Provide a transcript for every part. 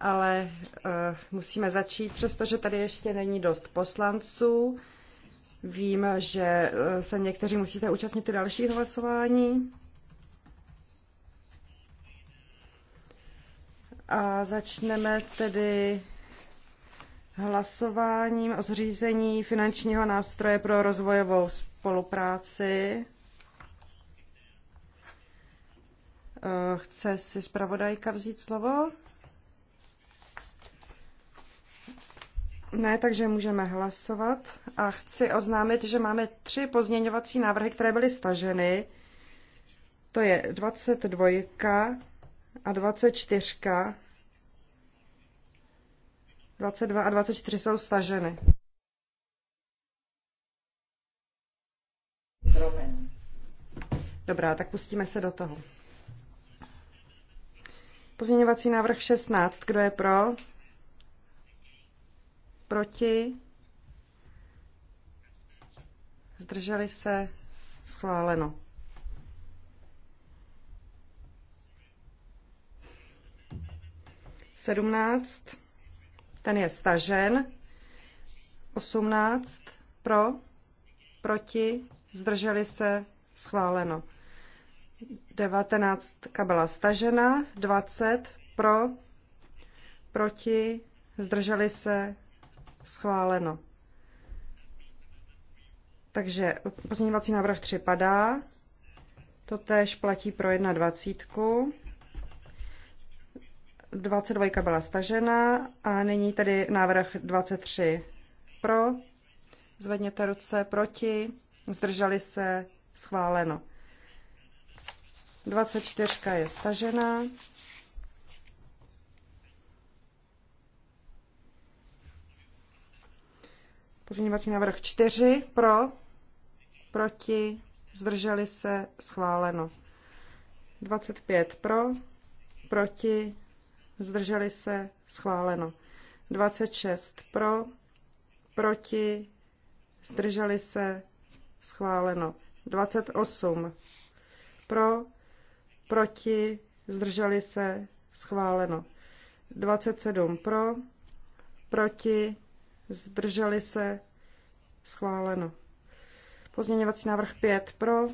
ale eh, musíme začít, přestože tady ještě není dost poslanců. Vím, že eh, se někteří musíte účastnit i dalších hlasování. A začneme tedy hlasováním o zřízení finančního nástroje pro rozvojovou spolupráci. Eh, chce si zpravodajka vzít slovo? Ne, takže můžeme hlasovat. A chci oznámit, že máme tři pozměňovací návrhy, které byly staženy. To je 22 a 24. 22 a 24 jsou staženy. Dobrá, tak pustíme se do toho. Pozměňovací návrh 16. Kdo je pro? Proti? Zdrželi se? Schváleno. Sedmnáct. Ten je stažen. Osmnáct. Pro? Proti? Zdrželi se? Schváleno. 19 byla stažena, 20 pro, proti, zdrželi se, Schváleno. Takže pozměňovací návrh 3 padá. To též platí pro 21. 22 byla stažena a nyní tady návrh 23 pro, zvedněte ruce proti, zdrželi se, schváleno. 24 je stažena, Pozměňovací návrh 4 pro, proti, zdrželi se, schváleno. 25 pro, proti, zdrželi se, schváleno. 26 pro, proti, zdrželi se, schváleno. 28 pro, proti, zdrželi se, schváleno. 27 pro, proti, zdrželi se, schváleno. Pozměňovací návrh 5 pro,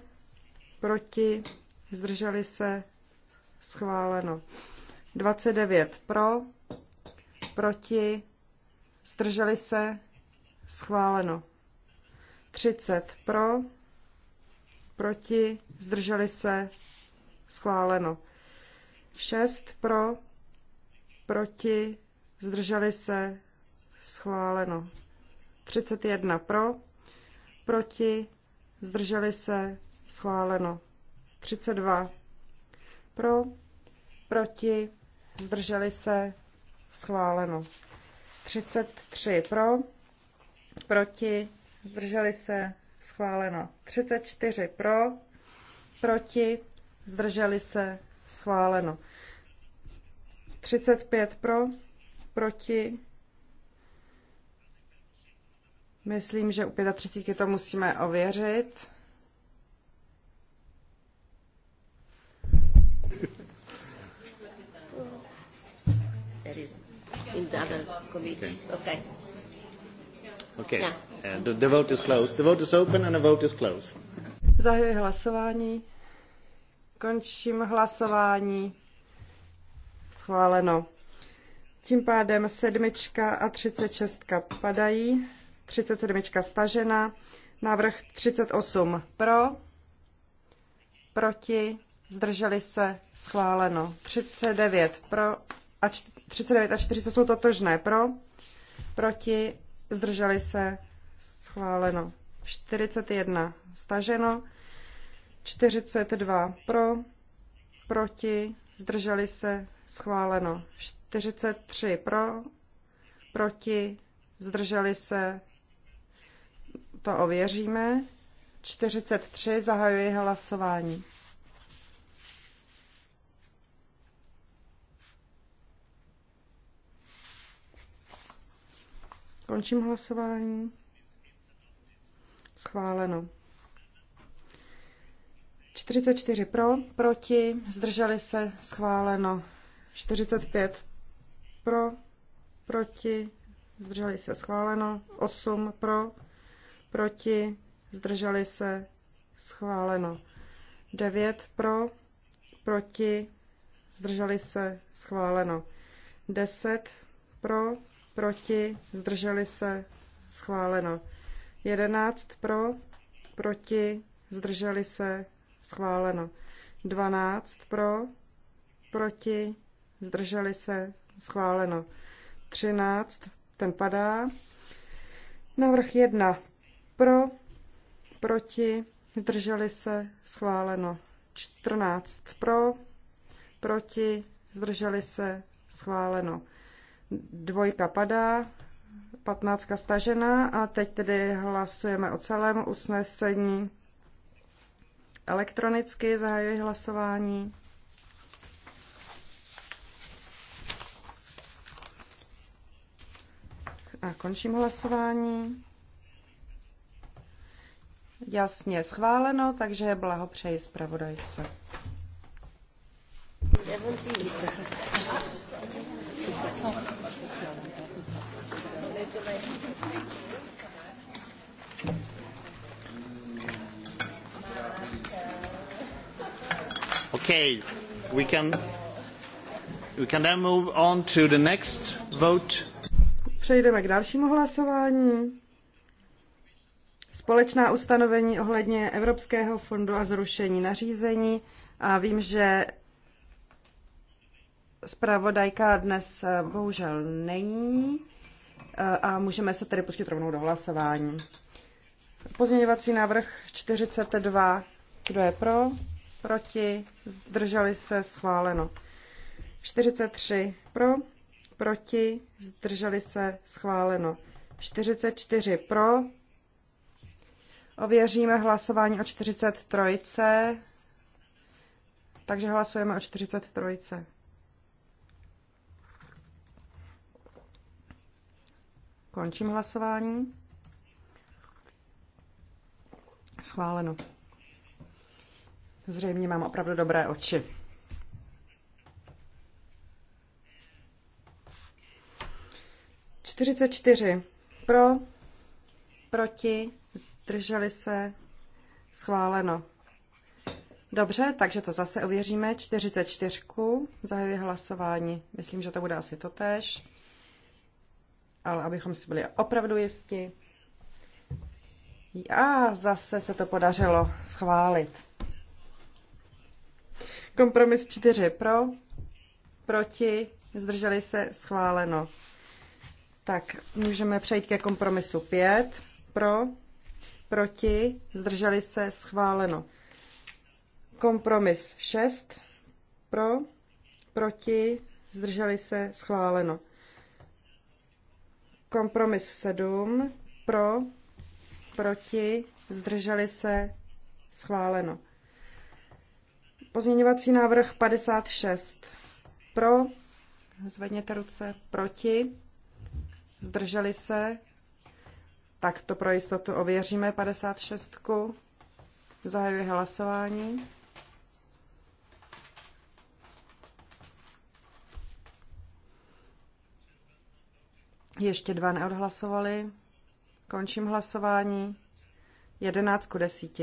proti, zdrželi se, schváleno. 29 pro, proti, zdrželi se, schváleno. 30 pro, proti, zdrželi se, schváleno. 6 pro, proti, zdrželi se, schváleno. 31 pro, proti, zdrželi se, schváleno. 32 pro, proti, zdrželi se, schváleno. 33 pro, proti, zdrželi se, schváleno. 34 pro, proti, zdrželi se, schváleno. 35 pro, proti, Myslím, že u 35 to musíme ověřit. Okay. Okay. Uh, the, vote is closed. The vote is open and the vote is closed. Zahajuji hlasování. Končím hlasování. Schváleno. Tím pádem sedmička a třicet šestka padají. 37 stažena, návrh 38 pro, proti, zdrželi se, schváleno. 39 pro a 39 a 40 jsou totožné pro, proti, zdrželi se, schváleno. 41 staženo, 42 pro, proti, zdrželi se, schváleno. 43 pro, proti, zdrželi se, to ověříme. 43 zahajuji hlasování. Končím hlasování. Schváleno. 44 pro, proti, zdrželi se, schváleno. 45 pro, proti, zdrželi se, schváleno. 8 pro, proti, zdrželi se, schváleno. 9 pro, proti, zdrželi se, schváleno. 10 pro, proti, zdrželi se, schváleno. 11 pro, proti, zdrželi se, schváleno. 12 pro, proti, zdrželi se, schváleno. 13, ten padá. Navrh 1 pro, proti, zdrželi se, schváleno. 14 pro, proti, zdrželi se, schváleno. Dvojka padá, patnáctka stažená a teď tedy hlasujeme o celém usnesení. Elektronicky zahajuji hlasování. A končím hlasování jasně schváleno, takže blahopřeji zpravodajce. Okay, we can we can then move on to the next vote. Přejdeme k dalšímu hlasování společná ustanovení ohledně Evropského fondu a zrušení nařízení a vím, že zpravodajka dnes eh, bohužel není eh, a můžeme se tedy pustit rovnou do hlasování. Pozměňovací návrh 42. Kdo je pro? Proti? Zdrželi se? Schváleno. 43. Pro? Proti? Zdrželi se? Schváleno. 44. Pro? Ověříme hlasování o 43. Takže hlasujeme o 43. Končím hlasování. Schváleno. Zřejmě mám opravdu dobré oči. Čtyřicet čtyři. Pro, proti, Drželi se? Schváleno. Dobře, takže to zase ověříme. 44. Zahajuji hlasování. Myslím, že to bude asi to tež. Ale abychom si byli opravdu jisti. A zase se to podařilo schválit. Kompromis 4 pro, proti, zdrželi se, schváleno. Tak, můžeme přejít ke kompromisu 5 pro, proti, zdrželi se, schváleno. Kompromis 6, pro, proti, zdrželi se, schváleno. Kompromis 7, pro, proti, zdrželi se, schváleno. Pozměňovací návrh 56. Pro, zvedněte ruce, proti, zdrželi se, tak to pro jistotu ověříme 56. Zahajuji hlasování. Ještě dva neodhlasovali. Končím hlasování. 11 ku 10.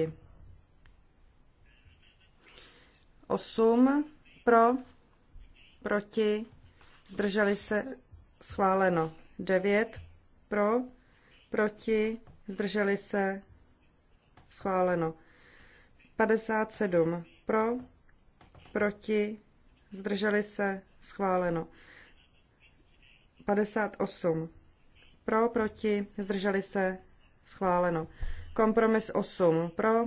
8 pro, proti, zdrželi se schváleno. 9 pro, proti, zdrželi se, schváleno. 57 pro, proti, zdrželi se, schváleno. 58 pro, proti, zdrželi se, schváleno. Kompromis 8 pro,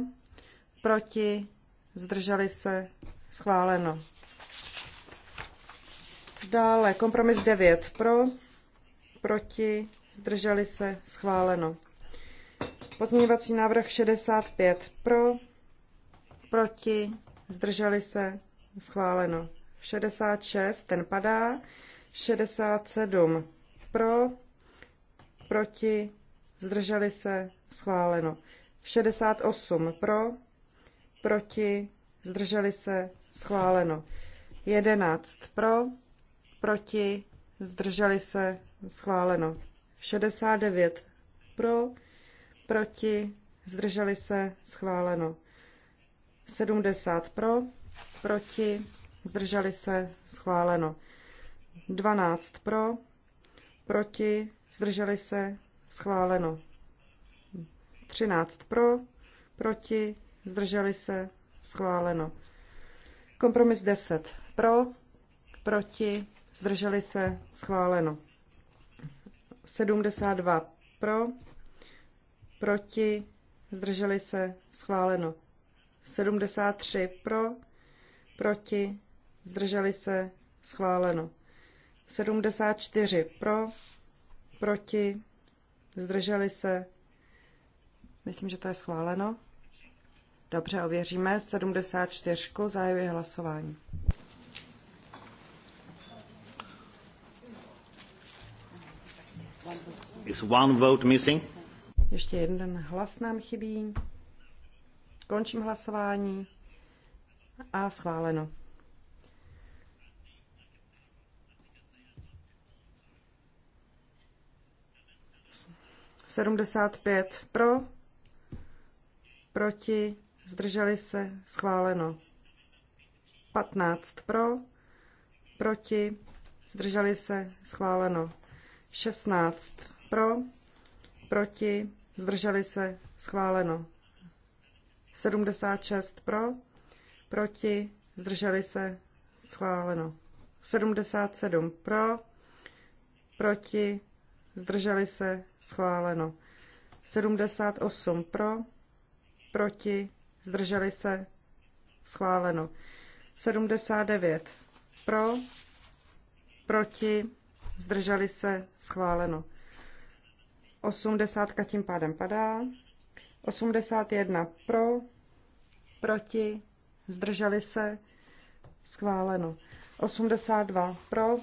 proti, zdrželi se, schváleno. Dále kompromis 9 pro, proti, zdrželi se, schváleno. Pozměňovací návrh 65 pro, proti, zdrželi se, schváleno. 66, ten padá. 67 pro, proti, zdrželi se, schváleno. 68 pro, proti, zdrželi se, schváleno. 11 pro, proti, zdrželi se, schváleno. 69 pro, proti, zdrželi se, schváleno. 70 pro, proti, zdrželi se, schváleno. 12 pro, proti, zdrželi se, schváleno. 13 pro, proti, zdrželi se, schváleno. Kompromis 10 pro, proti, zdrželi se, schváleno. 72 pro, proti, zdrželi se, schváleno. 73 pro, proti, zdrželi se, schváleno. 74 pro, proti, zdrželi se, myslím, že to je schváleno. Dobře, ověříme 74. Zahajuji hlasování. is one vote missing. Ještě jeden hlas nám chybí. Končím hlasování a schváleno. Sedmdesát pět pro, proti, zdrželi se, schváleno. Patnáct pro, proti, zdrželi se, schváleno. Šestnáct pro, proti, zdrželi se, schváleno. 76 pro, proti, zdrželi se, schváleno. 77 pro, proti, zdrželi se, schváleno. 78 pro, proti, zdrželi se, schváleno. 79 pro, proti, zdrželi se, schváleno. 80 tím pádem padá. 81 pro, proti, zdrželi se, schváleno. 82 pro,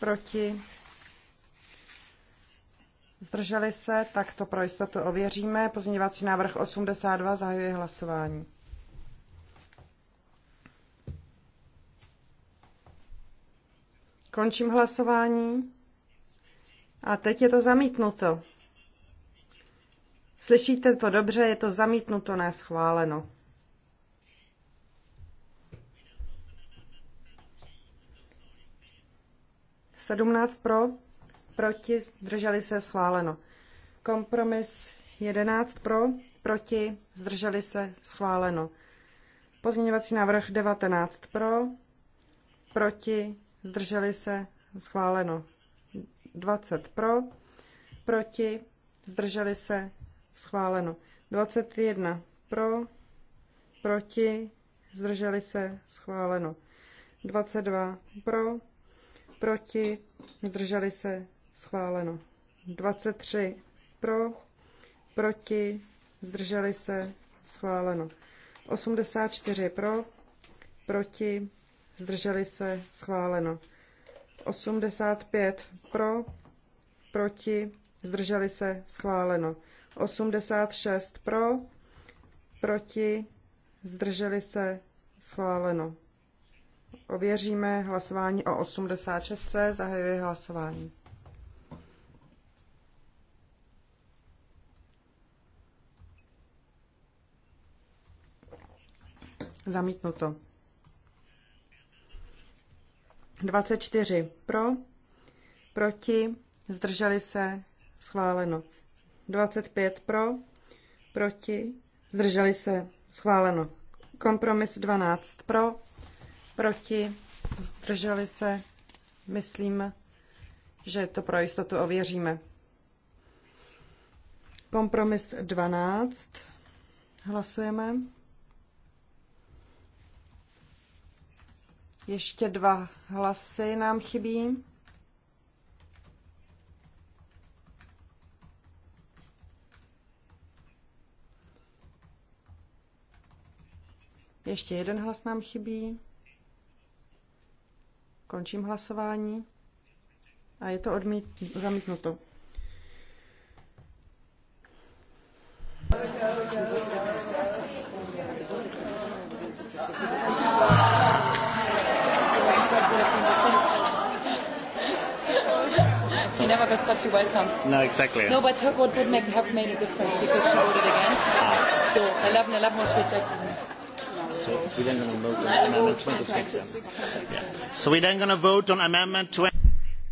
proti, zdrželi se, tak to pro jistotu ověříme. Pozměňovací návrh 82 zahajuje hlasování. Končím hlasování. A teď je to zamítnuto. Slyšíte to dobře, je to zamítnuto, ne schváleno. Sedmnáct pro, proti, zdrželi se, schváleno. Kompromis 11 pro, proti, zdrželi se, schváleno. Pozměňovací návrh 19 pro, proti, zdrželi se, schváleno. 20 pro, proti, zdrželi se, schváleno. 21 pro, proti, zdrželi se, schváleno. 22 pro, proti, zdrželi se, schváleno. 23 pro, proti, zdrželi se, schváleno. 84 pro, proti, zdrželi se, schváleno. 85 pro, proti, zdrželi se, schváleno. 86 pro, proti, zdrželi se, schváleno. Ověříme hlasování o 86. Zahajuji hlasování. Zamítnuto. 24 pro, proti, zdrželi se, schváleno. 25 pro, proti, zdrželi se, schváleno. Kompromis 12 pro, proti, zdrželi se, myslím, že to pro jistotu ověříme. Kompromis 12. Hlasujeme. Ještě dva hlasy nám chybí. Ještě jeden hlas nám chybí. Končím hlasování. A je to odmít, zamítnuto. She never got such a welcome. No, exactly. No, but her vote would make, have made a difference because she voted against. Ah. So 11-11 was rejected.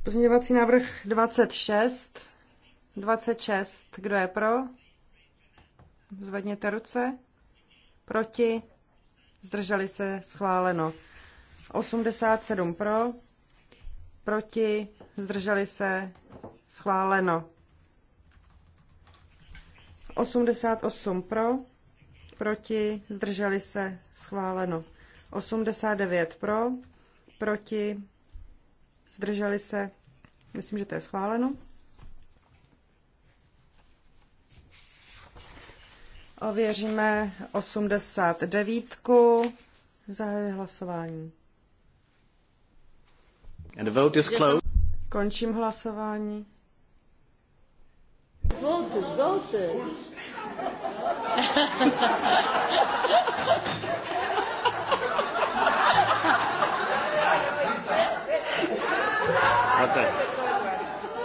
Pozměňovací návrh 26. 26. Kdo je pro? Zvedněte ruce. Proti? Zdrželi se? Schváleno. 87 pro, proti, zdrželi se, schváleno. 88 pro, proti, zdrželi se, schváleno. 89 pro, proti, zdrželi se, myslím, že to je schváleno. Ověříme 89. Zahajuji hlasování. And the vote is closed. Končím hlasování. Vote, vote. Okay,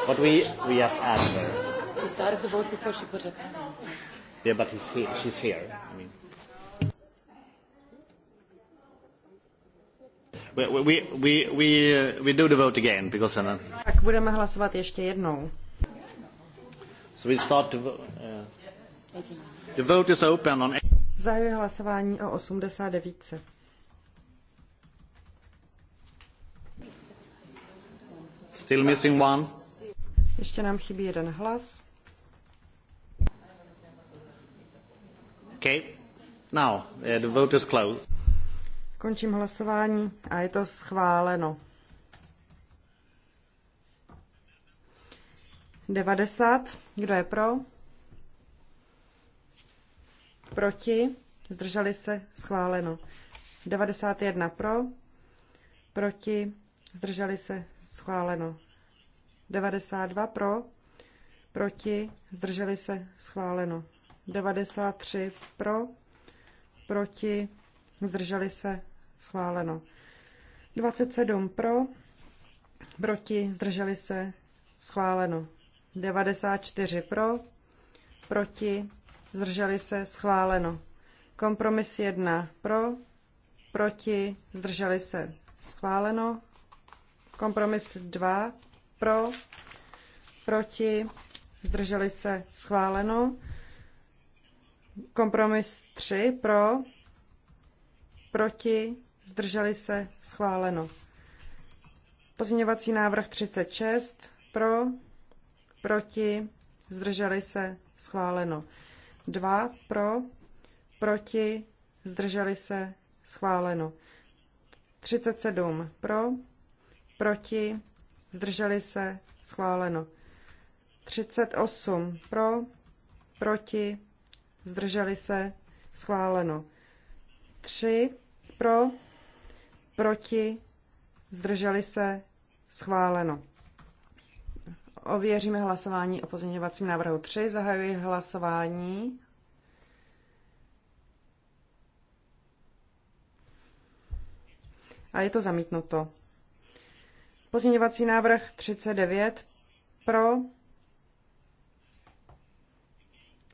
but we we just asked her. We started the vote before she put her hand. on. Yeah, but he's here. She's here. I mean. We, we, we, we uh, do the vote again because Anna. Uh, tak budeme hlasovat ještě jednou. So we start to, uh, The vote is open on... Zahajuji hlasování o 89. Still missing one. Ještě nám chybí jeden hlas. Okay. Now, the vote is closed. Končím hlasování a je to schváleno. 90. Kdo je pro? proti, zdrželi se, schváleno. 91 pro, proti, zdrželi se, schváleno. 92 pro, proti, zdrželi se, schváleno. 93 pro, proti, zdrželi se, schváleno. 27 pro, proti, zdrželi se, schváleno. 94 pro, proti, zdrželi se, schváleno. Kompromis 1 pro, proti, zdrželi se, schváleno. Kompromis 2 pro, proti, zdrželi se, schváleno. Kompromis 3 pro, proti, zdrželi se, schváleno. Pozměňovací návrh 36 pro, proti, zdrželi se, schváleno. 2 pro, proti, zdrželi se, schváleno. 37 pro, proti, zdrželi se, schváleno. 38 pro, proti, zdrželi se, schváleno. 3 pro, proti, zdrželi se, schváleno. Ověříme hlasování o pozměňovacím návrhu 3. Zahajuji hlasování. A je to zamítnuto. Pozměňovací návrh 39 pro,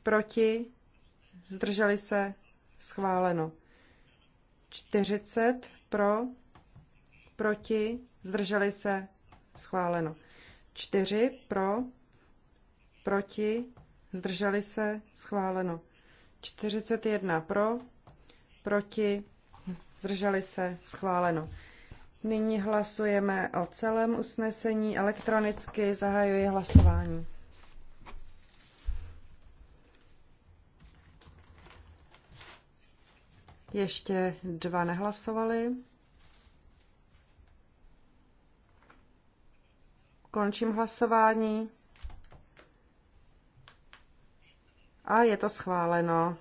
proti, zdrželi se, schváleno. 40 pro, proti, zdrželi se, schváleno. 4 pro, proti, zdrželi se, schváleno. 41 pro, proti, zdrželi se, schváleno. Nyní hlasujeme o celém usnesení elektronicky, zahajuji hlasování. Ještě dva nehlasovali. Končím hlasování. A je to schváleno.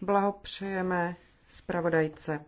Blahopřejeme zpravodajce.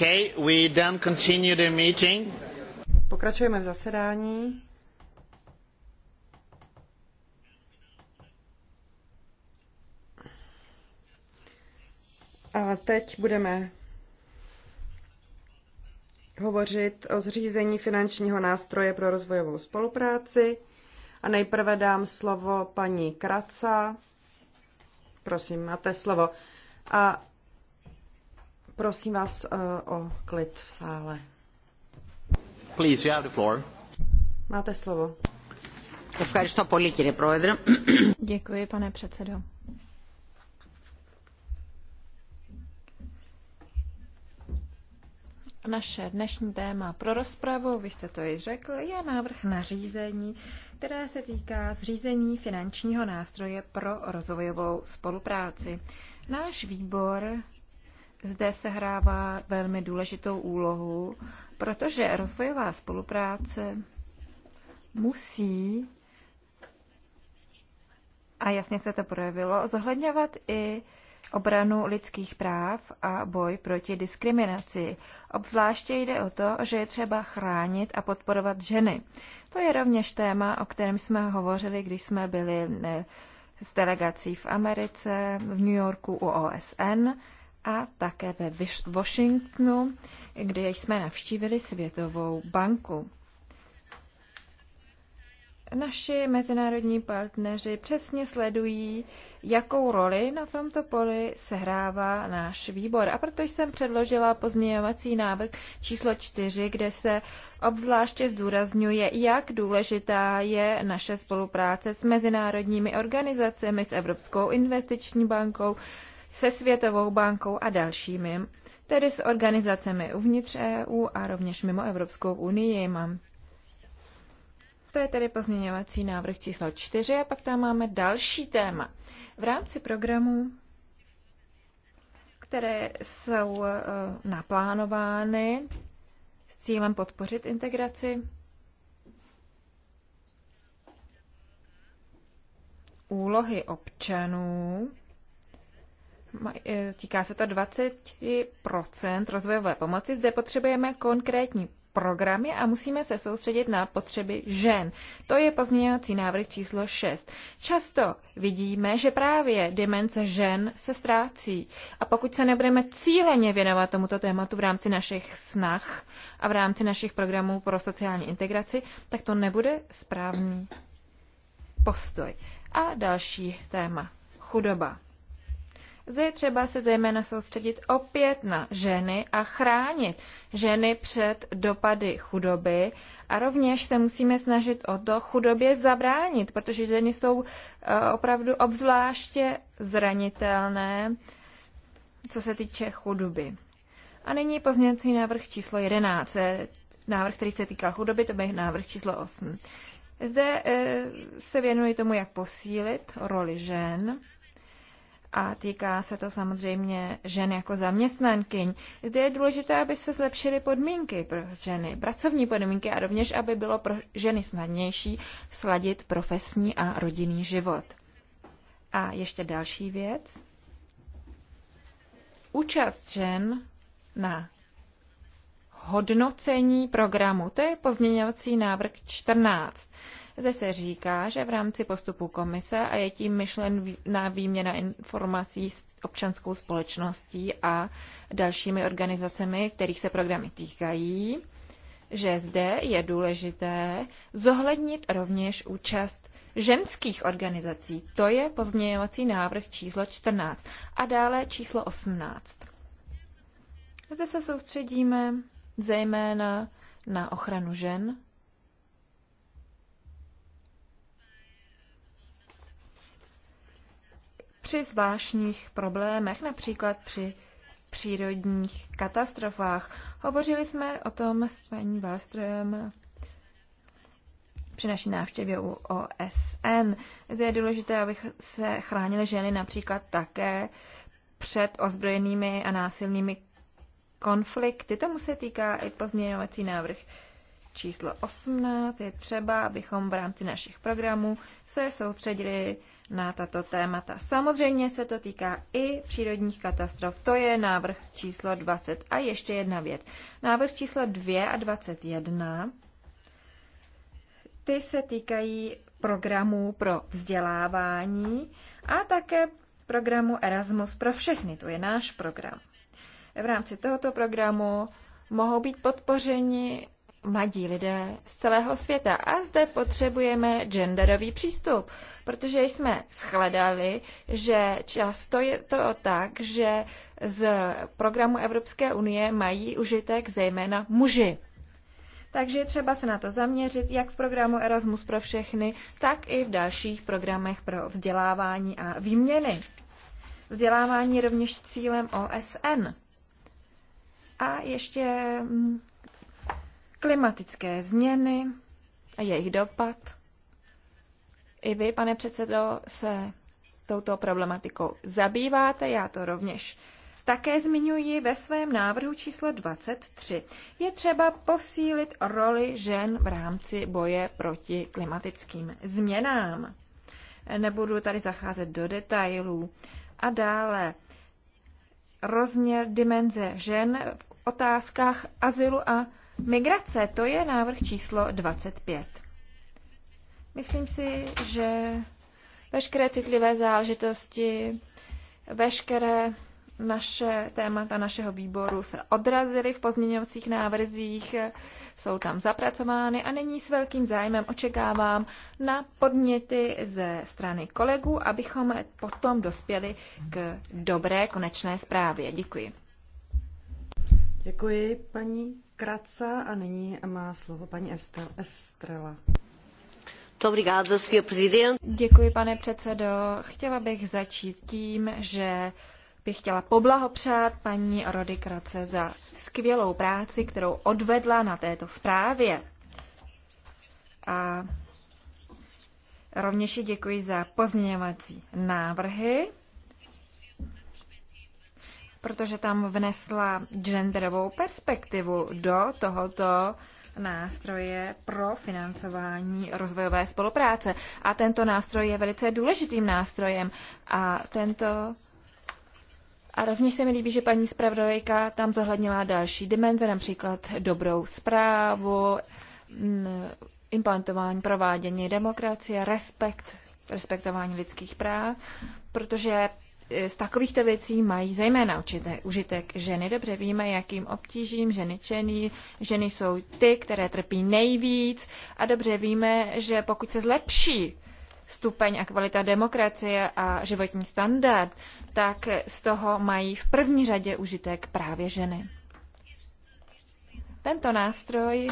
Okay, we then continue the meeting. Pokračujeme v zasedání. A teď budeme hovořit o zřízení finančního nástroje pro rozvojovou spolupráci. A nejprve dám slovo paní Kraca. Prosím, máte slovo. A Prosím vás eh, o klid v sále. Please, you have the floor. Máte slovo. Děkuji, pane předsedo. Naše dnešní téma pro rozpravu, vy jste to i řekl, je návrh na řízení, které se týká zřízení finančního nástroje pro rozvojovou spolupráci. Náš výbor zde sehrává velmi důležitou úlohu, protože rozvojová spolupráce musí, a jasně se to projevilo, zohledňovat i obranu lidských práv a boj proti diskriminaci. Obzvláště jde o to, že je třeba chránit a podporovat ženy. To je rovněž téma, o kterém jsme hovořili, když jsme byli s delegací v Americe, v New Yorku u OSN a také ve Washingtonu, kde jsme navštívili Světovou banku. Naši mezinárodní partneři přesně sledují, jakou roli na tomto poli sehrává náš výbor. A proto jsem předložila pozměňovací návrh číslo 4, kde se obzvláště zdůrazňuje, jak důležitá je naše spolupráce s mezinárodními organizacemi, s Evropskou investiční bankou, se Světovou bankou a dalšími, tedy s organizacemi uvnitř EU a rovněž mimo Evropskou unii. to je tedy pozměňovací návrh číslo 4 a pak tam máme další téma. V rámci programu, které jsou e, naplánovány s cílem podpořit integraci úlohy občanů E, týká se to 20 rozvojové pomoci. Zde potřebujeme konkrétní programy a musíme se soustředit na potřeby žen. To je pozměňovací návrh číslo 6. Často vidíme, že právě dimenze žen se ztrácí a pokud se nebudeme cíleně věnovat tomuto tématu v rámci našich snah a v rámci našich programů pro sociální integraci, tak to nebude správný postoj. A další téma. Chudoba. Zde je třeba se zejména soustředit opět na ženy a chránit ženy před dopady chudoby a rovněž se musíme snažit o to chudobě zabránit, protože ženy jsou eh, opravdu obzvláště zranitelné, co se týče chudoby. A nyní pozměňovací návrh číslo 11, eh, návrh, který se týkal chudoby, to byl návrh číslo 8. Zde eh, se věnuji tomu, jak posílit roli žen a týká se to samozřejmě žen jako zaměstnankyň. Zde je důležité, aby se zlepšily podmínky pro ženy, pracovní podmínky a rovněž, aby bylo pro ženy snadnější sladit profesní a rodinný život. A ještě další věc. Účast žen na hodnocení programu. To je pozměňovací návrh 14. Zde se říká, že v rámci postupu komise a je tím myšlen na výměna informací s občanskou společností a dalšími organizacemi, kterých se programy týkají, že zde je důležité zohlednit rovněž účast ženských organizací. To je pozměňovací návrh číslo 14 a dále číslo 18. Zde se soustředíme zejména na ochranu žen při zvláštních problémech, například při přírodních katastrofách. Hovořili jsme o tom s paní Wallström při naší návštěvě u OSN. Zde je důležité, aby se chránily ženy například také před ozbrojenými a násilnými konflikty. Tomu se týká i pozměňovací návrh číslo 18. Je třeba, abychom v rámci našich programů se soustředili na tato témata. Samozřejmě se to týká i přírodních katastrof. To je návrh číslo 20. A ještě jedna věc. Návrh číslo 2 a 21, ty se týkají programů pro vzdělávání a také programu Erasmus pro všechny. To je náš program. V rámci tohoto programu mohou být podpořeni mladí lidé z celého světa. A zde potřebujeme genderový přístup, protože jsme shledali, že často je to tak, že z programu Evropské unie mají užitek zejména muži. Takže je třeba se na to zaměřit, jak v programu Erasmus pro všechny, tak i v dalších programech pro vzdělávání a výměny. Vzdělávání je rovněž cílem OSN. A ještě mm, klimatické změny a jejich dopad. I vy, pane předsedo, se touto problematikou zabýváte, já to rovněž také zmiňuji ve svém návrhu číslo 23. Je třeba posílit roli žen v rámci boje proti klimatickým změnám. Nebudu tady zacházet do detailů. A dále rozměr dimenze žen v otázkách azylu a Migrace, to je návrh číslo 25. Myslím si, že veškeré citlivé záležitosti, veškeré naše témata našeho výboru se odrazily v pozměňovacích návrzích, jsou tam zapracovány a nyní s velkým zájmem očekávám na podněty ze strany kolegů, abychom potom dospěli k dobré konečné zprávě. Děkuji. Děkuji paní Kraca a nyní má slovo paní Estrela. Děkuji, pane předsedo. Chtěla bych začít tím, že bych chtěla poblahopřát paní Rody Krace za skvělou práci, kterou odvedla na této zprávě. A rovněž děkuji za pozměňovací návrhy protože tam vnesla genderovou perspektivu do tohoto nástroje pro financování rozvojové spolupráce. A tento nástroj je velice důležitým nástrojem. A tento a rovněž se mi líbí, že paní zpravodajka tam zohlednila další dimenze, například dobrou zprávu, implantování, provádění demokracie, respekt, respektování lidských práv, protože z takovýchto věcí mají zejména určité užitek ženy. Dobře víme, jakým obtížím ženy čení. Ženy jsou ty, které trpí nejvíc a dobře víme, že pokud se zlepší stupeň a kvalita demokracie a životní standard, tak z toho mají v první řadě užitek právě ženy. Tento nástroj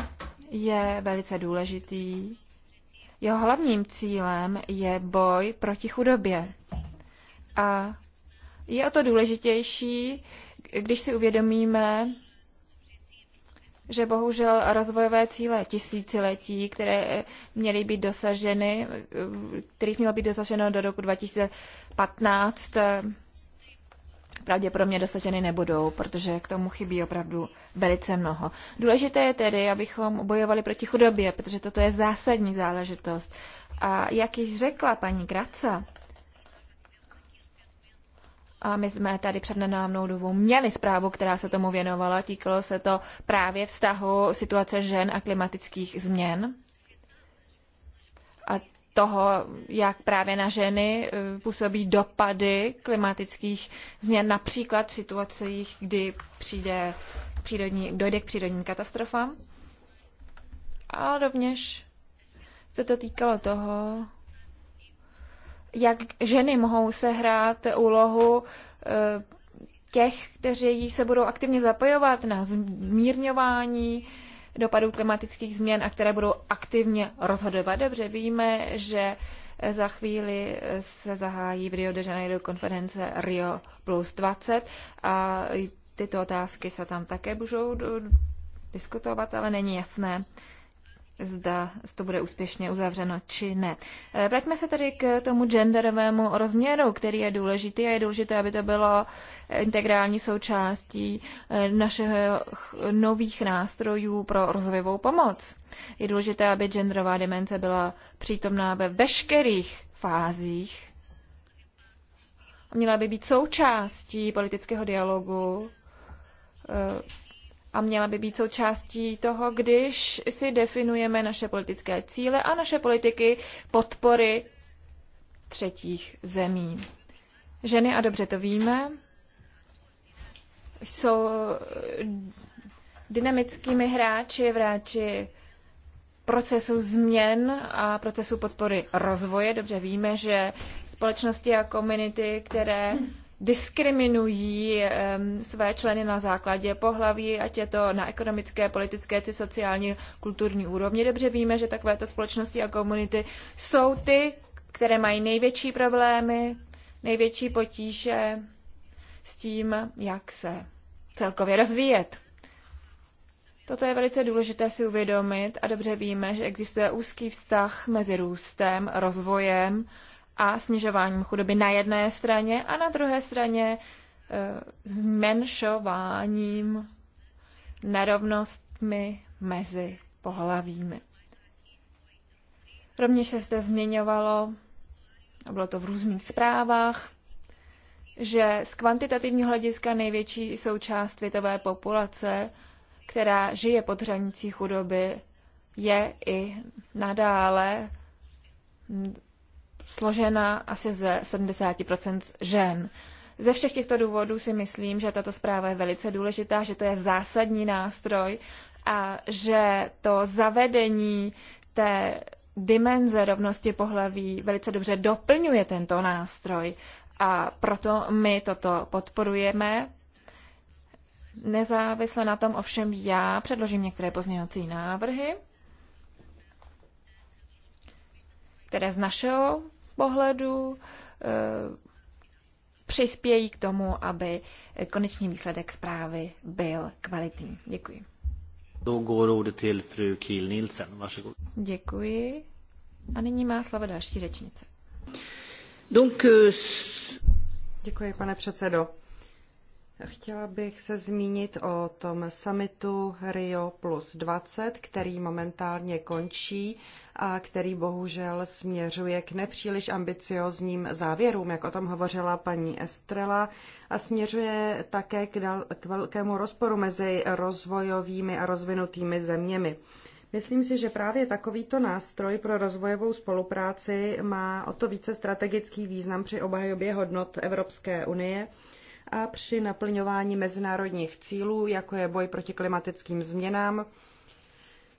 je velice důležitý. Jeho hlavním cílem je boj proti chudobě. A je o to důležitější, když si uvědomíme, že bohužel rozvojové cíle tisíciletí, které měly být dosaženy, kterých mělo být dosaženo do roku 2015, pravděpodobně dosaženy nebudou, protože k tomu chybí opravdu velice mnoho. Důležité je tedy, abychom bojovali proti chudobě, protože toto je zásadní záležitost. A jak již řekla paní Graca, a my jsme tady před nedávnou dobou měli zprávu, která se tomu věnovala. Týkalo se to právě vztahu situace žen a klimatických změn. A toho, jak právě na ženy eh, působí dopady klimatických změn, například v situacích, kdy přijde přírodní, dojde k přírodním katastrofám. A rovněž se to týkalo toho, jak ženy mohou sehrát úlohu eh, těch, kteří se budou aktivně zapojovat na zmírňování dopadů klimatických změn a které budou aktivně rozhodovat. Dobře víme, že eh, za chvíli eh, se zahájí v Rio de Janeiro konference Rio plus 20 a tyto otázky se tam také budou diskutovat, ale není jasné, zda to bude úspěšně uzavřeno či ne. Eh, vraťme se tedy k tomu genderovému rozměru, který je důležitý a je důležité, aby to bylo eh, integrální součástí eh, našich nových nástrojů pro rozvojovou pomoc. Je důležité, aby genderová dimenze byla přítomná ve veškerých fázích. Měla by být součástí politického dialogu a měla by být součástí toho, když si definujeme naše politické cíle a naše politiky podpory třetích zemí. Ženy, a dobře to víme, jsou eh, dynamickými hráči, hráči procesu změn a procesu podpory rozvoje. Dobře víme, že společnosti a komunity, které diskriminují své členy na základě pohlaví, ať je to na ekonomické, politické či sociální, kulturní úrovni. Dobře víme, že takovéto společnosti a komunity jsou ty, které mají největší problémy, největší potíže s tím, jak se celkově rozvíjet. Toto je velice důležité si uvědomit a dobře víme, že existuje úzký vztah mezi růstem, rozvojem a snižováním chudoby na jedné straně a na druhé straně e, zmenšováním nerovnostmi mezi pohlavími. Rovněž se zde zmiňovalo, a bylo to v různých zprávách, že z kvantitativního hlediska největší součást světové populace, která žije pod hranicí chudoby, je i nadále složena asi ze 70 žen. Ze všech těchto důvodů si myslím, že tato zpráva je velice důležitá, že to je zásadní nástroj a že to zavedení té dimenze rovnosti pohlaví velice dobře doplňuje tento nástroj a proto my toto podporujeme. Nezávisle na tom ovšem já předložím některé pozměňovací návrhy, které z našeho pohledu eh, přispějí k tomu, aby konečný výsledek zprávy byl kvalitní. Děkuji. Děkuji. A nyní má slovo další řečnice. Euh, Děkuji, pane předsedo. Chtěla bych se zmínit o tom summitu Rio plus 20, který momentálně končí a který bohužel směřuje k nepříliš ambiciozním závěrům, jak o tom hovořila paní Estrela, a směřuje také k, dal- k velkému rozporu mezi rozvojovými a rozvinutými zeměmi. Myslím si, že právě takovýto nástroj pro rozvojovou spolupráci má o to více strategický význam při obhajobě hodnot Evropské unie a při naplňování mezinárodních cílů, jako je boj proti klimatickým změnám,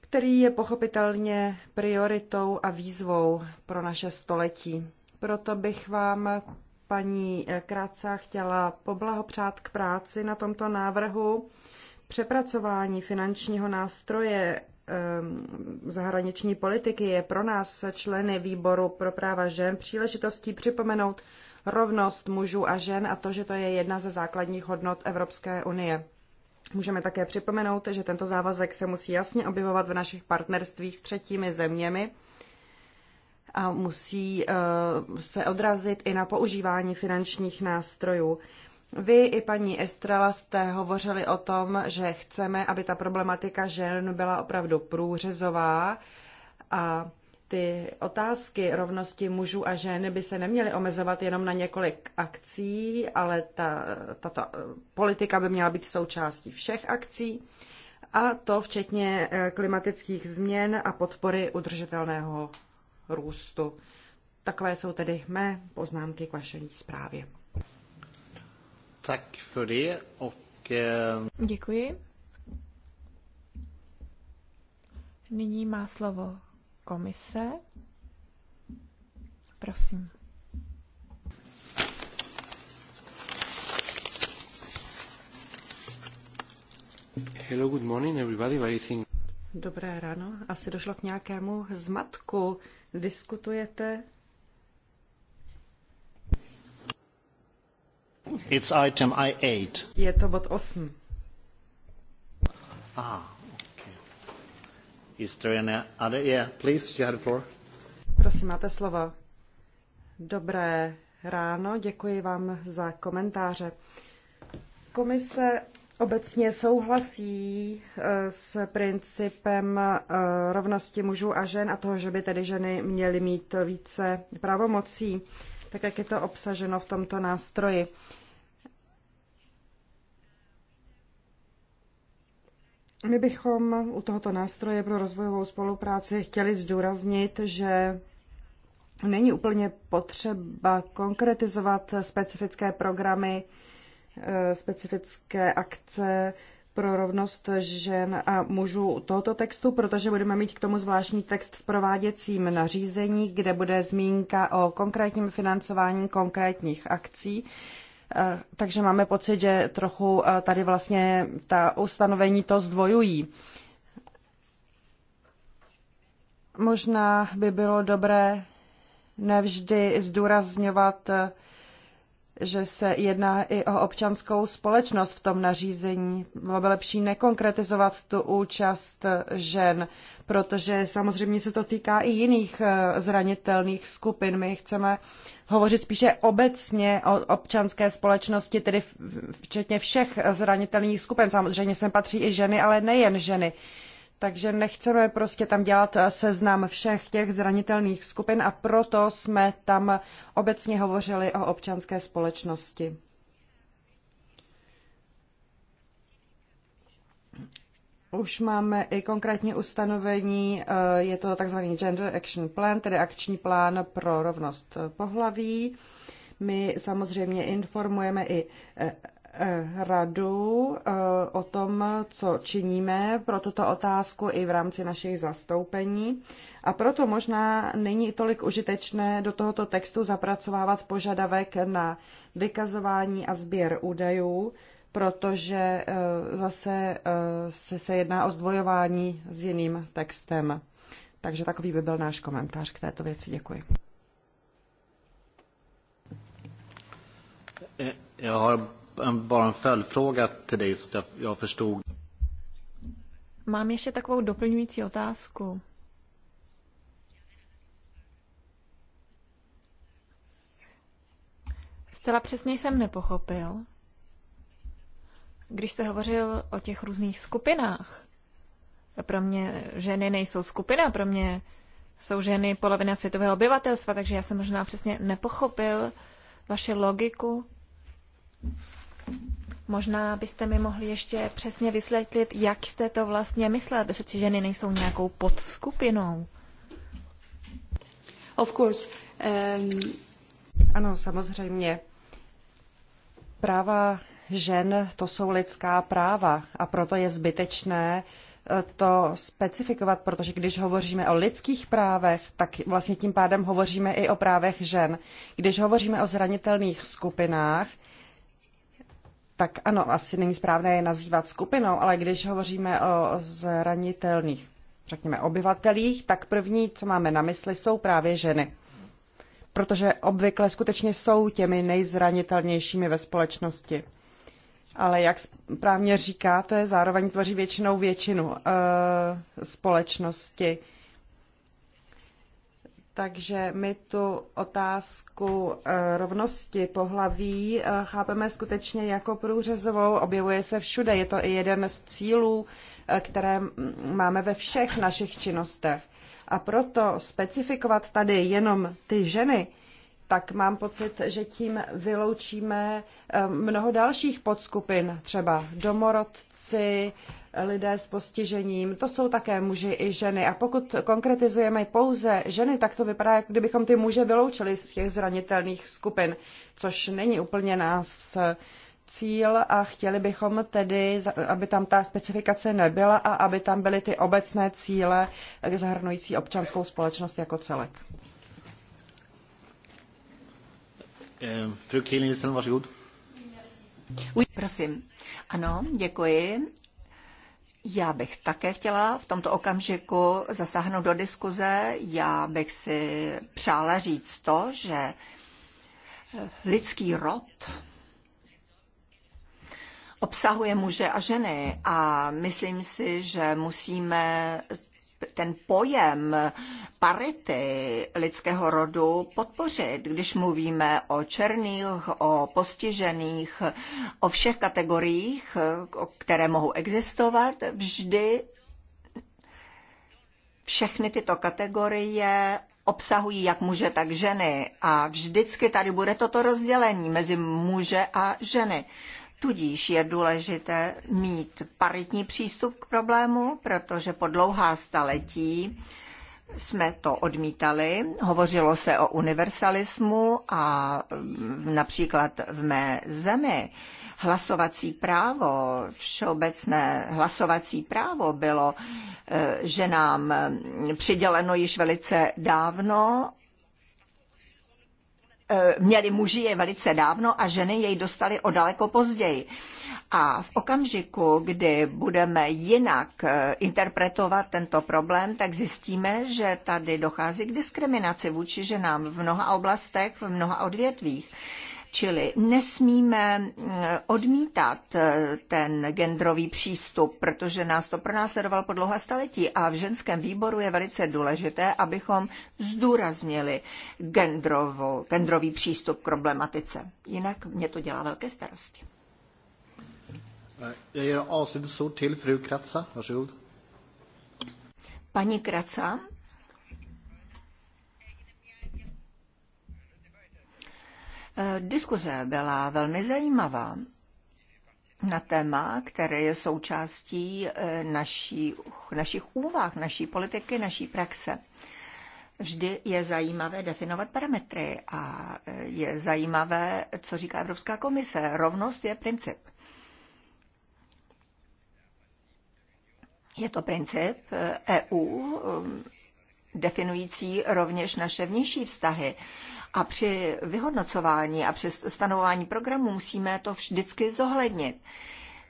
který je pochopitelně prioritou a výzvou pro naše století. Proto bych vám, paní Kráca, chtěla poblahopřát k práci na tomto návrhu. Přepracování finančního nástroje ehm, zahraniční politiky je pro nás, členy výboru pro práva žen, příležitostí připomenout rovnost mužů a žen a to, že to je jedna ze základních hodnot Evropské unie. Můžeme také připomenout, že tento závazek se musí jasně objevovat v našich partnerstvích s třetími zeměmi a musí eh, se odrazit i na používání finančních nástrojů. Vy i paní Estrela jste hovořili o tom, že chceme, aby ta problematika žen byla opravdu průřezová a ty otázky rovnosti mužů a žen by se neměly omezovat jenom na několik akcí, ale ta, tato eh, politika by měla být součástí všech akcí, a to včetně eh, klimatických změn a podpory udržitelného růstu. Takové jsou tedy mé poznámky k vaší zprávě. Tak eh, Děkuji. Nyní má slovo komise. Prosím. Hello, good morning everybody. think... Dobré ráno. Asi došlo k nějakému zmatku. Diskutujete? It's item I8. Je to bod 8. Ah. Yeah, please, Prosím, máte slovo. Dobré ráno, děkuji vám za komentáře. Komise obecně souhlasí eh, s principem eh, rovnosti mužů a žen a toho, že by tedy ženy měly mít více pravomocí, tak jak je to obsaženo v tomto nástroji. My bychom u tohoto nástroje pro rozvojovou spolupráci chtěli zdůraznit, že není úplně potřeba konkretizovat specifické programy, e, specifické akce pro rovnost žen a mužů tohoto textu, protože budeme mít k tomu zvláštní text v prováděcím nařízení, kde bude zmínka o konkrétním financování konkrétních akcí. Eh, takže máme pocit, že trochu eh, tady vlastně ta ustanovení to zdvojují. Možná by bylo dobré nevždy zdůrazňovat eh, že se jedná i o občanskou společnost v tom nařízení. Bylo by lepší nekonkretizovat tu účast žen, protože samozřejmě se to týká i jiných eh, zranitelných skupin. My chceme hovořit spíše obecně o občanské společnosti, tedy včetně všech zranitelných skupin. Samozřejmě sem patří i ženy, ale nejen ženy. Takže nechceme prostě tam dělat eh, seznam všech těch zranitelných skupin a proto jsme tam obecně hovořili o občanské společnosti. Už máme i konkrétní ustanovení, eh, je to takzvaný Gender Action Plan, tedy akční plán pro rovnost pohlaví. My samozřejmě informujeme i eh, radu eh, o tom, co činíme pro tuto otázku i v rámci našich zastoupení. A proto možná není tolik užitečné do tohoto textu zapracovávat požadavek na vykazování a sběr údajů, protože eh, zase eh, se jedná o zdvojování s jiným textem. Takže takový by byl náš komentář k této věci. Děkuji. Já en, ehm, bara en följdfråga till dig så att jag, jag förstod. Mám ještě takovou doplňující otázku. Zcela přesně jsem nepochopil, když jste hovořil o těch různých skupinách. Pro mě ženy nejsou skupina, pro mě jsou ženy polovina světového obyvatelstva, takže já jsem možná přesně nepochopil vaši logiku Možná byste mi mohli ještě přesně vysvětlit, jak jste to vlastně myslel, protože ty ženy nejsou nějakou podskupinou. Of course. Um... Ano, samozřejmě. Práva žen to jsou lidská práva a proto je zbytečné eh, to specifikovat, protože když hovoříme o lidských právech, tak vlastně tím pádem hovoříme i o právech žen. Když hovoříme o zranitelných skupinách, tak ano, asi není správné je nazývat skupinou, ale když hovoříme o zranitelných, řekněme, obyvatelích, tak první, co máme na mysli, jsou právě ženy. Protože obvykle skutečně jsou těmi nejzranitelnějšími ve společnosti. Ale jak správně říkáte, zároveň tvoří většinou většinu e, společnosti. Takže my tu otázku eh, rovnosti pohlaví eh, chápeme skutečně jako průřezovou, objevuje se všude, je to i jeden z cílů, eh, které máme ve všech našich činnostech. A proto specifikovat tady jenom ty ženy, tak mám pocit, že tím vyloučíme mnoho dalších podskupin, třeba domorodci, lidé s postižením, to jsou také muži i ženy. A pokud konkretizujeme pouze ženy, tak to vypadá, jak kdybychom ty muže vyloučili z těch zranitelných skupin, což není úplně nás cíl a chtěli bychom tedy, aby tam ta specifikace nebyla a aby tam byly ty obecné cíle zahrnující občanskou společnost jako celek. Eh, Prosím. Ano, děkuji. Já bych také chtěla v tomto okamžiku zasáhnout do diskuze. Já bych si přála říct to, že eh, lidský rod obsahuje muže a ženy a myslím si, že musíme ten pojem parity lidského rodu podpořit, když mluvíme o černých, o postižených, o všech kategoriích, které mohou existovat, vždy všechny tyto kategorie obsahují jak muže, tak ženy. A vždycky tady bude toto rozdělení mezi muže a ženy. Tudíž je důležité mít paritní přístup k problému, protože po dlouhá staletí jsme to odmítali. Hovořilo se o universalismu a například v mé zemi hlasovací právo, všeobecné hlasovací právo bylo eh, ženám přiděleno již velice dávno Eh, měli muži je velice dávno a ženy jej dostali o daleko později. A v okamžiku, kdy budeme jinak eh, interpretovat tento problém, tak zjistíme, že tady dochází k diskriminaci vůči ženám v mnoha oblastech, v mnoha odvětvích. Čili nesmíme eh, odmítat eh, ten genderový přístup, protože nás to pronásledoval po dlouhá staletí a v ženském výboru je velice důležité, abychom zdůraznili genderovou, genderový přístup k problematice. Jinak mě to dělá velké starosti. Eh, já ger fru Paní Kraca, Eh, diskuze byla velmi zajímavá na téma, které je součástí eh, naší, našich úvah, naší politiky, naší praxe. Vždy je zajímavé definovat parametry a eh, je zajímavé, co říká Evropská komise. Rovnost je princip. Je to princip EU e definující rovněž naše vnější vztahy. A při vyhodnocování a při stanovování programu musíme to vždycky zohlednit.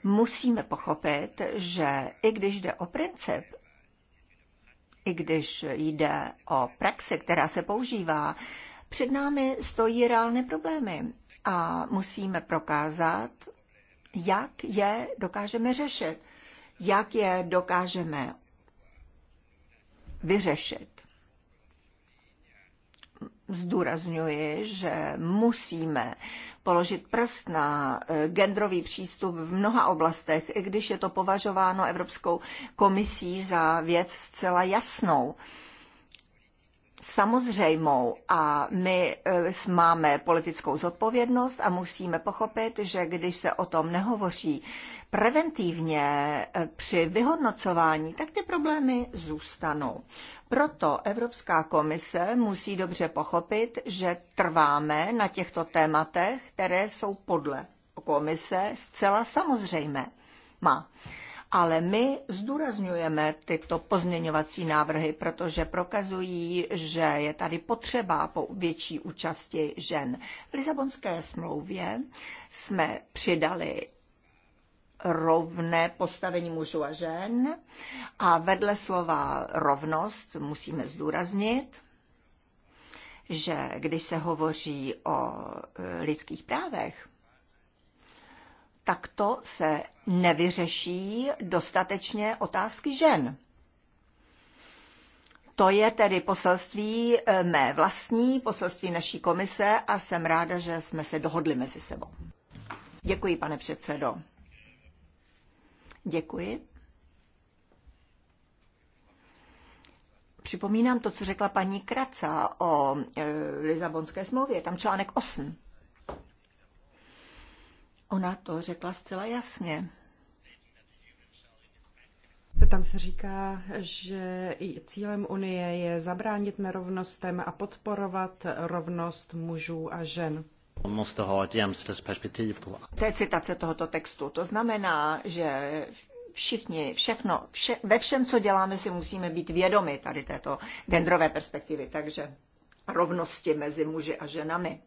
Musíme pochopit, že i když jde o princip, i když jde o praxi, která se používá, před námi stojí reálné problémy a musíme prokázat, jak je dokážeme řešit, jak je dokážeme vyřešit zdůrazňuji, že musíme položit prst na e, genderový přístup v mnoha oblastech, i když je to považováno Evropskou komisí za věc zcela jasnou samozřejmou a my e, máme politickou zodpovědnost a musíme pochopit, že když se o tom nehovoří, preventivně eh, při vyhodnocování, tak ty problémy zůstanou. Proto Evropská komise musí dobře pochopit, že trváme na těchto tématech, které jsou podle komise zcela samozřejmé. Má. Ale my zdůrazňujeme tyto pozměňovací návrhy, protože prokazují, že je tady potřeba po větší účasti žen. V Lisabonské smlouvě jsme přidali rovné postavení mužů a žen. A vedle slova rovnost musíme zdůraznit, že když se hovoří o e, lidských právech, tak to se nevyřeší dostatečně otázky žen. To je tedy poselství e, mé vlastní, poselství naší komise a jsem ráda, že jsme se dohodli mezi sebou. Děkuji, pane předsedo. Děkuji. Připomínám to, co řekla paní Kraca o e, Lizabonské smlouvě, tam článek 8. Ona to řekla zcela jasně. Tam se říká, že cílem Unie je zabránit nerovnostem a podporovat rovnost mužů a žen. To je citace tohoto textu. To znamená, že všichni, všechno, vše, ve všem, co děláme, si musíme být vědomi tady této genderové perspektivy, takže rovnosti mezi muži a ženami.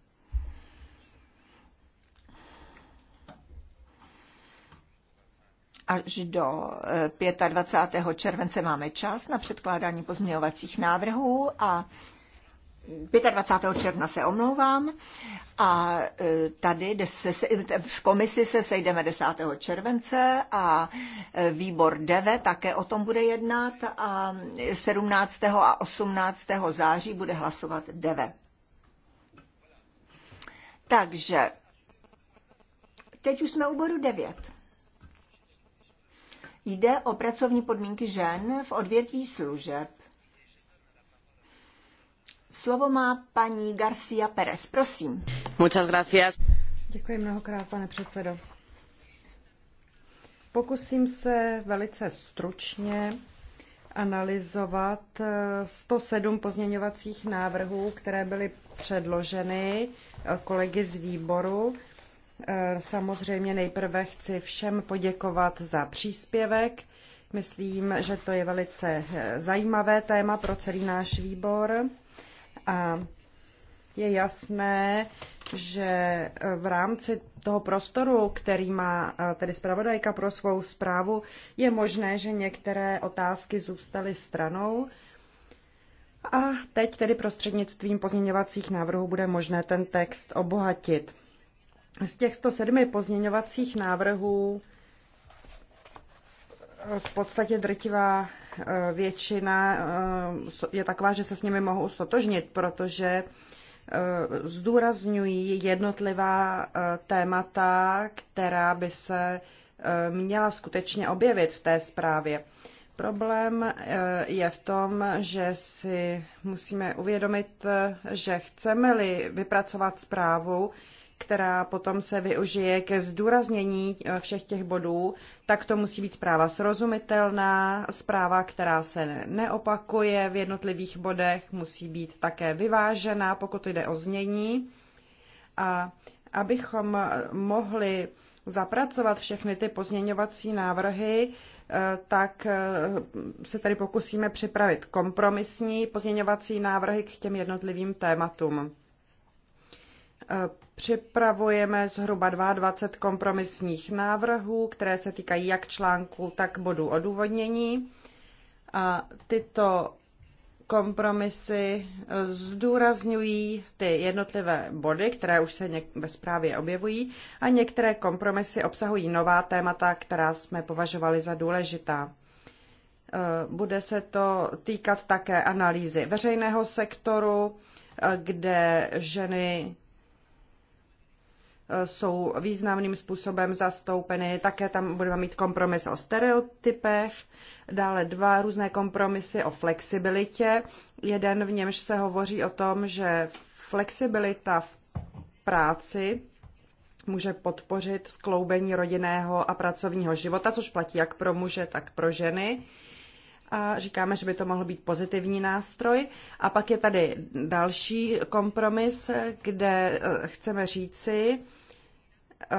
Až do eh, 25. července máme čas na předkládání pozměňovacích návrhů a 25. června se omlouvám a e, tady se, v komisi se sejdeme 10. července a e, výbor 9 také o tom bude jednat a 17. a 18. září bude hlasovat 9. Takže teď už jsme u bodu 9. Jde o pracovní podmínky žen v odvětví služeb Slovo má paní Garcia Perez. Prosím. Muchas gracias. Děkuji mnohokrát, pane předsedo. Pokusím se velice stručně analyzovat 107 eh, pozměňovacích návrhů, které byly předloženy eh, kolegy z výboru. Eh, samozřejmě nejprve chci všem poděkovat za příspěvek. Myslím, že to je velice zajímavé téma pro celý náš výbor a je jasné, že e, v rámci toho prostoru, který má e, tedy zpravodajka pro svou zprávu, je možné, že některé otázky zůstaly stranou. A teď tedy prostřednictvím pozměňovacích návrhů bude možné ten text obohatit. Z těchto sedmi pozměňovacích návrhů e, v podstatě drtivá Eh, většina eh, je taková, že se s nimi mohou stotožnit, protože eh, zdůrazňují jednotlivá témata, která by se měla skutečně objevit v té zprávě. Problém je v tom, že si musíme uvědomit, že chceme-li vypracovat zprávu, která potom se využije ke zdůraznění eh, všech těch bodů, tak to musí být zpráva srozumitelná, zpráva, která se neopakuje v jednotlivých bodech, musí být také vyvážená, pokud jde o znění. A abychom eh, mohli zapracovat všechny ty pozměňovací návrhy, eh, tak se tady pokusíme připravit kompromisní pozměňovací návrhy k těm jednotlivým tématům. Připravujeme zhruba 22 kompromisních návrhů, které se týkají jak článku, tak bodu odůvodnění. A tyto kompromisy eh, zdůrazňují ty jednotlivé body, které už se ve zprávě objevují, a některé kompromisy obsahují nová témata, která jsme považovali za důležitá. Eh, bude se to týkat také analýzy veřejného sektoru, eh, kde ženy jsou významným způsobem zastoupeny. Také tam budeme mít kompromis o stereotypech, dále dva různé kompromisy o flexibilitě. Jeden v němž se hovoří o tom, že flexibilita v práci může podpořit skloubení rodinného a pracovního života, což platí jak pro muže, tak pro ženy a říkáme, že by to mohl být pozitivní nástroj. A pak je tady další kompromis, kde eh, chceme říci, eh,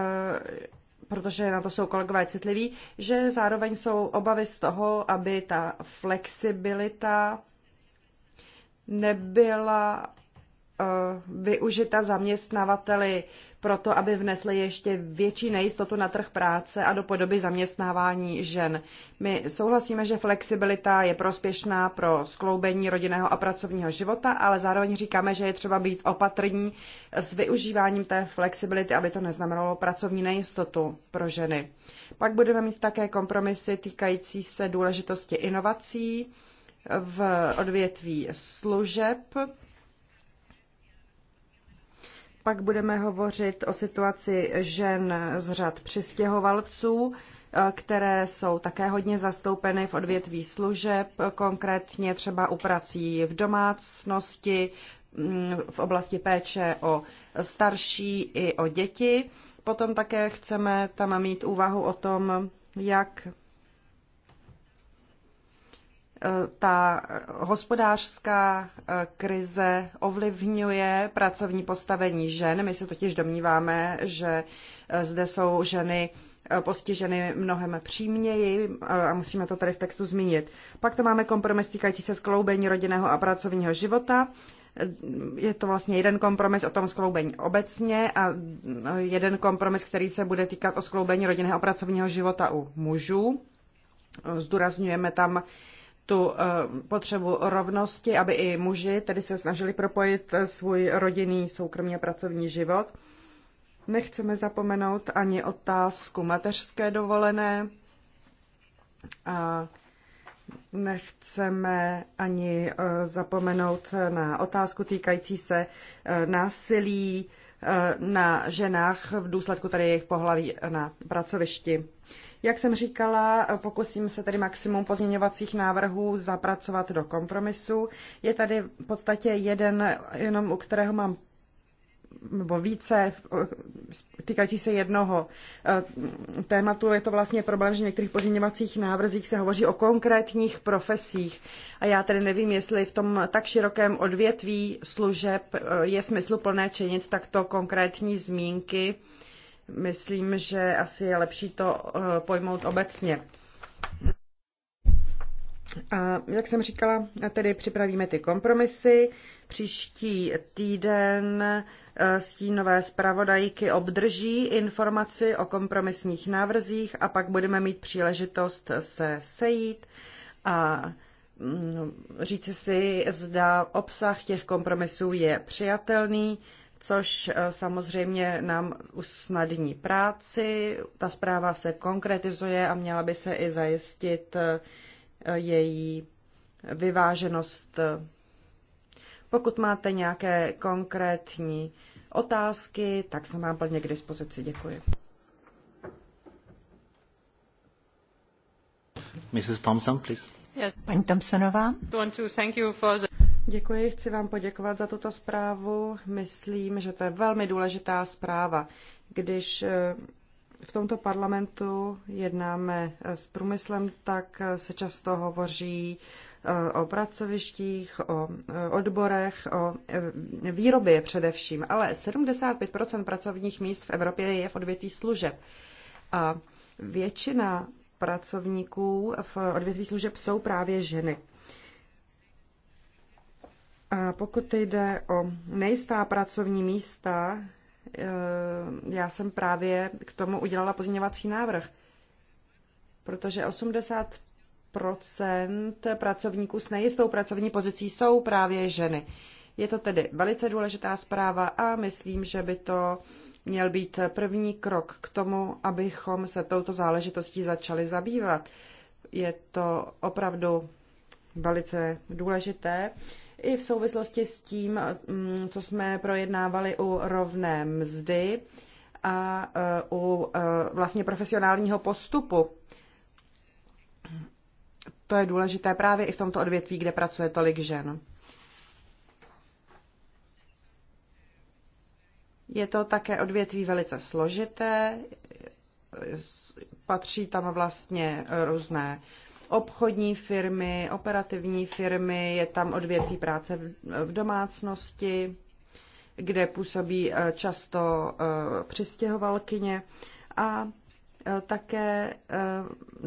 protože na to jsou kolegové citliví, že zároveň jsou obavy z toho, aby ta flexibilita nebyla eh, využita zaměstnavateli proto, aby vnesly ještě větší nejistotu na trh práce a do podoby zaměstnávání žen. My souhlasíme, že flexibilita je prospěšná pro skloubení rodinného a pracovního života, ale zároveň říkáme, že je třeba být opatrní s využíváním té flexibility, aby to neznamenalo pracovní nejistotu pro ženy. Pak budeme mít také kompromisy týkající se důležitosti inovací v odvětví služeb pak budeme hovořit o situaci žen z řad přistěhovalců, eh, které jsou také hodně zastoupeny v odvětví služeb, konkrétně třeba u prací v domácnosti, mm, v oblasti péče o starší i o děti. Potom také chceme tam mít úvahu o tom, jak ta hospodářská eh, krize ovlivňuje pracovní postavení žen. My se totiž domníváme, že eh, zde jsou ženy eh, postiženy mnohem přímněji a musíme to tady v textu zmínit. Pak to máme kompromis týkající se skloubení rodinného a pracovního života. Je to vlastně jeden kompromis o tom skloubení obecně a jeden kompromis, který se bude týkat o skloubení rodinného a pracovního života u mužů. Zdůrazňujeme tam tu eh, potřebu rovnosti, aby i muži tedy se snažili propojit eh, svůj rodinný, soukromý a pracovní život. Nechceme zapomenout ani otázku mateřské dovolené a nechceme ani eh, zapomenout na otázku týkající se násilí, Eh, na ženách v důsledku tady jejich pohlaví na pracovišti. Jak jsem říkala, eh, pokusím se tedy maximum pozměňovacích návrhů zapracovat do kompromisu. Je tady v podstatě jeden, jenom u kterého mám nebo více týkající se jednoho eh, tématu. Je to vlastně problém, že v některých pozměňovacích návrzích se hovoří o konkrétních profesích. A já tedy nevím, jestli v tom tak širokém odvětví služeb eh, je smysluplné činit takto konkrétní zmínky. Myslím, že asi je lepší to eh, pojmout obecně. A jak jsem říkala, tedy připravíme ty kompromisy. Příští týden stínové zpravodajky obdrží informaci o kompromisních návrzích a pak budeme mít příležitost se sejít a mm, říci si, zda obsah těch kompromisů je přijatelný, což e, samozřejmě nám usnadní práci. Ta zpráva se konkretizuje a měla by se i zajistit e, její vyváženost pokud máte nějaké konkrétní otázky, tak jsem vám plně k dispozici. Děkuji. Mrs. Thompson, please. Yes. Paní Thompsonová. Děkuji, chci vám poděkovat za tuto zprávu. Myslím, že to je velmi důležitá zpráva. Když eh, v tomto parlamentu jednáme eh, s průmyslem, tak eh, se často hovoří o pracovištích, o odborech, o e, výrobě především, ale 75 pracovních míst v Evropě je v odvětví služeb. A většina pracovníků v odvětví služeb jsou právě ženy. A pokud jde o nejistá pracovní místa, e, já jsem právě k tomu udělala pozměňovací návrh, protože 80 procent pracovníků s nejistou pracovní pozicí jsou právě ženy. Je to tedy velice důležitá zpráva a myslím, že by to měl být první krok k tomu, abychom se touto záležitostí začali zabývat. Je to opravdu velice důležité. I v souvislosti s tím, mm, co jsme projednávali u rovné mzdy a e, u e, vlastně profesionálního postupu to je důležité právě i v tomto odvětví, kde pracuje tolik žen. Je to také odvětví velice složité, patří tam vlastně různé obchodní firmy, operativní firmy, je tam odvětví práce v domácnosti, kde působí eh, často eh, přistěhovalkyně a Eh, také eh,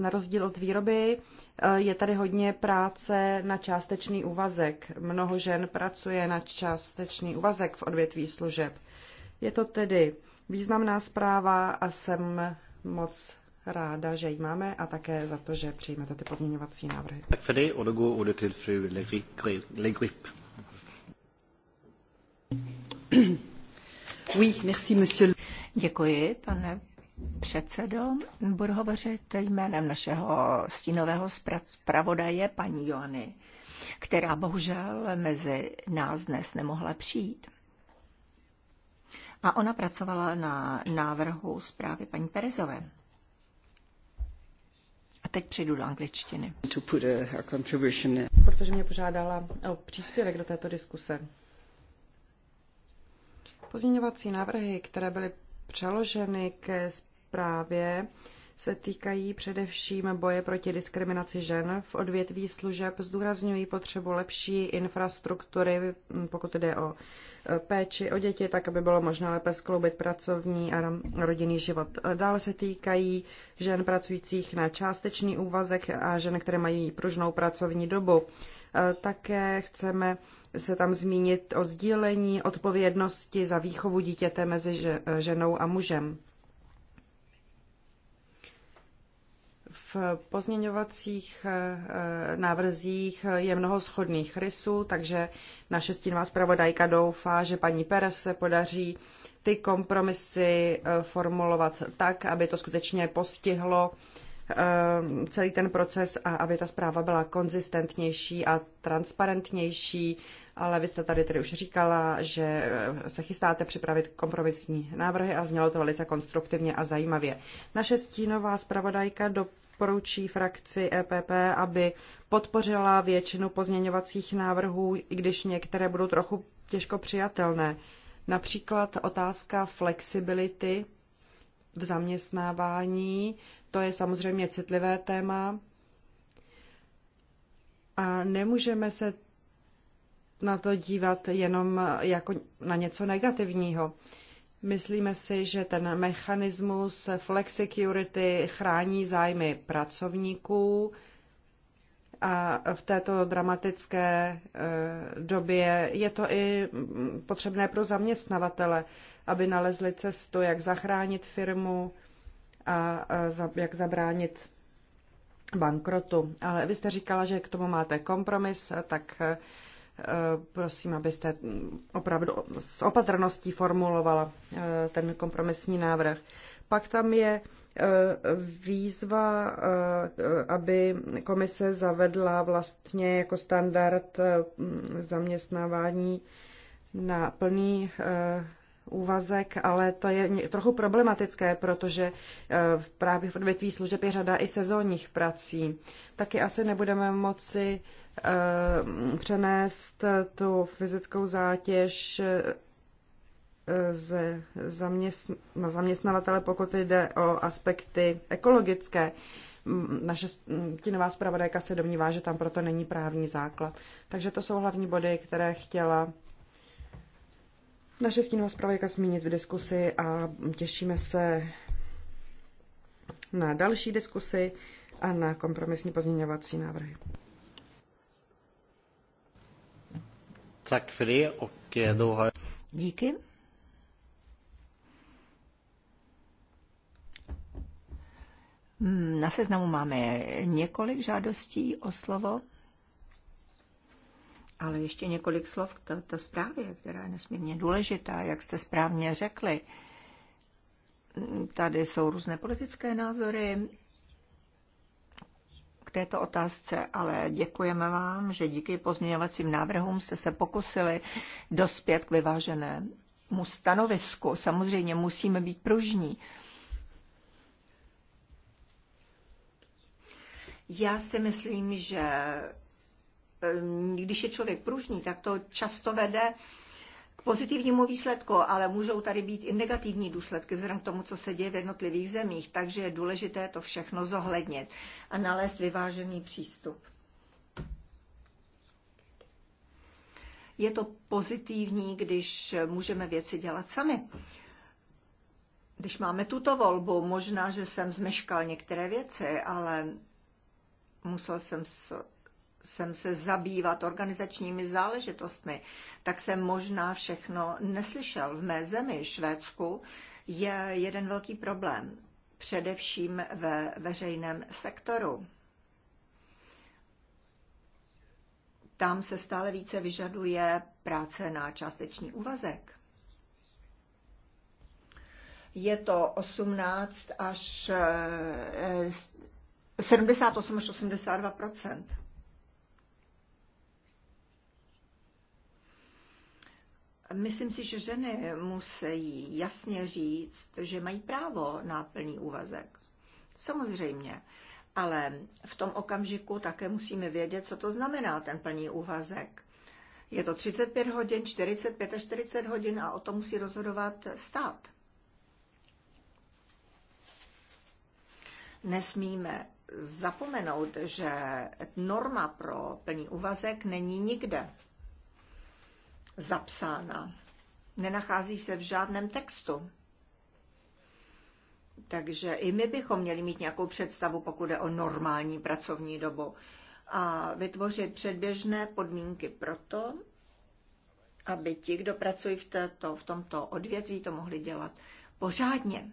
na rozdíl od výroby eh, je tady hodně práce na částečný úvazek. Mnoho žen pracuje na částečný úvazek v odvětví služeb. Je to tedy významná zpráva a jsem moc ráda, že ji máme a také za to, že přijmete ty pozměňovací návrhy. Děkuji, pane předsedo. Budu hovořit jménem našeho stínového zpravodaje, paní Joany, která bohužel mezi nás dnes nemohla přijít. A ona pracovala na návrhu zprávy paní Perezové. A teď přejdu do angličtiny. Uh, Protože mě požádala o příspěvek do této diskuse. Pozměňovací návrhy, které byly přeloženy ke zprávě se týkají především boje proti diskriminaci žen. V odvětví služeb zdůrazňují potřebu lepší infrastruktury, pokud jde o e, péči o děti, tak aby bylo možné lépe skloubit pracovní a rodinný život. Dále se týkají žen pracujících na částečný úvazek a žen, které mají pružnou pracovní dobu. E, také chceme se tam zmínit o sdílení odpovědnosti za výchovu dítěte mezi e, ženou a mužem. V pozměňovacích eh, eh, návrzích je mnoho schodných rysů, takže naše stínová zpravodajka doufá, že paní Perez se podaří ty kompromisy eh, formulovat tak, aby to skutečně postihlo celý ten proces a aby ta zpráva byla konzistentnější a transparentnější, ale vy jste tady tedy už říkala, že se chystáte připravit kompromisní návrhy a znělo to velice konstruktivně a zajímavě. Naše stínová zpravodajka do doporučí frakci EPP, aby podpořila většinu pozměňovacích návrhů, i když některé budou trochu těžko přijatelné. Například otázka flexibility v zaměstnávání, to je samozřejmě citlivé téma. A nemůžeme se na to dívat jenom jako na něco negativního. Myslíme si, že ten mechanismus flexicurity chrání zájmy pracovníků a v této dramatické eh, době je to i potřebné pro zaměstnavatele, aby nalezli cestu, jak zachránit firmu a eh, jak zabránit bankrotu. Ale vy jste říkala, že k tomu máte kompromis, eh, tak Eh, prosím, abyste opravdu s opatrností formulovala eh, ten kompromisní návrh. Pak tam je eh, výzva, aby komise zavedla vlastně jako standard zaměstnávání na plný úvazek, ale to je trochu problematické, protože právě v odvětví služeb je řada i sezónních prací. Taky asi nebudeme moci Eh, přenést tu fyzickou zátěž eh, ze zaměstn- na zaměstnavatele, pokud jde o aspekty ekologické. Naše tinová zpravodajka se domnívá, že tam proto není právní základ. Takže to jsou hlavní body, které chtěla naše stínová zpravodajka zmínit v diskusi a těšíme se na další diskusi a na kompromisní pozměňovací návrhy. för det och eh, då har... Díky. Mm, na seznamu máme několik žádostí o slovo, ale ještě několik slov k této zprávě, která je nesmírně důležitá, jak jste správně řekli. Tady jsou různé politické názory, této otázce, ale děkujeme vám, že díky pozměňovacím návrhům jste se pokusili dospět k vyváženému stanovisku. Samozřejmě musíme být pružní. Já si myslím, že eh, když je člověk pružný, tak to často vede pozitivnímu výsledku, ale můžou tady být i negativní důsledky vzhledem k tomu, co se děje v jednotlivých zemích, takže je důležité to všechno zohlednit a nalézt vyvážený přístup. Je to pozitivní, když můžeme věci dělat sami. Když máme tuto volbu, možná, že jsem zmeškal některé věci, ale musel jsem jsem se zabývat organizačními záležitostmi, tak jsem možná všechno neslyšel. V mé zemi, Švédsku, je jeden velký problém, především ve veřejném sektoru. Tam se stále více vyžaduje práce na částečný úvazek. Je to 18 až 78 eh, až 82 Myslím si, že ženy musí jasně říct, že mají právo na plný úvazek. Samozřejmě. Ale v tom okamžiku také musíme vědět, co to znamená ten plný úvazek. Je to 35 hodin, 45 a 40 hodin a o tom musí rozhodovat stát. Nesmíme zapomenout, že norma pro plný úvazek není nikde zapsána. Nenachází se v žádném textu. Takže i my bychom měli mít nějakou představu, pokud je o normální pracovní dobu. A vytvořit předběžné podmínky pro to, aby ti, kdo pracují v, této, v tomto odvětví, to mohli dělat pořádně.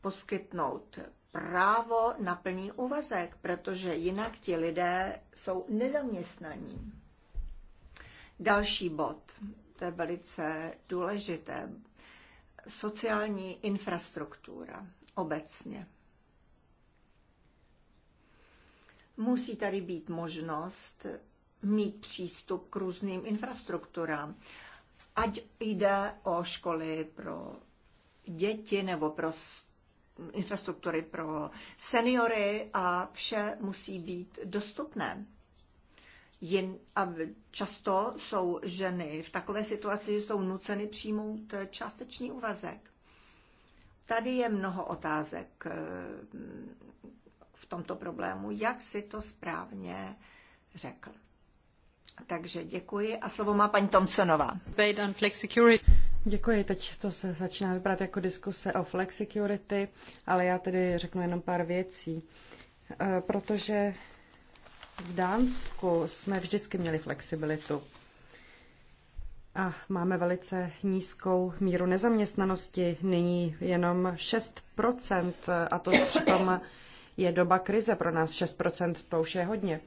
Poskytnout právo na plný úvazek, protože jinak ti lidé jsou nezaměstnaní. Další bod, to je velice důležité, sociální infrastruktura obecně. Musí tady být možnost mít přístup k různým infrastrukturám, ať jde o školy pro děti nebo pro infrastruktury pro seniory a vše musí být dostupné. Jin, a často jsou ženy v takové situaci, že jsou nuceny přijmout částečný úvazek. Tady je mnoho otázek eh, v tomto problému, jak si to správně řekl. Takže děkuji a slovo má paní Thompsonová. Děkuji, teď to se začíná vypadat jako diskuse o flexicurity, ale já tedy řeknu jenom pár věcí, eh, protože v Dánsku jsme vždycky měli flexibilitu. A máme velice nízkou míru nezaměstnanosti, nyní jenom 6%, a to přitom je doba krize pro nás, 6% to už je hodně.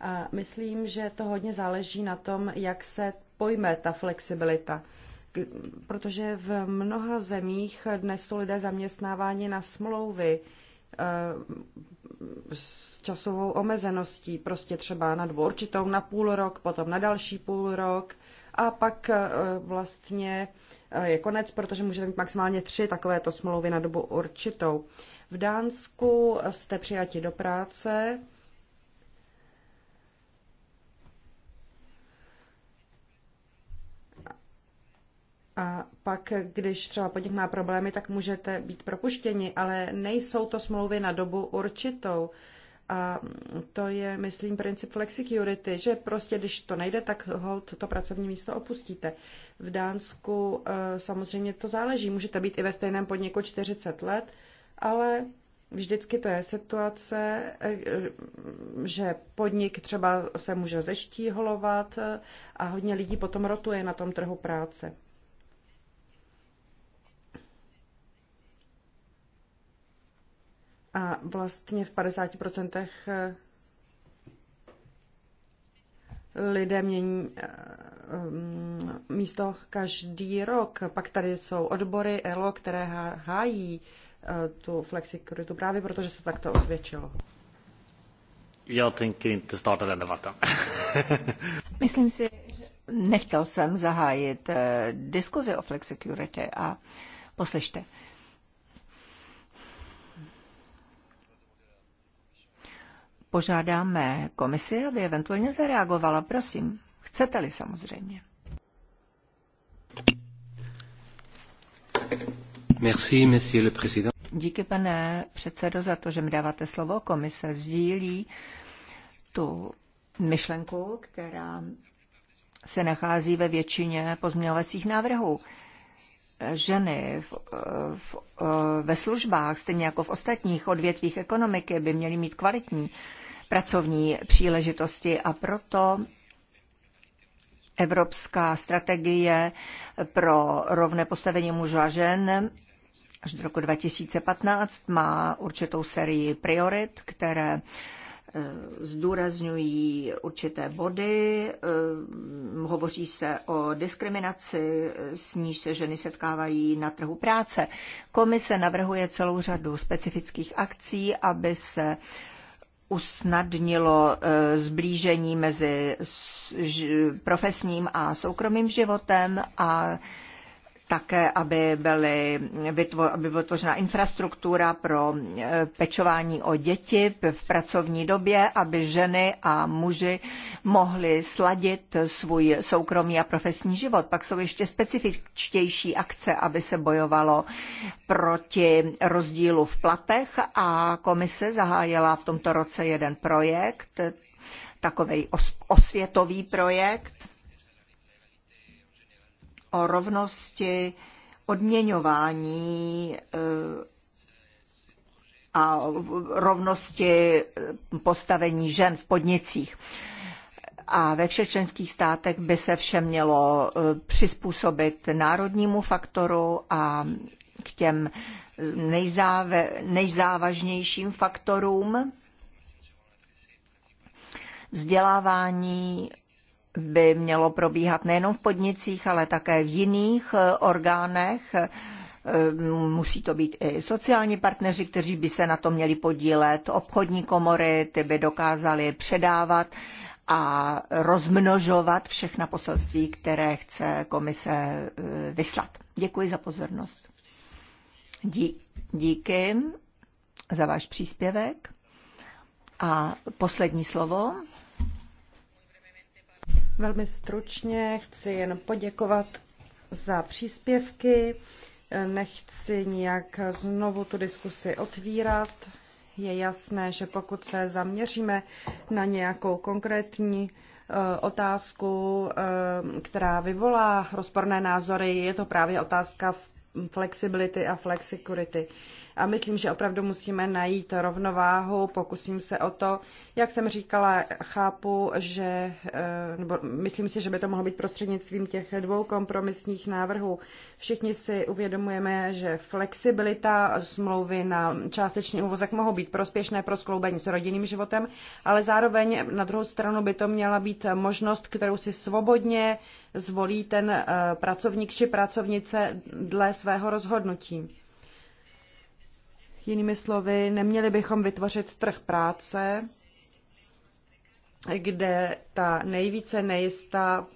A myslím, že to hodně záleží na tom, jak se pojme ta flexibilita. Protože v mnoha zemích dnes jsou lidé zaměstnáváni na smlouvy, Eh, s časovou omezeností, prostě třeba na dobu určitou, na půl rok, potom na další půl rok a pak eh, vlastně eh, je konec, protože můžete mít maximálně tři takovéto smlouvy na dobu určitou. V Dánsku jste přijati do práce, A pak, když třeba podnik má problémy, tak můžete být propuštěni, ale nejsou to smlouvy na dobu určitou. A to je, myslím, princip flexicurity, že prostě, když to nejde, tak hold to pracovní místo opustíte. V Dánsku eh, samozřejmě to záleží. Můžete být i ve stejném podniku 40 let, ale vždycky to je situace, eh, že podnik třeba se může zeštíholovat eh, a hodně lidí potom rotuje na tom trhu práce. A vlastně v 50% eh, lidé mění eh, mm, místo každý rok. Pak tady jsou odbory ELO, které hájí eh, tu flexikuritu právě protože se takto osvědčilo. Já tänker starta Myslím si, že nechtěl jsem zahájit diskuzi o flexikuritě a poslyšte. požádáme komisi, aby eventuálně zareagovala. Prosím, chcete-li samozřejmě. Merci, monsieur le président. Díky, pane předsedo, za to, že mi dáváte slovo. Komise sdílí tu myšlenku, která se nachází ve většině pozměňovacích návrhů. Ženy v, v, ve službách, stejně jako v ostatních odvětvích ekonomiky, by měly mít kvalitní pracovní příležitosti a proto Evropská strategie pro rovné postavení mužů a žen až do roku 2015 má určitou sérii priorit, které eh, zdůrazňují určité body, eh, hovoří se o diskriminaci, s níž se ženy setkávají na trhu práce. Komise navrhuje celou řadu specifických akcí, aby se usnadnilo e, zblížení mezi profesním a soukromým životem a také, aby, byly, aby byla vytvořena infrastruktura pro e, pečování o děti v pracovní době, aby ženy a muži mohli sladit svůj soukromý a profesní život. Pak jsou ještě specifičtější akce, aby se bojovalo proti rozdílu v platech a komise zahájila v tomto roce jeden projekt, takový osvětový projekt, o rovnosti odměňování eh, a rovnosti eh, postavení žen v podnicích. A ve všech členských státech by se vše mělo eh, přizpůsobit národnímu faktoru a k těm nejzáve, nejzávažnějším faktorům vzdělávání by mělo probíhat nejenom v podnicích, ale také v jiných eh, orgánech. Eh, musí to být i sociální partneři, kteří by se na to měli podílet, obchodní komory, ty by dokázali předávat a rozmnožovat všechna poselství, které chce komise eh, vyslat. Děkuji za pozornost. Dí, díky za váš příspěvek. A poslední slovo Velmi stručně chci jen poděkovat za příspěvky. Nechci nijak znovu tu diskusi otvírat. Je jasné, že pokud se zaměříme na nějakou konkrétní e, otázku, e, která vyvolá rozporné názory, je to právě otázka flexibility a flexicurity a myslím, že opravdu musíme najít rovnováhu. Pokusím se o to, jak jsem říkala, chápu, že, eh, nebo myslím si, že by to mohlo být prostřednictvím těch dvou kompromisních návrhů. Všichni si uvědomujeme, že flexibilita smlouvy na částečný úvozek mohou být prospěšné pro skloubení s rodinným životem, ale zároveň na druhou stranu by to měla být možnost, kterou si svobodně zvolí ten eh, pracovník či pracovnice dle svého rozhodnutí. Jinými slovy, neměli bychom vytvořit trh práce, kde ta nejvíce nejistá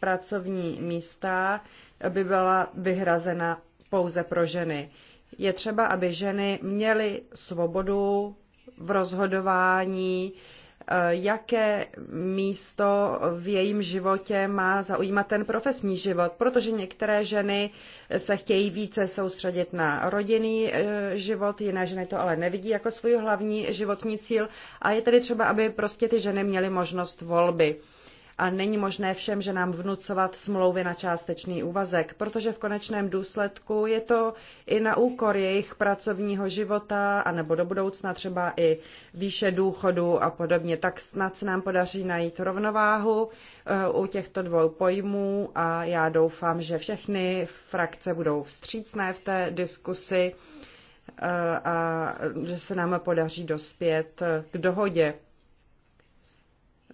pracovní místa by byla vyhrazena pouze pro ženy. Je třeba, aby ženy měly svobodu v rozhodování, Eh, jaké místo v jejím životě má zaujímat ten profesní život, protože některé ženy se chtějí více soustředit na rodinný eh, život, jiné ženy to ale nevidí jako svůj hlavní životní cíl a je tedy třeba, aby prostě ty ženy měly možnost volby a není možné všem ženám vnucovat smlouvy na částečný úvazek, protože v konečném důsledku je to i na úkor jejich pracovního života, anebo do budoucna třeba i výše důchodu a podobně. Tak snad se nám podaří najít rovnováhu eh, u těchto dvou pojmů a já doufám, že všechny frakce budou vstřícné v té diskusi eh, a že se nám podaří dospět k dohodě.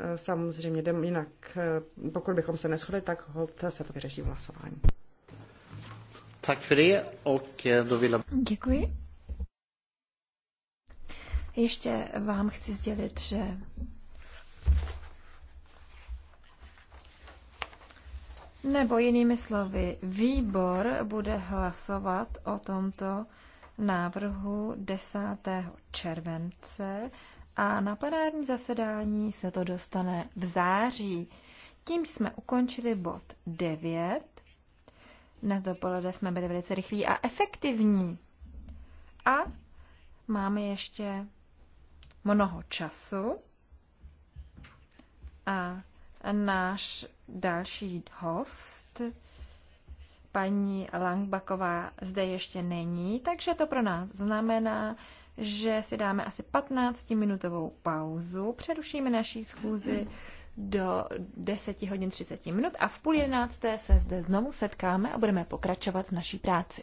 Eh, samozřejmě jdem jinak, eh, pokud bychom se neschodli, tak hold se to vyřeší v hlasování. Tak för ok, eh, Děkuji. Ještě vám chci sdělit, že Nebo jinými slovy, výbor bude hlasovat o tomto návrhu 10. července a na plenární zasedání se to dostane v září. Tím jsme ukončili bod 9. Dnes dopoledne jsme byli velice rychlí a efektivní. A máme ještě mnoho času. A náš další host, paní Langbaková, zde ještě není, takže to pro nás znamená, že si dáme asi 15-minutovou pauzu, přerušíme naší schůzi do 10 hodin 30 minut a v půl jedenácté se zde znovu setkáme a budeme pokračovat v naší práci.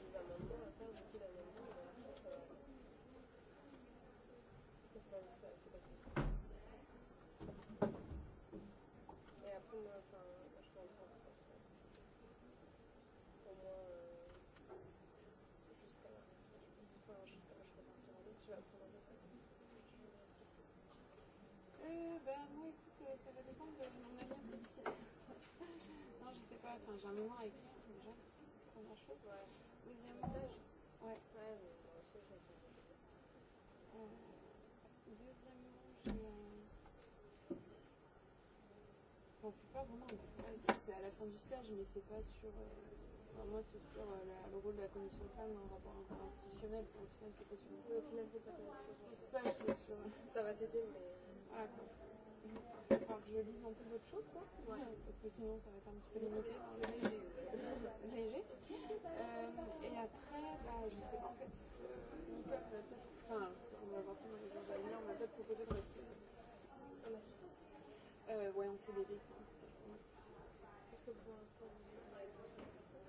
euh, ça va dépendre de mon avis politique. non, je sais pas, enfin, j'ai un mémoire à écrire, mais déjà, c'est la première chose. Ouais. Deuxième stage Ouais. Ouais, mais moi aussi, j'ai un euh, Deuxièmement, j'ai. Enfin, c'est pas vraiment. Ouais, c'est à la fin du stage, mais c'est pas sur. Euh... Enfin, moi, c'est sur euh, la, le rôle de la commission femme en rapport interinstitutionnel. Enfin, au final, c'est pas sur. Au final, c'est pas sur. Ça va t'aider, mais. Voilà, quoi. Il va que je lise un peu d'autres choses, quoi. Ouais. Parce que sinon, ça va être un petit peu limité. Léger. Euh, et après, bah, je sais pas, en fait, Enfin, on va voir ça dans les on m'a peut-être proposé de rester Euh, ouais, on que pour l'instant,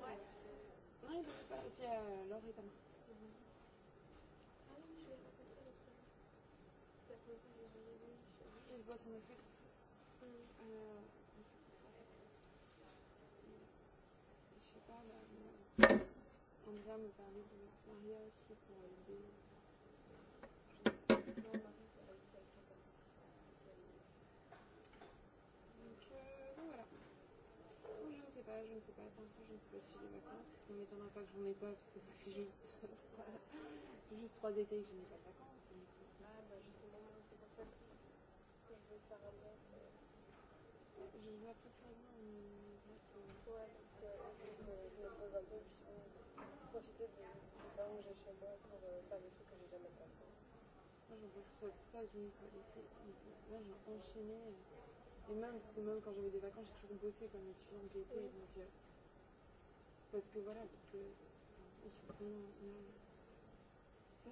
Ouais. Non, il ne pas. Et puis, euh, Laure et quoi mm. euh, Je sais pas, là, on vient me parler de Maria aussi pour l'aider. Marie, Donc, euh, donc voilà. Donc, je ne sais pas, je ne sais pas. je ne sais pas si j'ai vacances. Ça ne m'étonnera pas que ai pas parce que ça fait juste trois, juste trois étés que je n'ai pas de vacances. Donc, parallèle. J'ai l'impression vraiment une Ouais, parce que je me pose un peu, puis profiter du, temps que j'ai chez moi pour faire des trucs que j'ai jamais le Moi, j'en peux plus, c'est ça je me dis, l'été, là, j'ai enchaîné. Et même, parce que même quand j'avais des vacances, j'ai toujours bossé comme étudiante l'été, donc. Euh, parce que voilà, parce que. ça, je me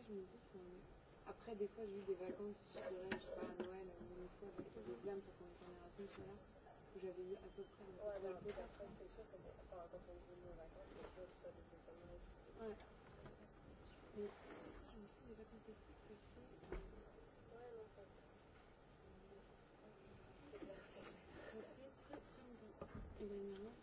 dis, enfin, Après, des fois, j'ai eu des vacances, je dirais, je à Noël, une fois, j'ai fait des pour qu'on ait Erasmus, voilà, où j'avais eu à peu près Ouais, après, c'est sûr quand on est venu vacances, c'est sûr que soit des examens. Ouais. Mais je me suis des vacances Ouais, non, ça C'est très, très longtemps. Et l'année dernière,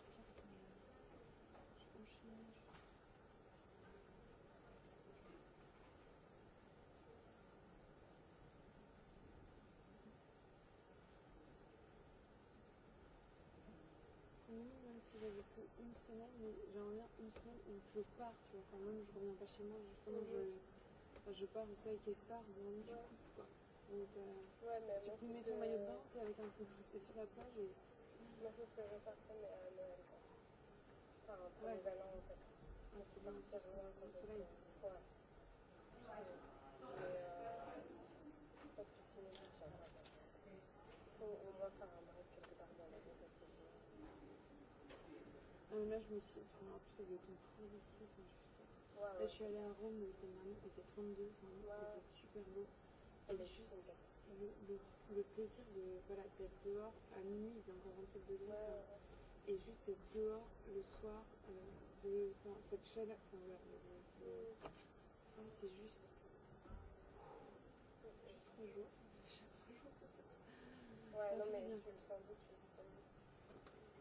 j'avais que une semaine, mais j'aimerais bien une semaine où je pars, tu vois. Enfin, même je reviens pas chez moi, justement, mm -hmm. je, mhm. enfin, je pars au avec quelque part, vraiment, ouais. tu coupes, quoi. Donc, euh, ouais, mais tu peux mettre ton maillot de bain, tu sais, avec un peu de et sur la plage. Et... Moi, c'est ce que je vais faire, mais à Noël, quoi. Enfin, pour ouais. les valents, en fait. Ah, trop bien. Partir loin quand au soleil. Ouais. Euh, parce que sinon, je tiens pas. Faut au moins faire un Euh, là, je me suis. Enfin, en plus, il y avait une frise ici. Enfin, je... Ouais, ouais. Là, je suis allée à Rome il était end il était 32. Enfin, ouais. était super beau. Et ouais, juste le, le, le plaisir de voilà, d'être dehors à minuit, il faisait encore 27 degrés. Ouais, ouais. Et juste d'être dehors le soir, euh, de, enfin, cette chaleur. Enfin, voilà, le, le, le, ça, c'est juste. Juste trois jours. Déjà trois jours, ça fait. Ouais, ça non, fait mais bien. je le sens beaucoup.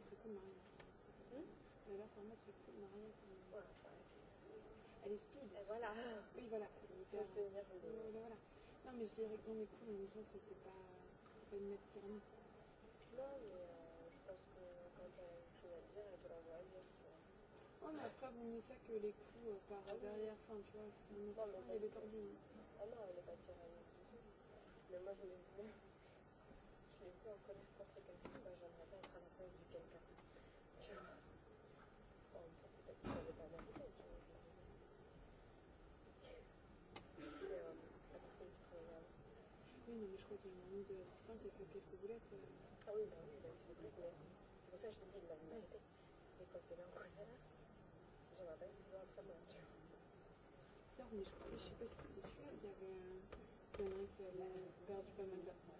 ما تكون معايا انا بقى فاهمه تكون معايا السبيد voilà oui voilà voilà non mais je dirais mes cours l'émission ça c'est pas pas une note tyrannique non mais euh, je pense que quand elle a une chose à dire elle peut l'envoyer Ouais, mais après, vaut mieux ça que les coups euh, par ah, derrière, tu vois, c'est elle est tordue. Ah non, elle pas Mais moi, je l'ai vu. Je l'ai vu en colère qu'il y en a une de assistante qui a fait quelques boulettes. Euh... Ah oui, bah oui, il a fait des boulettes. C'est pour ça que je te dis, il l'a mérité. Et quand elle est en colère, si j'en rappelle, c'est souvent après moi, tu vois. Tiens, mais je, je sais pas si c'était celui-là, il y avait un, il y en a un qui avait perdu pas mal d'argent.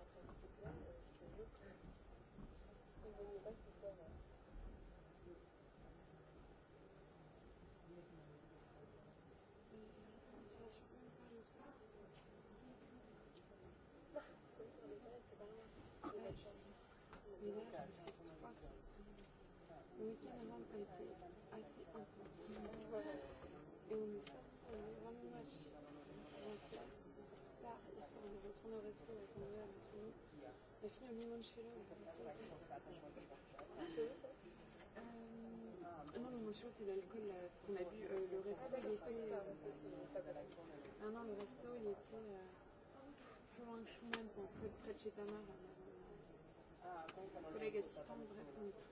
Le week-end a été assez intense. Et on est sorti un grand match gentil. Star, hier soir, on est retourné au resto avec mon verre et tout. au C'est où ça euh, non, le c'est l'alcool qu'on a bu. Euh, le resto, ah, il était. Euh, ah non, le resto, il était euh, plus loin que Schumann, près de chez Tamar. mère collègues assistants, bref, on est tous.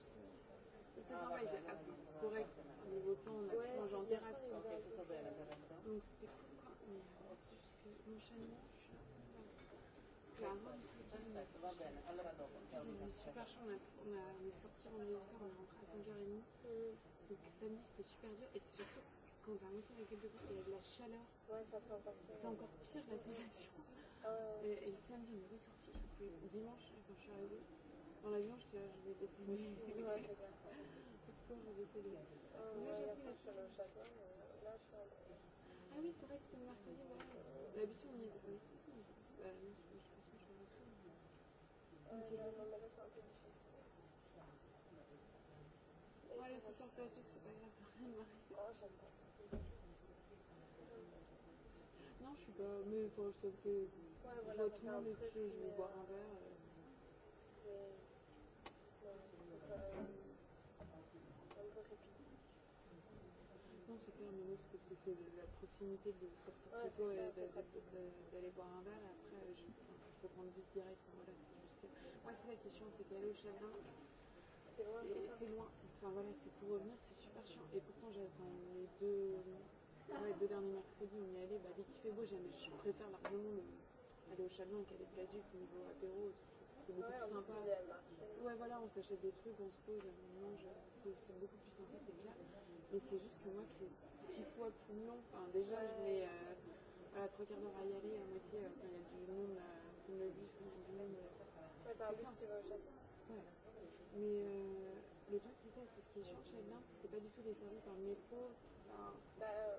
C'était sympa, ils étaient corrects au niveau temps, on ouais, pu en terrasse. Quoi. Donc c'était cool, quoi. Mais c'est juste que l'enchaînement, je suis clairement, c'était super chaud, on, a, on, a, on est sorti en léger, on est rentré à 5h30. Mm. Donc samedi, c'était super dur. Et surtout quand on va rentrer avec quelques et la chaleur, ouais, c'est encore pire l'association. Euh... Et, et le samedi, il est ressorti. Dimanche, quand je suis arrivée, dans l'avion, je, je vais dessiner. Ouais, c'est bien. Parce que euh, j'ai dessiné. Euh, là, j'ai pris le château, là, je suis Ah oui, c'est vrai que c'est le mercredi. Ouais. L'habitude, on y était pas aussi. Bah, je, je pense que je suis reçue. Euh, non, mais là, c'est un peu difficile. Ouais, là, ce soir, pas sûr que c'est pas grave. Oh, j'aime pas. non, je suis pas. Mais faut, ça fait. Ouais, voilà, je vois tout le monde et je, je vais boire un verre. Et... Euh. c'est clair, mais c'est parce que c'est la proximité de sortir ouais, chez toi et d'aller boire un verre. Et après, euh, je, je peux prendre bus direct. Voilà, juste Moi, c'est ça qui c'est qu'aller au Chabin, c'est loin. Enfin, voilà, c'est pour revenir, c'est super chiant. Et pourtant, j'ai enfin, les deux Moi, ah les deux derniers mercredis, on y allait. Bah, dès qu'il fait beau, j'aime, je préfère largement le, aller au Chablon qu'il y a des plages c'est niveau apéro. C'est beaucoup ouais, plus sympa. Ouais, voilà, on s'achète des trucs, on se pose, on mange. C'est beaucoup plus sympa, c'est clair. Mais c'est juste que moi, c'est six fois plus long. Enfin, déjà, je mets euh, voilà, trois quarts d'heure à y aller, à moitié, euh, quand il y a du monde, euh, comme le bus, quand il y a du monde. Euh, ouais, t'as un bus qui va au Chablon. Ouais. Mais euh, le truc, c'est ça, c'est ce qui est chiant chez Adelin, c'est que c'est pas du tout desservi par le métro. Enfin, bah, euh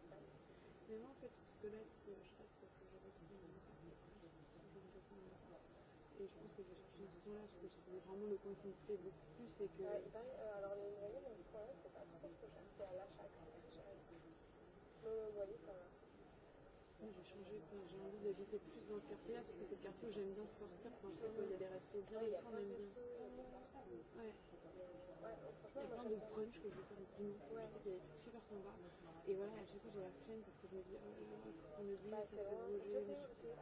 vraiment, en fait, parce que là, si, je reste, faut que je retrouve mon Et je pense que je vais chercher une solution là, parce que c'est vraiment le point qui me plaît beaucoup plus, c'est que... Ouais, il paraît, euh, alors, le loyer dans ce coin-là, c'est pas trop trop cher, c'est à l'achat que c'est très cher. Le loyer, ça va. Oui, j'ai changé, j'ai envie d'habiter plus dans ce quartier-là, parce que c'est le quartier où j'aime bien sortir, quand je sais qu'il y a des restos bien, les gens aiment bien. Ouais. Ouais, il y a plein de brunchs que je vais faire le dimanche. Ouais. Je sais qu'il y a des trucs super sympas. Et voilà, à chaque fois j'ai la flemme parce que je me dis, oh là là, il faut qu'on oublie, bah, ça peut bouger.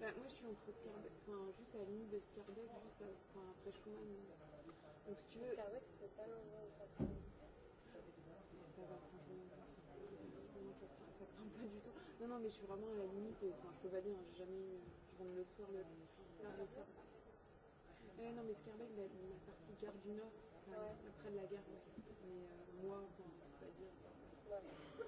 Bah, moi je suis entre Scarbeck, enfin juste à la limite de Scarbeck, juste à, enfin, après Schumann. Donc si tu veux. Scarbeck, c'est pas l'endroit où ça prend. Ça va, franchement. Non, ça prend, ça prend pas du tout. Non, non, mais je suis vraiment à la limite. Enfin, je peux pas dire, j'ai jamais eu. Je rentre le soir, le, le soir. Euh, non, mais Scarbeck, la, la partie gare du Nord. Enfin, ouais. Après la guerre, ouais. Mais euh, moi, bon, on peut pas dire. Ouais. Donc,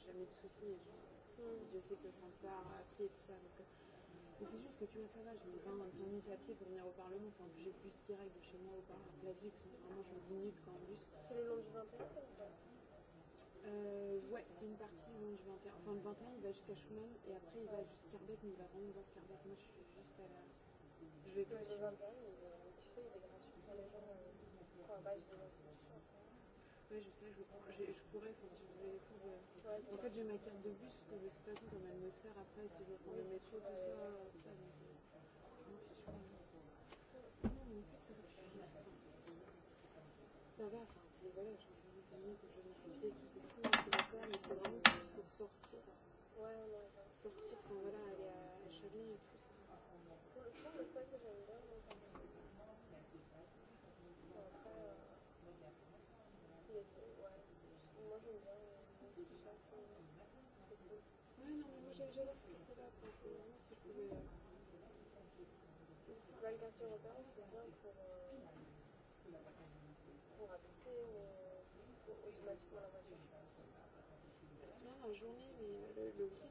jamais de soucis. Genre, mm. que je tard à pied et tout ça. Donc, euh, mais c'est juste que tu vois, ça va, je mets 20, 25 minutes à pied pour venir au Parlement. Enfin, j'ai plus direct de chez moi au Parlement. Place Vix, vraiment, je mets 10 minutes quand en bus. C'est le long du 21, ça ou euh, ouais, c'est une partie le long du 21. Enfin, le 21, il va jusqu'à Schumann et après, il va jusqu'à Carbeck, mais il va vraiment dans ce Moi, je suis juste à la je vais pas. Ouais, j'ai 20 ans, mais tu sais, il est gratuit pour les gens. Euh, pour un badge de l'institution. Ouais, je sais, je, je, je pourrais, enfin, si je faisais les fous de... Ouais, en fait, j'ai ma carte de bus, parce que de toute façon, comme elle me sert après, si je prends oui, le métro, tout ça, euh, en euh, fait, je m'en fiche pas. Non, mais en plus, c'est vrai que je suis... Ça va, enfin, c'est... Voilà, je me dis, c'est mieux que je vienne à pied, tout c'est cool, c'est pas ça, mais c'est vraiment juste pour sortir. Ouais, ouais, ouais. Sortir, enfin, voilà, aller à, à et tout quartier européen, c'est bien pour, euh, pour habiter, mais pour automatiquement la voiture, je pense. Parce que là, la journée, mais le, le week-end,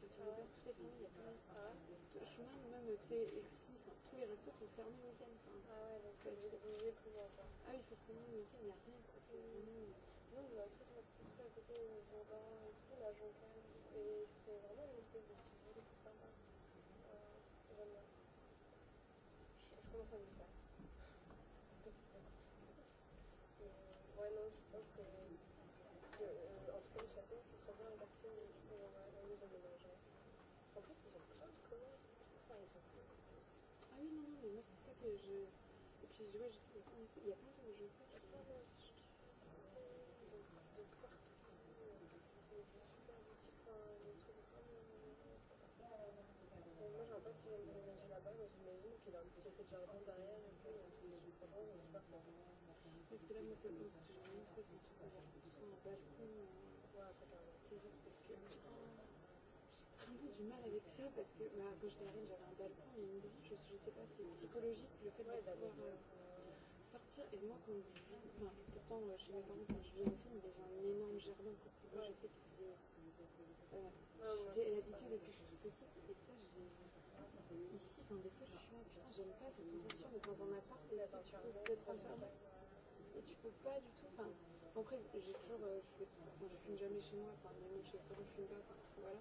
c'est comme une toute la famille, il y a plein de chemin, même tu sais, exquis, enfin, tous les restos sont fermés le week-end. ah ouais, donc parce euh, que... obligé de manger. Ah oui, forcément, le week-end, il n'y a rien. Mmh. Nous, on a toute notre petite rue à côté du jardin tout, la jonquette, et c'est vraiment une espèce de que je. Et puis je jouais jusqu'à 15. Il y a plein de jeux. Moi j'ai un pote qui vient de déménager là-bas, mais j'imagine qu'il a un petit café de jardin derrière et tout, donc c'est franchement, je sais pas comment. Parce que là, moi, c'est ce que j'aime trop, c'est que tu peux faire tout sur mon a ou un truc, c'est juste parce que putain toujours du mal avec ça parce que bah, quand j'étais reine, j'avais un balcon, mais mine de je ne sais pas, c'est psychologique le fait ouais, de pouvoir euh, sortir. Et moi, quand je vis, enfin, pourtant, euh, chez mes parents, quand je vis en ville, j'ai un énorme jardin. pour Quoi. Moi, je sais que c'est. Euh, j'ai l'habitude depuis que je suis petite, et ça, j'ai. Ici, enfin, des fois, je suis là, putain, j'aime pas cette sensation d'être dans un appart, et ça, tu peux peut-être enfermé. Et tu peux pas du tout. Enfin, après, j'ai toujours. Euh, je, fais, enfin, je fume jamais chez moi, enfin, même chez les parents, je fume pas, enfin, voilà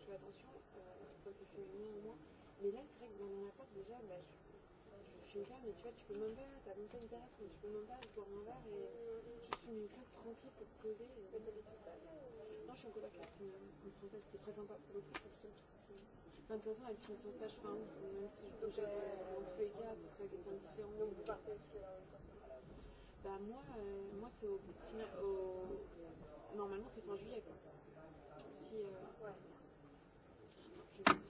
je fais attention euh, aux personnes qui fument moins ou moins. Mais là, c'est vrai que dans mon appart, déjà, bah, je, je fume pas, mais tu vois, tu peux même pas, t'as même pas une terrasse, mais tu peux même pas boire mon verre et je fume une clope tranquille pour te poser. Et... Mais t'habites toute seule Non, je suis en coloc avec une, une française qui est très sympa pour le coup, c'est le seul truc. Enfin, de toute façon, elle finit son stage fin août, même si je bougeais, euh, dans tous les cas, ce serait quelqu'un de différent. Donc vous partez avec euh, Bah moi, euh, moi c'est au, au... Normalement, c'est fin juillet, quoi. Si, euh, ouais. Thank you.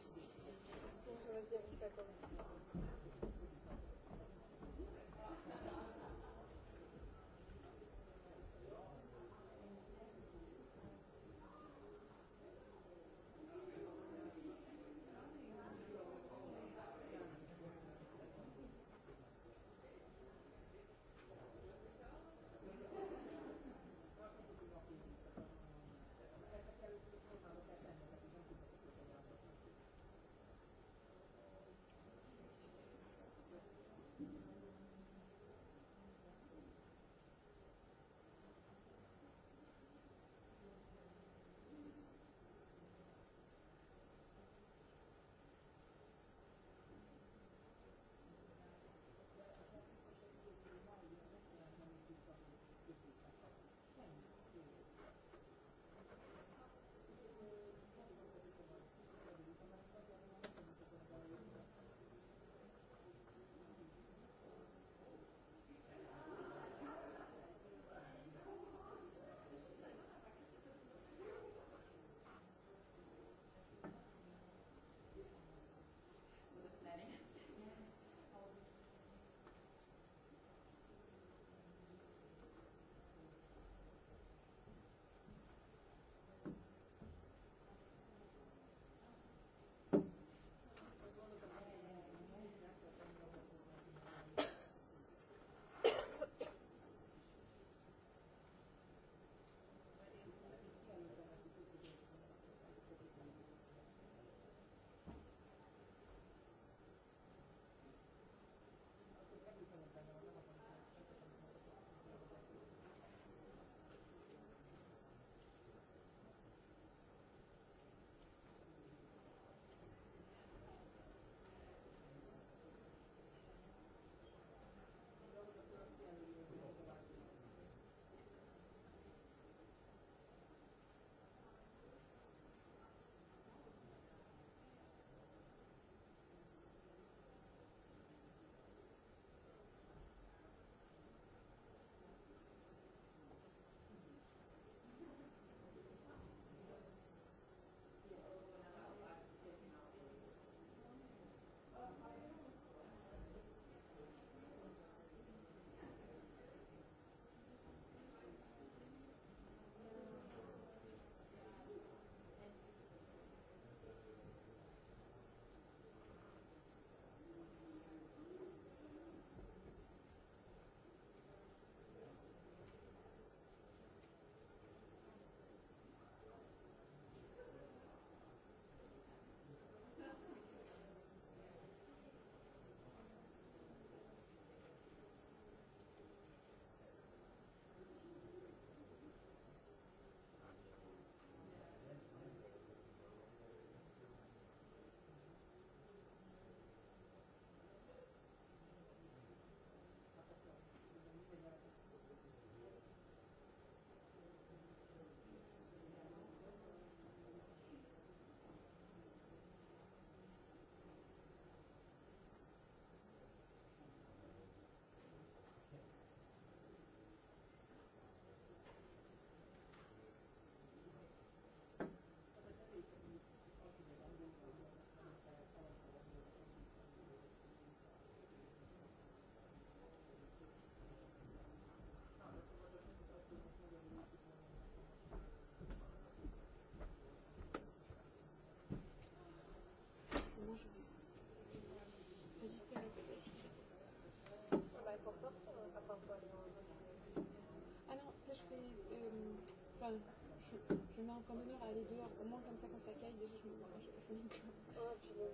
Enfin, je, mets un point d'honneur à aller dehors. Au moins, comme ça, quand ça caille, déjà, je me dis, je puis les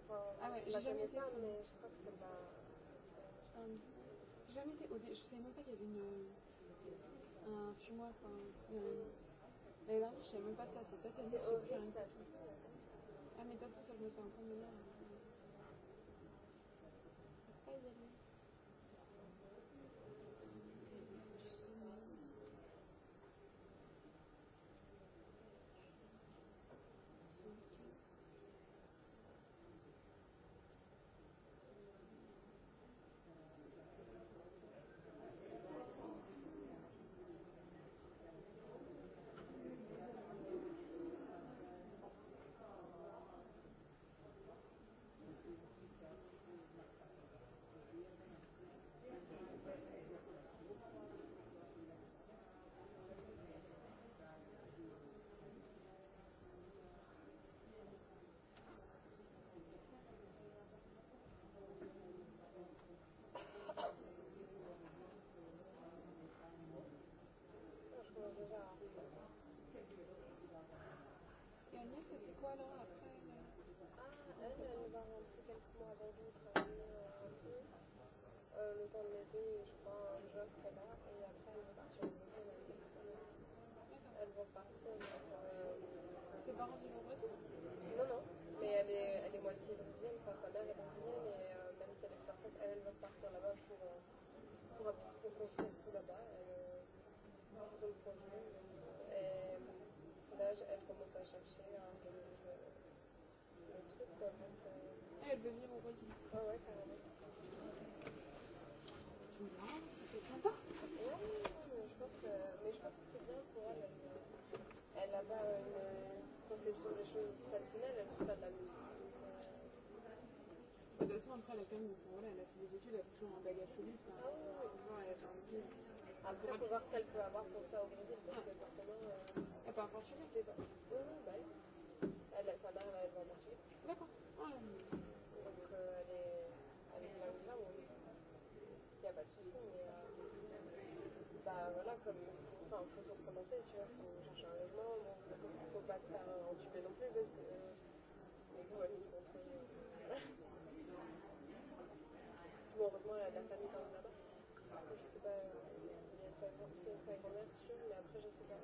enfin, ah ouais, j'ai jamais été mais je crois que c'est pas... J'ai jamais été... Au dé... Je savais même pas qu'il y avait une... un fumoir, enfin... L'année dernière, je savais même pas ça. C'est cette année, je sais plus rien. Ah, mais de toute façon, ça, je me fais Hein. quoi alors après Ah, elle, elle va rentrer quelques mois avant vous travailler un peu, euh, le temps de l'été, je crois, un job qu'elle a, et après elle va partir au Brésil avec ses collègues. Elle va partir. Euh, Ses parents vivent au Brésil Non, non, mais elle est, elle est moitié brésilienne, enfin sa mère est brésilienne, et euh, même si elle est par elle, elle va partir là-bas pour, euh, pour, pour construire tout là-bas. Elle, euh, son projet, et là, elle commence à chercher. Elle veut venir au Brésil. Ouais, ouais, carrément. Tu me diras, ça sympa. Ouais, mais je pense que, que c'est bien pour elle. Elle n'a pas une conception des choses traditionnelle, elle sait pas de la musique. De toute façon, après, elle a quand même, voilà, elle a fait des études, elle a toujours un bagage solide. Enfin, ah oui, Elle a un peu... Après, il voir ce qu'elle peut avoir pour ça au Brésil, parce que forcément... Euh... Elle peut avoir chez elle. Oui, oui, bah oui elle, sa mère, elle va en Portugal. D'accord. Ah. Donc euh, elle est, elle est là où il n'y a pas de souci, mais euh, bah voilà, comme enfin, faut se recommencer, tu vois, faut chercher un logement, bon, faut, faut pas se faire entuber non plus parce que euh, c'est quand même contre. bon, heureusement, elle a de la famille quand même là-bas. Je sais pas, il y a sa, sa grand-mère, sûr, mais après, je sais pas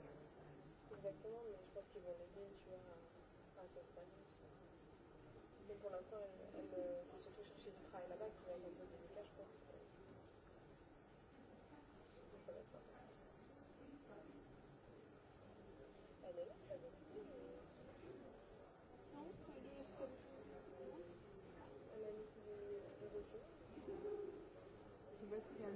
exactement, mais je pense qu'ils vont l'aider, tu vois. À, accompagner. Mais pour l'instant, elle, elle, c'est surtout chercher du travail là-bas qui va y poser des cas, je pense. ça va être sympa. Elle est là, elle est Non, elle est juste Elle a laissé des, des Je sais pas si c'est un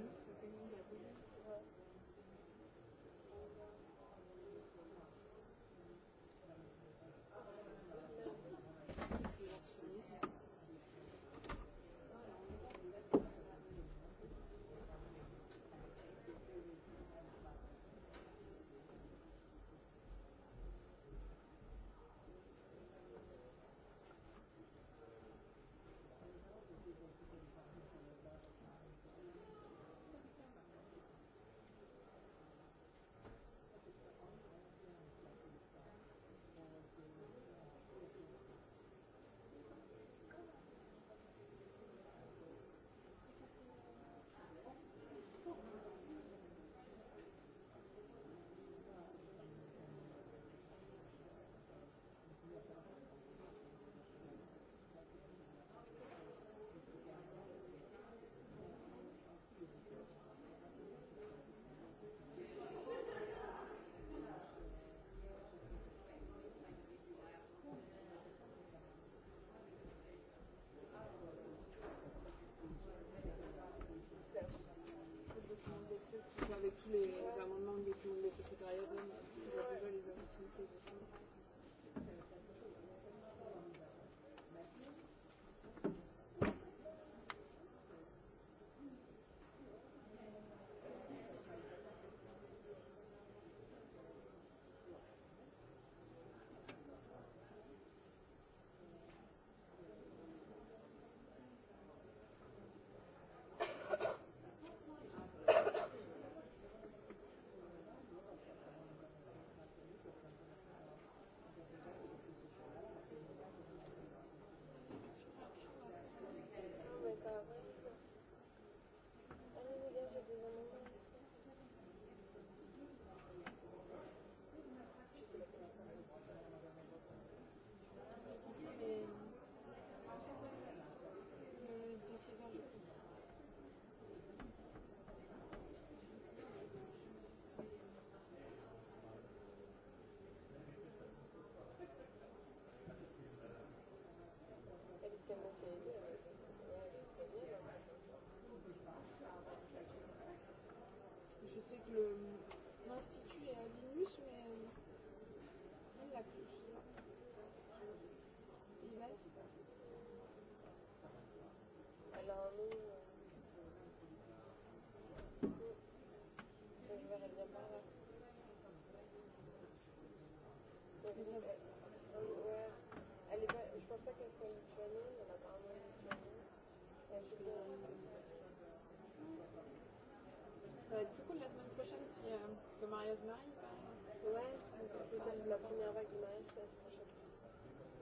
Ça va être plus cool la semaine prochaine si, euh, le mariage m'arrive. Euh... Ouais, c'est ça la première vague du mariage, c'est la semaine prochaine.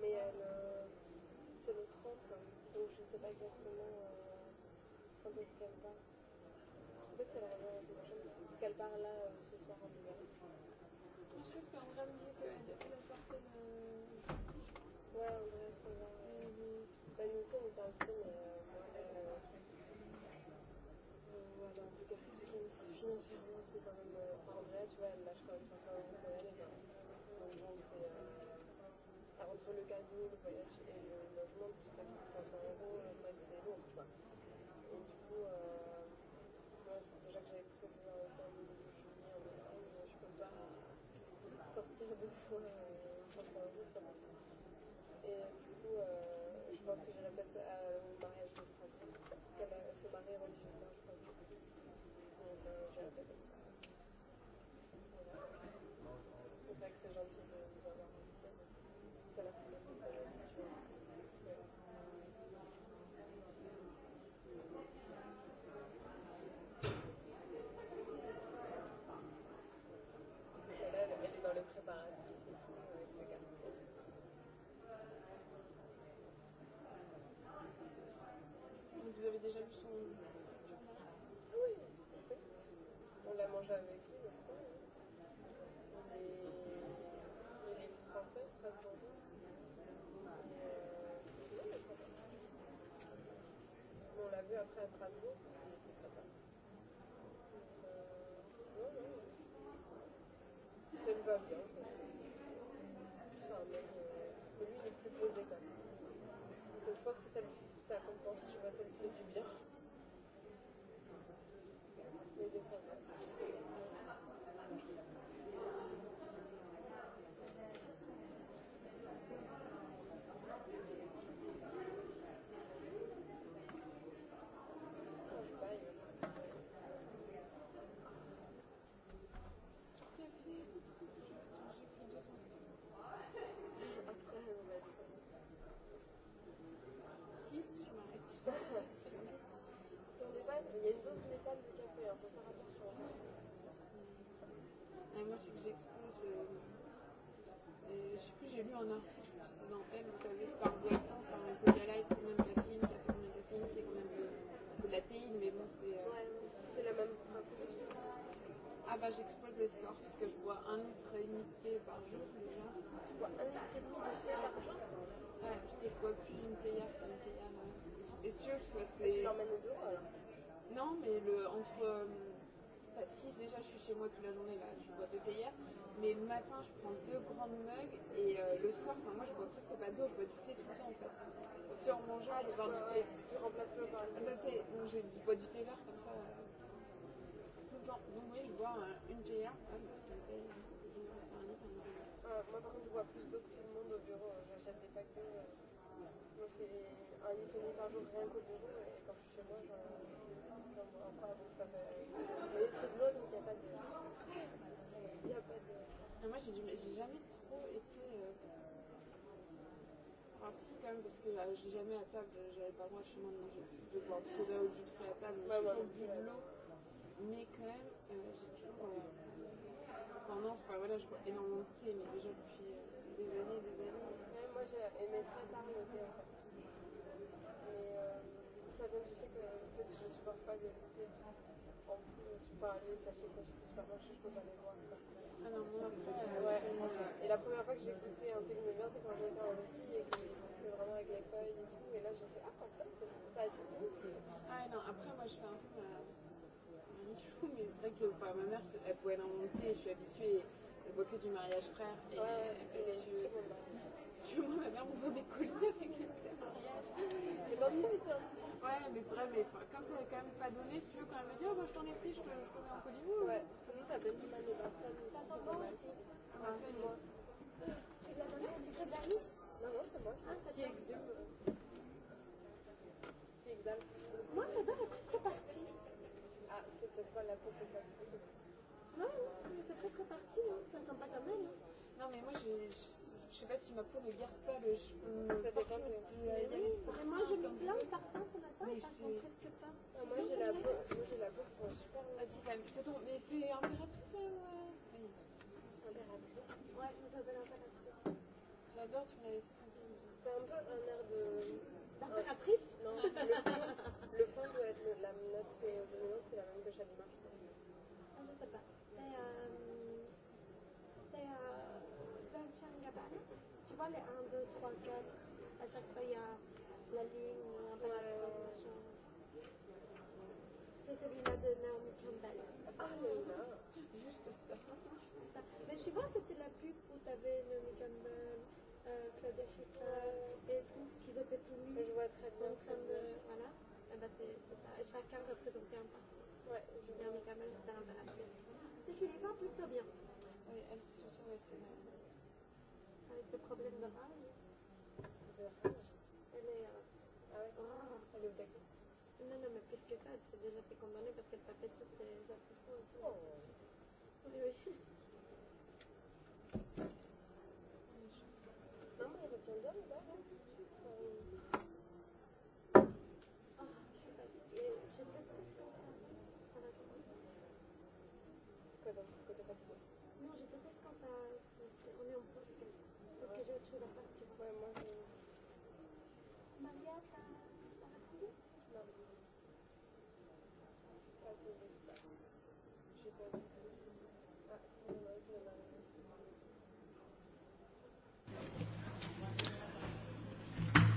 Mais euh, c'est le 30, donc je sais pas exactement euh, quand est-ce qu'elle part. Je sais pas si elle revient la semaine prochaine, parce qu'elle part là euh, ce soir en hiver. Je pense qu'André me dit qu'elle devait partir le euh, jeudi. Ouais, André, c'est vrai. Mm -hmm. Bah, nous aussi, on était invités, mais. Euh... vachement suivi quand même par tu vois, elle lâche quand même 500 euros pour y Donc bon, c'est. Euh, entre le casino, le voyage et le logement, tout ça coûte 500 euros, c'est vrai que c'est lourd, tu vois. Et du coup, euh, moi, déjà que j'avais prévu un temps de en ah, je peux pas sortir deux fois. Euh, après à Strasbourg, il était très pas. Euh, ouais, ouais, ouais. Ça lui va bien. C'est lui, il est plus posé quand même. Donc je pense que ça, ça compense, tu vois, ça lui fait du bien. j'ai- que j'expose le. Euh, je sais plus, j'ai lu un article, je pense dans Elle, où t'avais par boisson, enfin, le coca light, combien de caféine, café, combien de caféine, thé, combien de. C'est de la théine, mais bon, c'est. euh, Ouais, c'est le même principe. Ah bah, j'expose les scores, parce que je bois un litre et demi de thé par jour, déjà. Tu bois un litre et demi de thé par jour, Ouais, parce que je bois plus une théière qu'une théière. Euh. Et sûr, ça, tu l'emmènes au bureau alors. Non, mais le, entre euh, à 6 déjà je suis chez moi toute la journée là, je bois deux théières, mais le matin je prends deux grandes mugs et euh, le soir, enfin moi je bois presque pas d'eau, je bois du thé tout le temps en fait. Si en mangeant ah, je bois du thé. Tu remplaces le par le thé. Donc je bois du thé vert comme ça euh, tout le temps. Donc oui je bois euh, une théière, ah, bah, ça me fait un litre, euh, moi par contre je bois plus d'eau que tout le monde au bureau, j'achète des paquets. Euh, moi c'est un litre et demi par jour rien qu'au bureau et quand je suis chez moi j'en enfin nous sommes euh, c'est de l'eau donc il n'y a pas de il n'y a pas de mais moi j'ai jamais trop été euh, enfin si quand même parce que euh, j'ai jamais à table j'avais pas le droit chez moi de manger de boire du soda ou du jus à table j'ai toujours bu de l'eau mais quand même euh, j'ai toujours euh, tendance enfin voilà je bois énormément de thé mais déjà depuis euh, des années et des années même moi j'ai très tard le thé en fait ça vient du fait que en euh, fait, je ne supporte pas les écrans. En plus, euh, tu peux aller, sachez que je peux pas marcher, je peux pas les voir. Ah non, moi, après, euh, ouais. Et la première fois que j'ai écouté un film bien, c'est quand j'étais en Russie et que j'étais vraiment avec les feuilles et tout. Et là, j'ai fait Ah, putain, ça a été cool. Ah non, après, moi, je fais un peu ma. Chou, mais c'est vrai que enfin, ma mère, elle pouvait l'en monter, je suis habituée, elle voit que du mariage frère. Et, ouais, et, et, et, et, et, et, et, tu vois, ma mère on faisait des colliers avec les mariages. Et dans une Ouais, mais c'est vrai, mais comme ça n'est quand même pas donné, si tu veux quand même me dire, oh, moi je t'en ai pris, je te, je te mets en collier. Ouais, sinon t'as bien du mal de Barcelone. Ça sent bon aussi. Ah, c'est moi. Tu l'as donné Tu fais de la vie Non, non, c'est moi. Ah, ça qui exhume. Qui exhale. Moi, ma dame est presque partie. Ah, c'est peut-être pas la proposition. Ouais, non, c'est presque parti, hein. ça sent pas comme elle. Hein. Non, mais moi, j'ai je sais pas si ma peau ne garde pas le. le Mais moi j'ai mis plein de parfums ce matin, mais ça sent presque pas. Ah, moi j'ai la peau, moi j'ai la peau qui sent super Vas-y, femme, c'est ton. Mais c'est impératrice euh... Oui, impératrice. Ouais, je m'appelle impératrice. J'adore, tu me l'avais fait sentir. C'est un peu un air de. D'impératrice Non, le fond, le fond doit être le, la note de c'est la même que Chalimard. pas les 1, 2, 3, 4 À chaque fois, il y a la ligne ou un paragraphe, machin. C'est celui-là de Naomi Campbell. Ah là là, juste ça. Juste ça. Mais tu vois, c'était la pub où t'avais Naomi Campbell, euh, Claudia Schiffer ouais. et tous qu'ils étaient tous nus. Je vois très bien. En eh, train de... Voilà. Et bah c'est ça. Et chacun représentait un parcours. Ouais. Naomi Campbell, c'était l'impératrice. C'est tu les vois plutôt bien. Oui, elle, c'est surtout... Ouais, le problème de Rage. Elle est. Euh... Ah ouais oh. Elle est au taquet. Non, non, mais pire que ça, elle s'est déjà fait condamner parce qu'elle tapait sur ses assistants et tout. Oh. Oui, oui.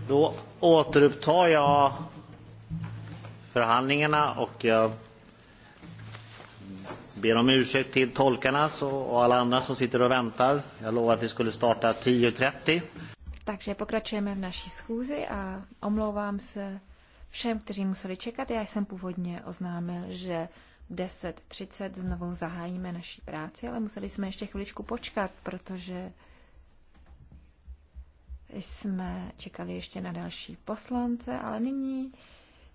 Då återupptar jag förhandlingarna och jag ber om ursäkt till tolkarna och alla andra som sitter och väntar. Jag att vi skulle starta 10.30. Takže pokračujeme v naší schůzi a omlouvám se všem, kteří museli čekat. Já jsem původně oznámil, že v 10.30 znovu zahájíme naší práci, ale museli jsme ještě chviličku počkat, protože jsme čekali ještě na další poslance, ale nyní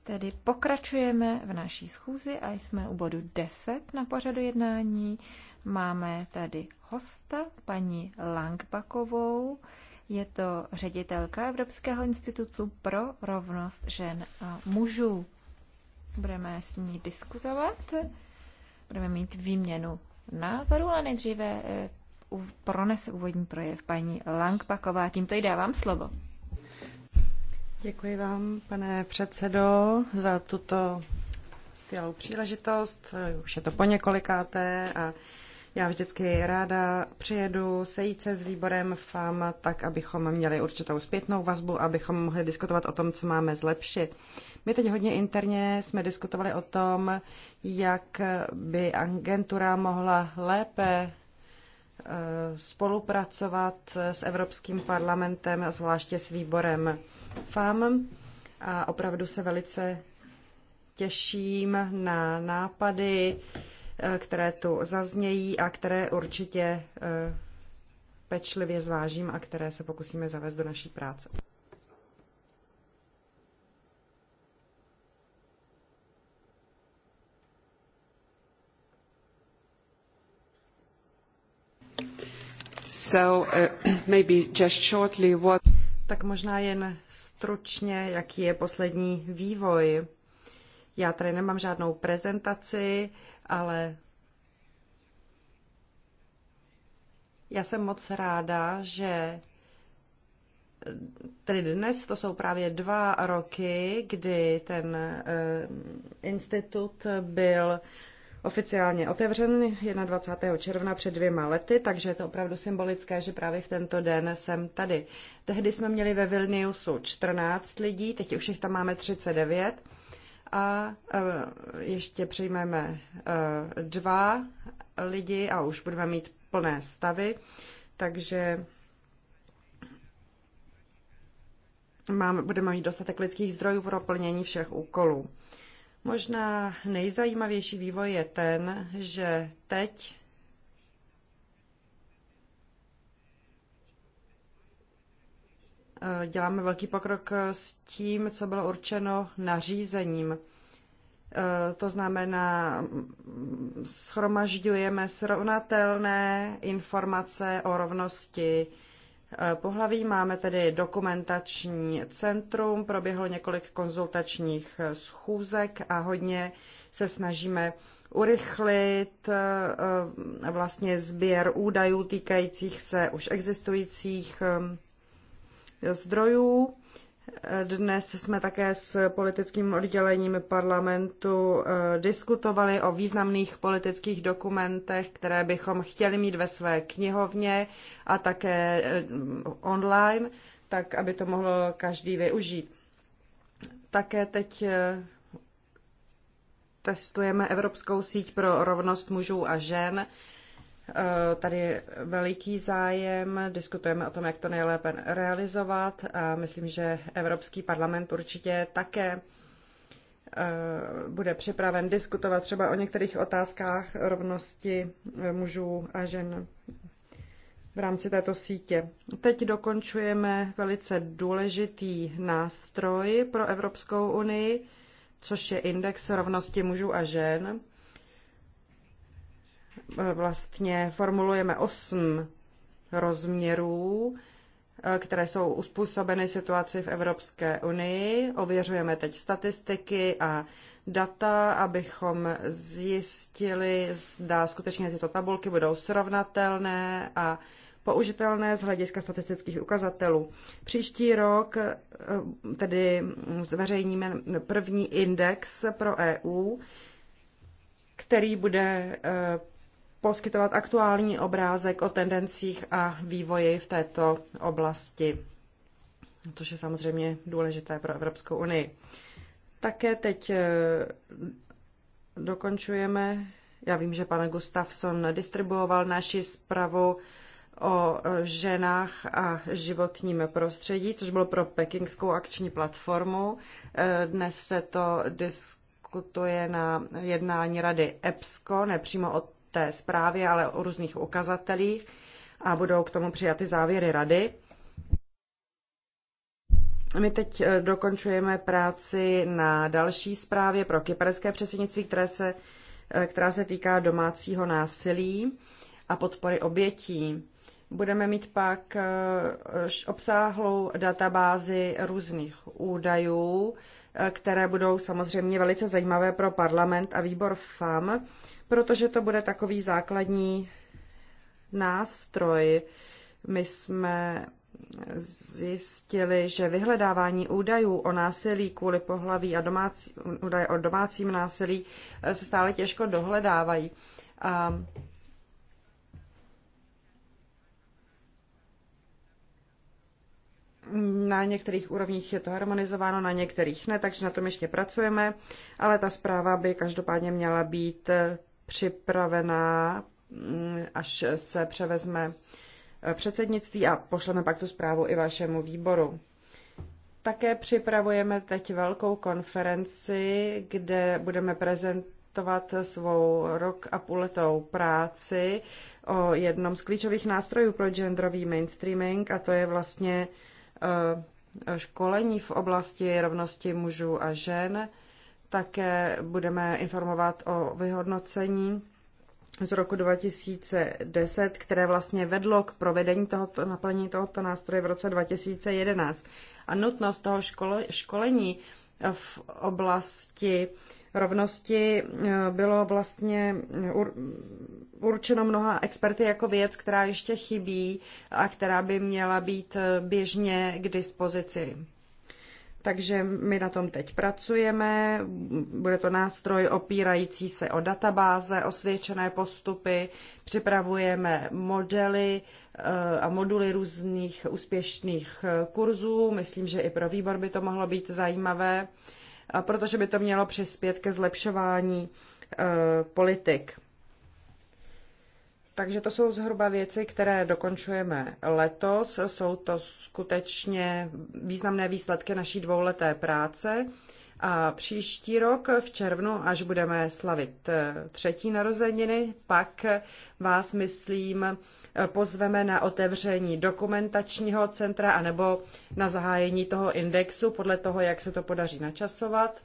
tedy pokračujeme v naší schůzi a jsme u bodu 10 na pořadu jednání. Máme tady hosta, paní Langbakovou. Je to ředitelka Evropského institutu pro rovnost žen a mužů. Budeme s ní diskutovat, budeme mít výměnu názoru, ale nejdříve eh, pronese úvodní projev paní Langpaková. Tímto jí dávám slovo. Děkuji vám, pane předsedo, za tuto skvělou příležitost. Už je to po několikáté a já vždycky ráda přijedu sejít se s výborem FAM, tak abychom měli určitou zpětnou vazbu, abychom mohli diskutovat o tom, co máme zlepšit. My teď hodně interně jsme diskutovali o tom, jak by agentura mohla lépe spolupracovat s Evropským parlamentem, zvláště s výborem FAM. A opravdu se velice těším na nápady, eh, které tu zaznějí a které určitě eh, pečlivě zvážím a které se pokusíme zavést do naší práce. Uh, tak možná jen stručně, jaký je poslední vývoj. Já tady nemám žádnou prezentaci, ale já jsem moc ráda, že tedy dnes to jsou právě dva roky, kdy ten uh, institut byl uh, oficiálně otevřen 21. června před dvěma lety, takže je to opravdu symbolické, že právě v tento den jsem tady. Tehdy jsme měli ve Vilniusu 14 lidí, teď už jich tam máme 39 a eh, ještě přijmeme eh, dva lidi a už budeme mít plné stavy, takže máme, budeme mít dostatek lidských zdrojů pro plnění všech úkolů. Možná nejzajímavější vývoj je ten, že teď děláme velký pokrok s tím, co bylo určeno nařízením. To znamená, schromažďujeme srovnatelné informace o rovnosti Eh, pohlaví. Máme tedy dokumentační centrum, proběhlo několik konzultačních eh, schůzek a hodně se snažíme urychlit eh, vlastně sběr údajů týkajících se už existujících zdrojů. Dnes jsme také s politickým oddělením parlamentu eh, diskutovali o významných politických dokumentech, které bychom chtěli mít ve své knihovně a také eh, online, tak aby to mohl každý využít. Také teď eh, testujeme Evropskou síť pro rovnost mužů a žen Eh, tady veliký zájem, diskutujeme o tom, jak to nejlépe realizovat a myslím, že Evropský parlament určitě také eh, bude připraven diskutovat třeba o některých otázkách rovnosti eh, mužů a žen v rámci této sítě. Teď dokončujeme velice důležitý nástroj pro Evropskou unii, což je index rovnosti mužů a žen vlastně formulujeme osm rozměrů, eh, které jsou uspůsobeny situaci v Evropské unii. Ověřujeme teď statistiky a data, abychom zjistili, zda skutečně tyto tabulky budou srovnatelné a použitelné z hlediska statistických ukazatelů. Příští rok eh, tedy zveřejníme první index pro EU, který bude eh, poskytovat aktuální obrázek o tendencích a vývoji v této oblasti, což je samozřejmě důležité pro Evropskou unii. Také teď eh, dokončujeme, já vím, že pan Gustafsson distribuoval naši zprávu o eh, ženách a životním prostředí, což bylo pro pekingskou akční platformu. Eh, dnes se to diskutuje na jednání rady EPSCO, nepřímo od té zprávě, ale o různých ukazatelích a budou k tomu přijaty závěry rady. My teď eh, dokončujeme práci na další zprávě pro kyperské předsednictví, které se, eh, která se týká domácího násilí a podpory obětí. Budeme mít pak eh, obsáhlou databázi různých údajů, které budou samozřejmě velice zajímavé pro parlament a výbor FAM, protože to bude takový základní nástroj. My jsme zjistili, že vyhledávání údajů o násilí kvůli pohlaví a domácí, údaje o domácím násilí se stále těžko dohledávají. A na některých úrovních je to harmonizováno, na některých ne, takže na tom ještě pracujeme, ale ta zpráva by každopádně měla být eh, připravená, mm, až se převezme eh, předsednictví a pošleme pak tu zprávu i vašemu výboru. Také připravujeme teď velkou konferenci, kde budeme prezentovat svou rok a půl letou práci o jednom z klíčových nástrojů pro genderový mainstreaming a to je vlastně Eh, školení v oblasti rovnosti mužů a žen. Také budeme informovat o vyhodnocení z roku 2010, které vlastně vedlo k provedení tohoto, naplnění tohoto nástroje v roce 2011. A nutnost toho školení v oblasti rovnosti eh, bylo vlastně určeno mnoha experty jako věc, která ještě chybí a která by měla být eh, běžně k dispozici. Takže my na tom teď pracujeme. Bude to nástroj opírající se o databáze, osvědčené postupy. Připravujeme modely eh, a moduly různých úspěšných eh, kurzů. Myslím, že i pro výbor by to mohlo být zajímavé, protože by to mělo přispět ke zlepšování eh, politik. Takže to jsou zhruba věci, které dokončujeme letos. Jsou to skutečně významné výsledky naší dvouleté práce. A příští rok v červnu, až budeme slavit eh, třetí narozeniny, pak vás, myslím, pozveme na otevření dokumentačního centra anebo na zahájení toho indexu podle toho, jak se to podaří načasovat.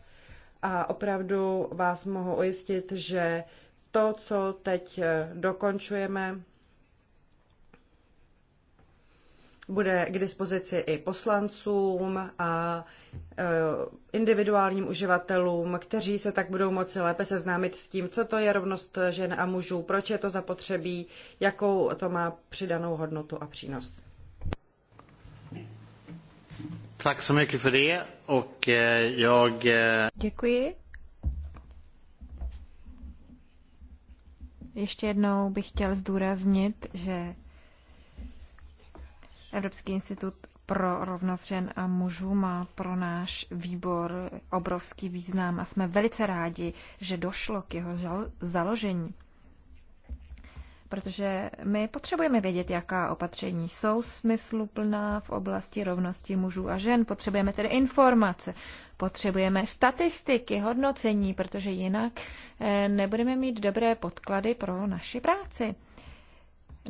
A opravdu vás mohu ujistit, že to, co teď eh, dokončujeme, bude k dispozici i poslancům a eh, individuálním uživatelům, kteří se tak budou moci lépe seznámit s tím, co to je rovnost žen a mužů, proč je to zapotřebí, jakou to má přidanou hodnotu a přínos. Tak så mycket för det och eh, jag... Děkuji. Ještě jednou bych chtěl zdůraznit, že Evropský institut pro rovnost žen a mužů má pro náš výbor obrovský význam a jsme velice rádi, že došlo k jeho založení protože my potřebujeme vědět, jaká opatření jsou smysluplná v oblasti rovnosti mužů a žen. Potřebujeme tedy informace, potřebujeme statistiky, hodnocení, protože jinak eh, nebudeme mít dobré podklady pro naši práci.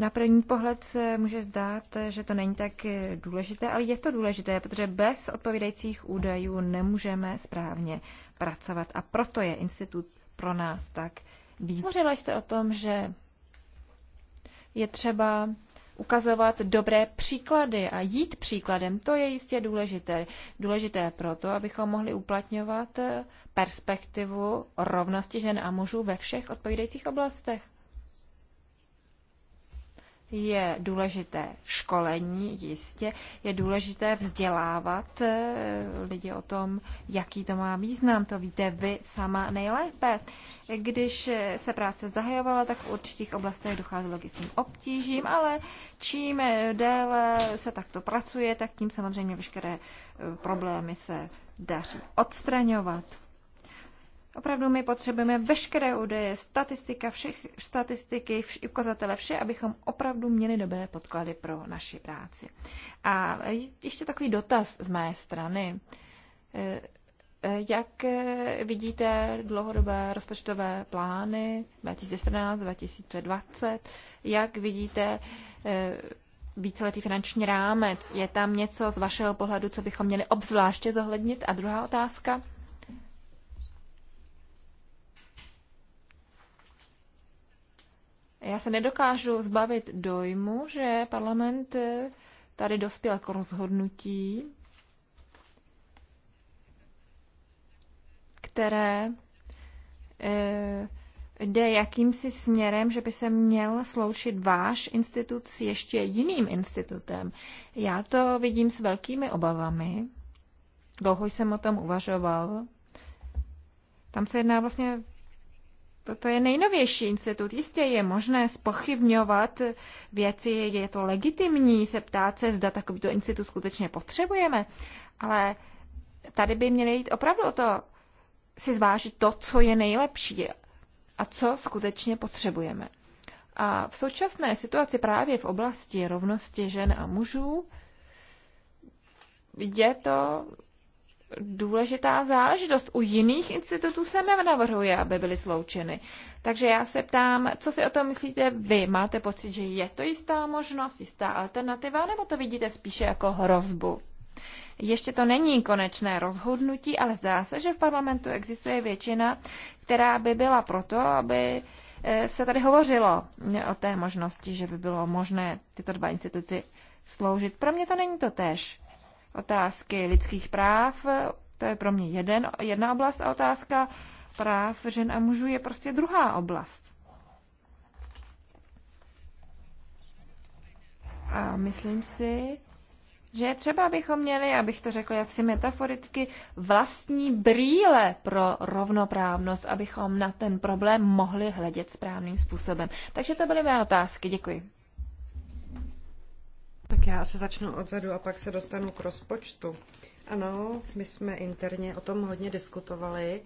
Na první pohled se může zdát, že to není tak eh, důležité, ale je to důležité, protože bez odpovídajících údajů nemůžeme správně pracovat. A proto je institut pro nás tak významný. Hovořila jste o tom, že je třeba ukazovat dobré příklady a jít příkladem, to je jistě důležité. Důležité proto, abychom mohli uplatňovat perspektivu rovnosti žen a mužů ve všech odpovídajících oblastech je důležité školení, jistě, je důležité vzdělávat eh, lidi o tom, jaký to má význam, to víte vy sama nejlépe. Když eh, se práce zahajovala, tak v určitých oblastech docházelo k jistým obtížím, ale čím eh, déle se takto pracuje, tak tím samozřejmě veškeré problémy se daří odstraňovat. Opravdu my potřebujeme veškeré údaje, statistika, všech, statistiky, vš, ukazatele, vše, abychom opravdu měli dobré podklady pro naši práci. A ještě takový dotaz z mé strany. E, e, jak e, vidíte dlouhodobé rozpočtové plány 2014-2020? Jak vidíte víceletý finanční rámec? Je tam něco z vašeho pohledu, co bychom měli obzvláště zohlednit? A druhá otázka – Já se nedokážu zbavit dojmu, že parlament eh, tady dospěl k rozhodnutí, které eh, jde jakýmsi směrem, že by se měl sloučit váš institut s ještě jiným institutem. Já to vidím s velkými obavami. Dlouho jsem o tom uvažoval. Tam se jedná vlastně Toto je nejnovější institut. Jistě je možné spochybňovat věci, je to legitimní se ptát se, zda takovýto institut skutečně potřebujeme, ale tady by měli jít opravdu o to, si zvážit to, co je nejlepší a co skutečně potřebujeme. A v současné situaci právě v oblasti rovnosti žen a mužů je to důležitá záležitost. U jiných institutů se nenavrhuje, aby byly sloučeny. Takže já se ptám, co si o tom myslíte vy? Máte pocit, že je to jistá možnost, jistá alternativa, nebo to vidíte spíše jako hrozbu? Ještě to není konečné rozhodnutí, ale zdá se, že v parlamentu existuje většina, která by byla proto, aby eh, se tady hovořilo o té možnosti, že by bylo možné tyto dva instituci sloužit. Pro mě to není to tež otázky lidských práv, to je pro mě jeden, jedna oblast a otázka práv žen a mužů je prostě druhá oblast. A myslím si, že třeba bychom měli, abych to řekla jaksi metaforicky, vlastní brýle pro rovnoprávnost, abychom na ten problém mohli hledět správným způsobem. Takže to byly mé otázky. Děkuji. Tak já se začnu odzadu a pak se dostanu k rozpočtu. Ano, my jsme interně o tom hodně diskutovali,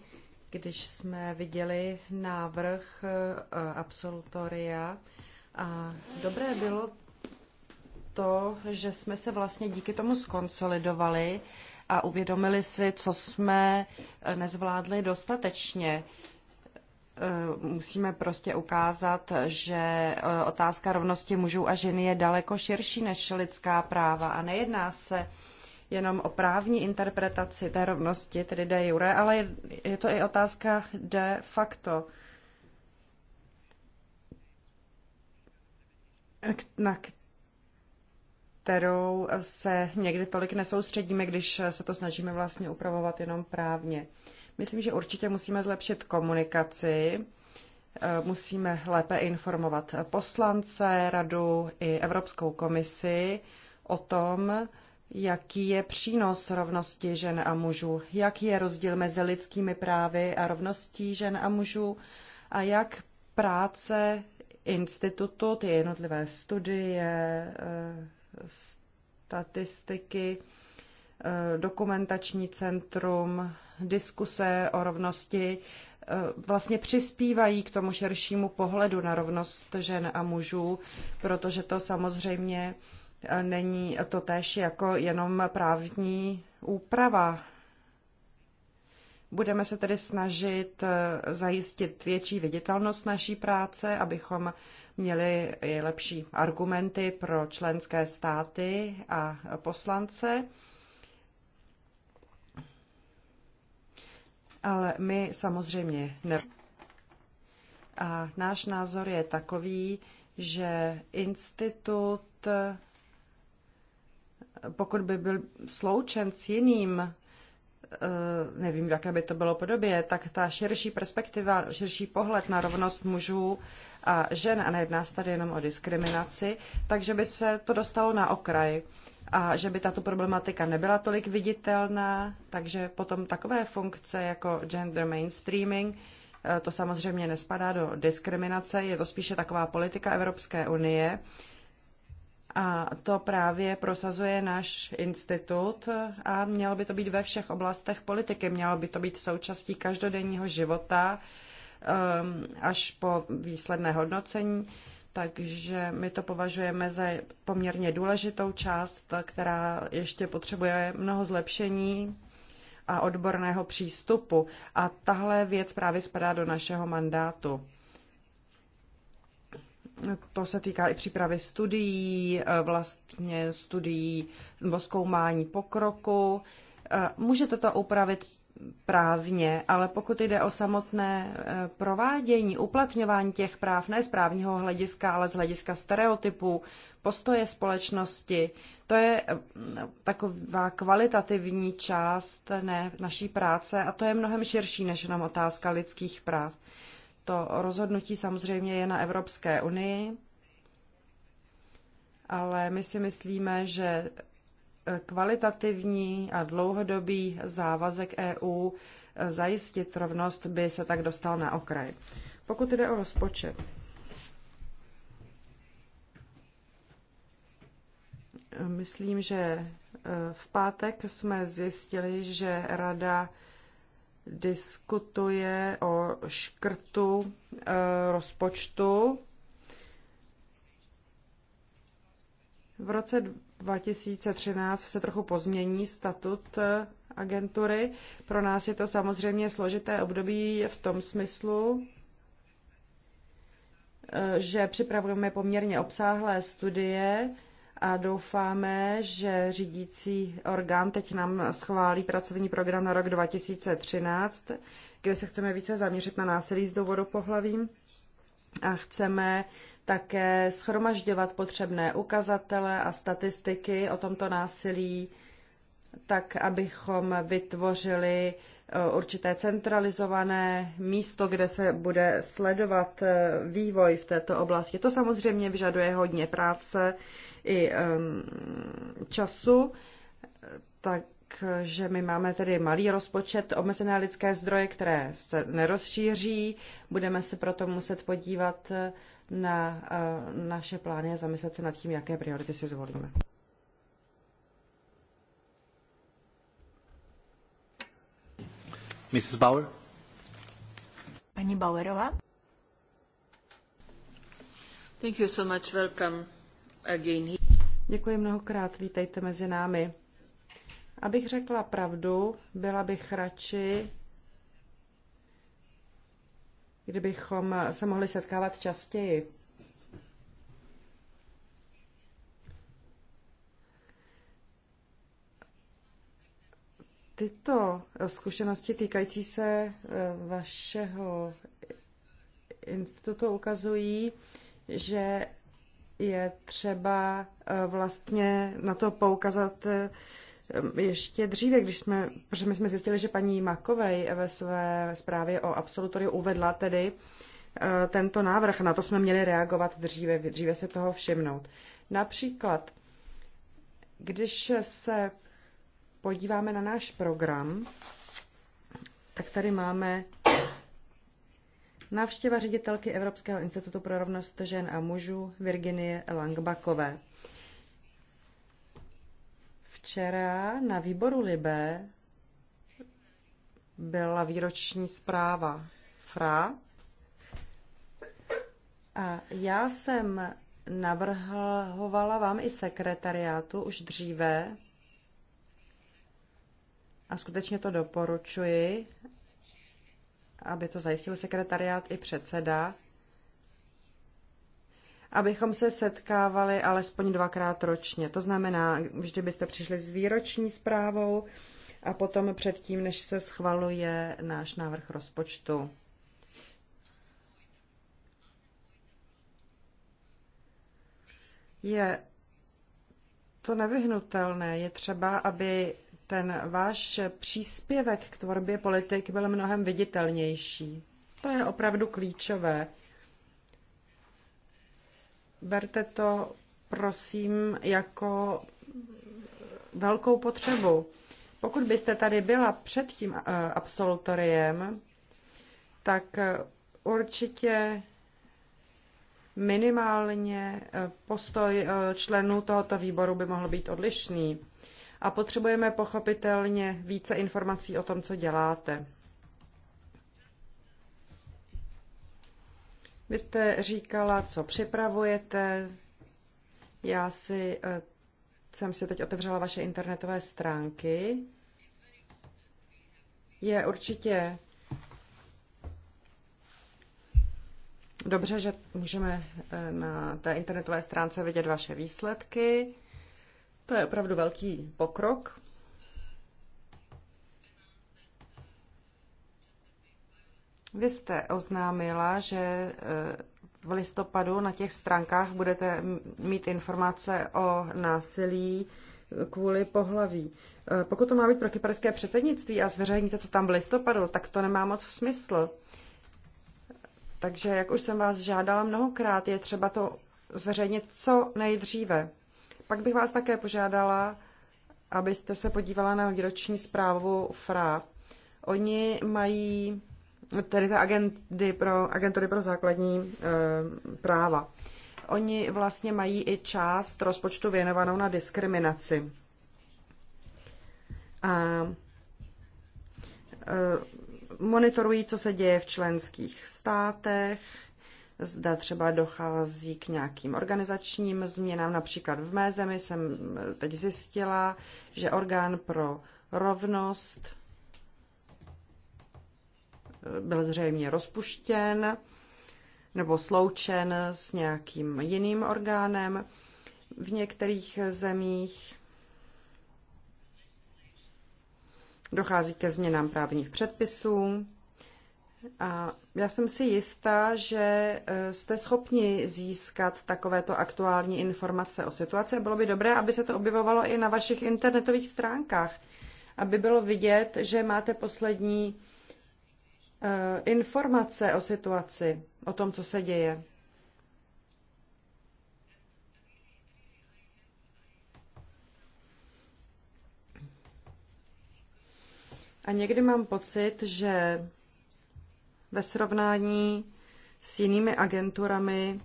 když jsme viděli návrh eh, absolutoria. A dobré bylo to, že jsme se vlastně díky tomu skonsolidovali a uvědomili si, co jsme eh, nezvládli dostatečně. Eh, musíme prostě ukázat, že eh, otázka rovnosti mužů a žen je daleko širší než lidská práva a nejedná se jenom o právní interpretaci té rovnosti, tedy de jure, ale je, je to i otázka de facto, na kterou se někdy tolik nesoustředíme, když se to snažíme vlastně upravovat jenom právně. Uh, Myslím, že určitě musíme zlepšit komunikaci, eh, musíme lépe informovat poslance, radu i Evropskou komisi o tom, jaký je přínos rovnosti žen a mužů, jaký je rozdíl mezi lidskými právy a rovností žen a mužů a jak práce institutu, ty jednotlivé studie, eh, statistiky Eh, dokumentační centrum, diskuse o rovnosti eh, vlastně přispívají k tomu širšímu pohledu na rovnost žen a mužů, protože to samozřejmě eh, není to tež jako jenom právní úprava. Budeme se tedy snažit zajistit větší viditelnost naší práce, abychom měli i lepší argumenty pro členské státy a poslance. ale my samozřejmě ne. A náš názor je takový, že institut, pokud by byl sloučen s jiným, eh, nevím, v jaké by to bylo podobě, tak ta širší perspektiva, širší pohled na rovnost mužů a žen, a nejedná se tady jenom o diskriminaci, takže by se to dostalo na okraj a že by tato problematika nebyla tolik viditelná, takže potom takové funkce jako gender mainstreaming, eh, to samozřejmě nespadá do diskriminace, je to spíše taková politika Evropské unie. A to právě prosazuje náš institut a mělo by to být ve všech oblastech politiky, mělo by to být součástí každodenního života ehm, až po výsledné hodnocení takže my to považujeme za poměrně důležitou část, která ještě potřebuje mnoho zlepšení a odborného přístupu. A tahle věc právě spadá do našeho mandátu. To se týká i přípravy studií, vlastně studií nebo zkoumání pokroku. Můžete to upravit právně, ale pokud jde o samotné e, provádění, uplatňování těch práv, ne z právního hlediska, ale z hlediska stereotypů, postoje společnosti, to je e, taková kvalitativní část ne, naší práce a to je mnohem širší než jenom otázka lidských práv. To rozhodnutí samozřejmě je na Evropské unii, ale my si myslíme, že kvalitativní a dlouhodobý závazek EU eh, zajistit rovnost by se tak dostal na okraj. Pokud jde o rozpočet, myslím, že eh, v pátek jsme zjistili, že Rada diskutuje o škrtu eh, rozpočtu v roce 2013 se trochu pozmění statut eh, agentury. Pro nás je to samozřejmě složité období v tom smyslu, eh, že připravujeme poměrně obsáhlé studie a doufáme, že řídící orgán teď nám schválí pracovní program na rok 2013, kde se chceme více zaměřit na násilí z důvodu pohlaví a chceme také schromažďovat potřebné ukazatele a statistiky o tomto násilí, tak abychom vytvořili eh, určité centralizované místo, kde se bude sledovat eh, vývoj v této oblasti. To samozřejmě vyžaduje hodně práce i ehm, času, takže my máme tedy malý rozpočet, omezené lidské zdroje, které se nerozšíří. Budeme se proto muset podívat eh, na eh, naše plány a zamyslet se nad tím, jaké priority si zvolíme. Mrs. Bauer. Paní Bauerová. Thank you so much. Welcome again. Děkuji mnohokrát, vítejte mezi námi. Abych řekla pravdu, byla bych radši, kdybychom se mohli setkávat častěji. Tyto zkušenosti týkající se eh, vašeho institutu ukazují, že je třeba eh, vlastně na to poukazat eh, Ehm, ještě dříve, když jsme, protože my jsme zjistili, že paní Makovej ve své zprávě o absolutoriu uvedla tedy eh, tento návrh, na to jsme měli reagovat dříve, dříve se toho všimnout. Například, když se podíváme na náš program, tak tady máme návštěva ředitelky Evropského institutu pro rovnost žen a mužů Virginie Langbakové. Včera na výboru Libé byla výroční zpráva FRA a já jsem navrhovala vám i sekretariátu už dříve a skutečně to doporučuji, aby to zajistil sekretariát i předseda, abychom se setkávali alespoň dvakrát ročně. To znamená, vždy byste přišli s výroční zprávou a potom předtím, než se schvaluje náš návrh rozpočtu. Je to nevyhnutelné. Je třeba, aby ten váš příspěvek k tvorbě politik byl mnohem viditelnější. To je opravdu klíčové berte to prosím jako velkou potřebu. Pokud byste tady byla před tím eh, absolutoriem, tak eh, určitě minimálně eh, postoj členů tohoto výboru by mohl být odlišný. A potřebujeme pochopitelně více informací o tom, co děláte. Vy jste říkala, co připravujete. Já si, eh, jsem si teď otevřela vaše internetové stránky. Je určitě dobře, že můžeme eh, na té internetové stránce vidět vaše výsledky. To je opravdu velký pokrok. Vy jste oznámila, že eh, v listopadu na těch stránkách budete mít informace o násilí kvůli pohlaví. Eh, pokud to má být pro kyperské předsednictví a zveřejníte to tam v listopadu, tak to nemá moc smysl. Takže, jak už jsem vás žádala mnohokrát, je třeba to zveřejnit co nejdříve. Pak bych vás také požádala, abyste se podívala na výroční zprávu FRA. Oni mají tedy ta agendy pro, agentury pro základní eh, práva. Oni vlastně mají i část rozpočtu věnovanou na diskriminaci. A eh, monitorují, co se děje v členských státech, zda třeba dochází k nějakým organizačním změnám. Například v mé zemi jsem eh, teď zjistila, že orgán pro rovnost byl zřejmě rozpuštěn nebo sloučen s nějakým jiným orgánem. V některých zemích dochází ke změnám právních předpisů. A já jsem si jistá, že e, jste schopni získat takovéto aktuální informace o situaci bylo by dobré, aby se to objevovalo i na vašich internetových stránkách, aby bylo vidět, že máte poslední Eh, informace o situaci, o tom, co se děje. A někdy mám pocit, že ve srovnání s jinými agenturami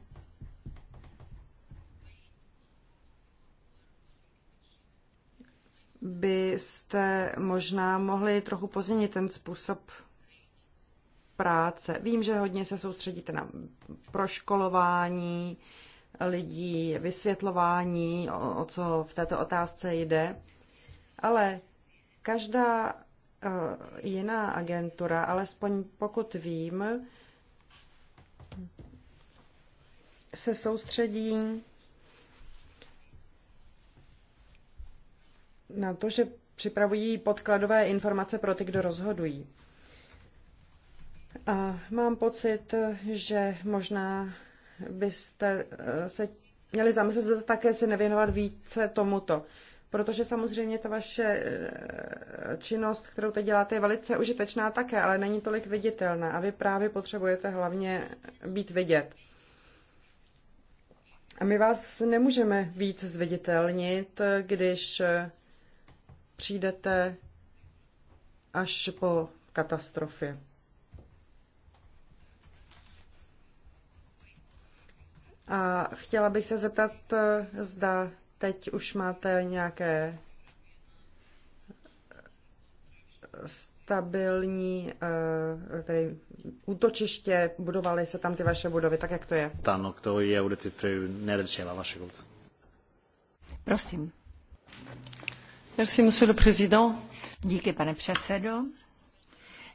byste možná mohli trochu pozměnit ten způsob práce. Vím, že hodně se soustředíte na proškolování lidí, vysvětlování, o, o co v této otázce jde, ale každá uh, jiná agentura, alespoň pokud vím, se soustředí na to, že připravují podkladové informace pro ty, kdo rozhodují. A mám pocit, že možná byste eh, se měli zamyslet, také se nevěnovat více tomuto. Protože samozřejmě ta vaše eh, činnost, kterou teď děláte, je velice užitečná také, ale není tolik viditelná. A vy právě potřebujete hlavně být vidět. A my vás nemůžeme víc zviditelnit, když přijdete až po katastrofě. A chtěla bych se zeptat, eh, zda teď už máte nějaké eh, stabilní eh, tedy útočiště, budovaly se tam ty vaše budovy, tak jak to je? Tanok, to je ulici fru Nedelčeva, vaše Prosím. Merci, monsieur le président. Díky, pane předsedo.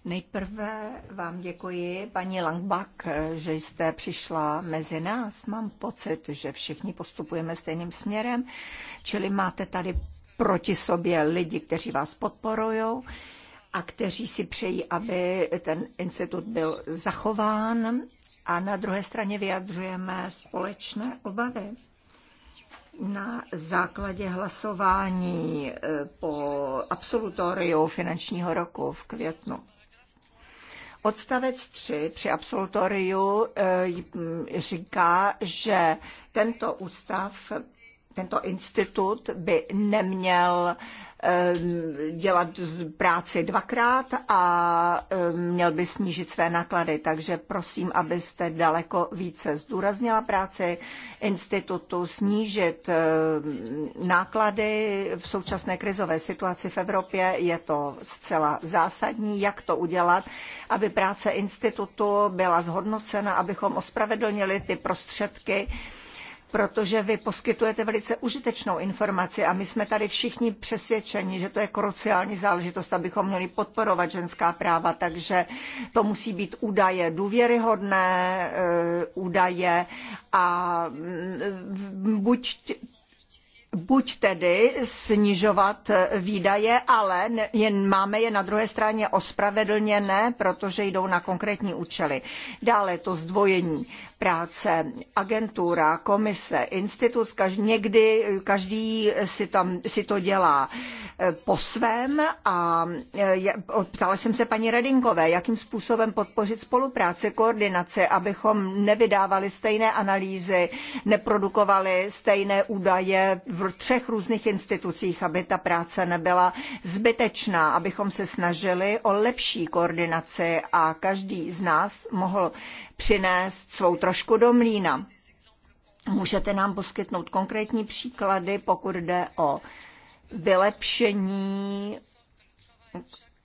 Nejprve vám děkuji, paní Langbach, že jste přišla mezi nás. Mám pocit, že všichni postupujeme stejným směrem, čili máte tady proti sobě lidi, kteří vás podporují a kteří si přejí, aby ten institut byl zachován a na druhé straně vyjadřujeme společné obavy. Na základě hlasování eh, po absolutoriu finančního roku v květnu Odstavec 3 při absolutoriu eh, říká, že tento ústav tento institut by neměl eh, dělat práci dvakrát a eh, měl by snížit své náklady. Takže prosím, abyste daleko více zdůraznila práci institutu, snížit eh, náklady v současné krizové situaci v Evropě. Je to zcela zásadní, jak to udělat, aby práce institutu byla zhodnocena, abychom ospravedlnili ty prostředky, protože vy poskytujete velice užitečnou informaci a my jsme tady všichni přesvědčeni, že to je kruciální záležitost, abychom měli podporovat ženská práva, takže to musí být údaje důvěryhodné, eh, údaje a mm, eh, buď buď tedy snižovat eh, výdaje, ale jen máme je na druhé straně ospravedlněné, protože jdou na konkrétní účely. Dále to zdvojení práce, agentura, komise, institut, každý, někdy každý si, tam, si to dělá e, po svém a e, ptala jsem se paní Redinkové, jakým způsobem podpořit spolupráci, koordinaci, abychom nevydávali stejné analýzy, neprodukovali stejné údaje v třech různých institucích, aby ta práce nebyla zbytečná, abychom se snažili o lepší koordinaci a každý z nás mohl přinést svou trošku do mlína. Můžete nám poskytnout konkrétní příklady, pokud jde o vylepšení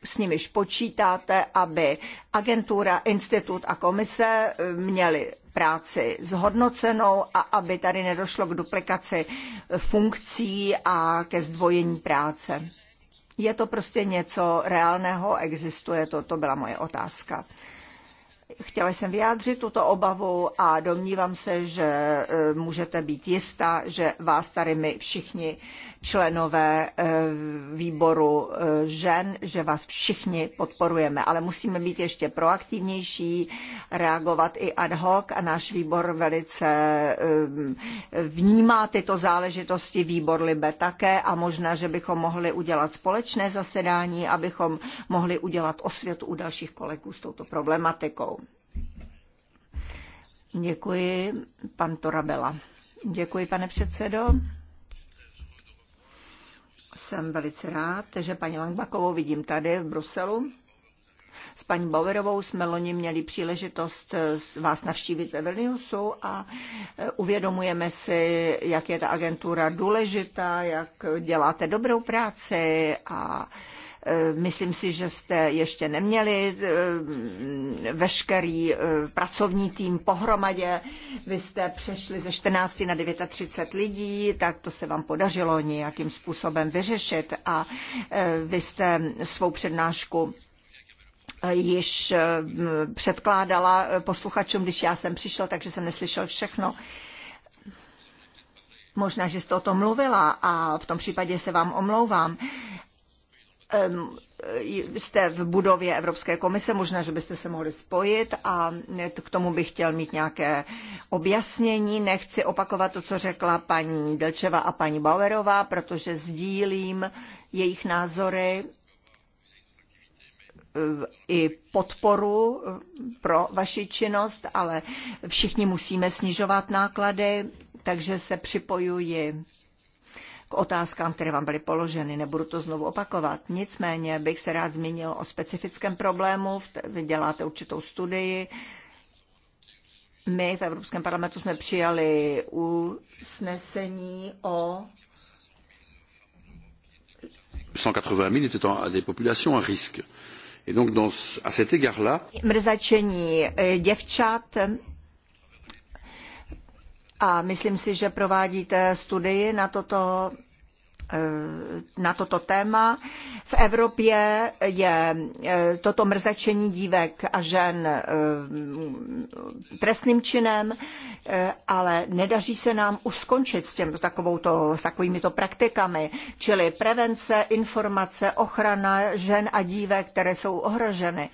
s nimiž počítáte, aby agentura, institut a komise eh, měly práci zhodnocenou a aby tady nedošlo k duplikaci funkcí a ke zdvojení práce. Je to prostě něco reálného, existuje to, to byla moje otázka. Chtěla jsem vyjádřit tuto obavu a domnívám se, že e, můžete být jistá, že vás tady my všichni členové eh, výboru eh, žen, že vás všichni podporujeme, ale musíme být ještě proaktivnější, reagovat i ad hoc a náš výbor velice eh, vnímá tyto záležitosti, výbor Libe také a možná, že bychom mohli udělat společné zasedání, abychom mohli udělat osvětu u dalších kolegů s touto problematikou. Děkuji, pan Torabela. Děkuji, pane předsedo. Jsem velice rád, že paní Langbakovou vidím tady v Bruselu. S paní Bauerovou jsme loni měli příležitost eh, vás navštívit ve Vilniusu a eh, uvědomujeme si, jak je ta agentura důležitá, jak děláte dobrou práci a Eh, myslím si, že jste ještě neměli eh, veškerý eh, pracovní tým pohromadě. Vy jste přešli ze 14 na 39 lidí, tak to se vám podařilo nějakým způsobem vyřešit a vy jste svou přednášku již předkládala posluchačům, když já jsem přišel, takže jsem neslyšel všechno. Možná, že jste o tom mluvila a v tom případě se vám omlouvám jste v budově Evropské komise, možná, že byste se mohli spojit a k tomu bych chtěl mít nějaké objasnění. Nechci opakovat to, co řekla paní Delčeva a paní Bauerová, protože sdílím jejich názory i podporu pro vaši činnost, ale všichni musíme snižovat náklady, takže se připojuji otázkám, které vám byly položeny. Nebudu to znovu opakovat. Nicméně bych se rád zmínil o specifickém problému. Vy děláte určitou studii. My v Evropském parlamentu jsme přijali usnesení o 180 000 des populations à risque. Et donc, dans, à cet égard-là... Mrzačení eh, děvčat a myslím si, že provádíte studii na toto eh, na toto téma. V Evropě je eh, toto mrzačení dívek a žen eh, trestným činem, ale nedaří se nám uskončit s, těm, takovouto, s takovýmito praktikami, čili prevence, informace, ochrana žen a dívek, které jsou ohroženy.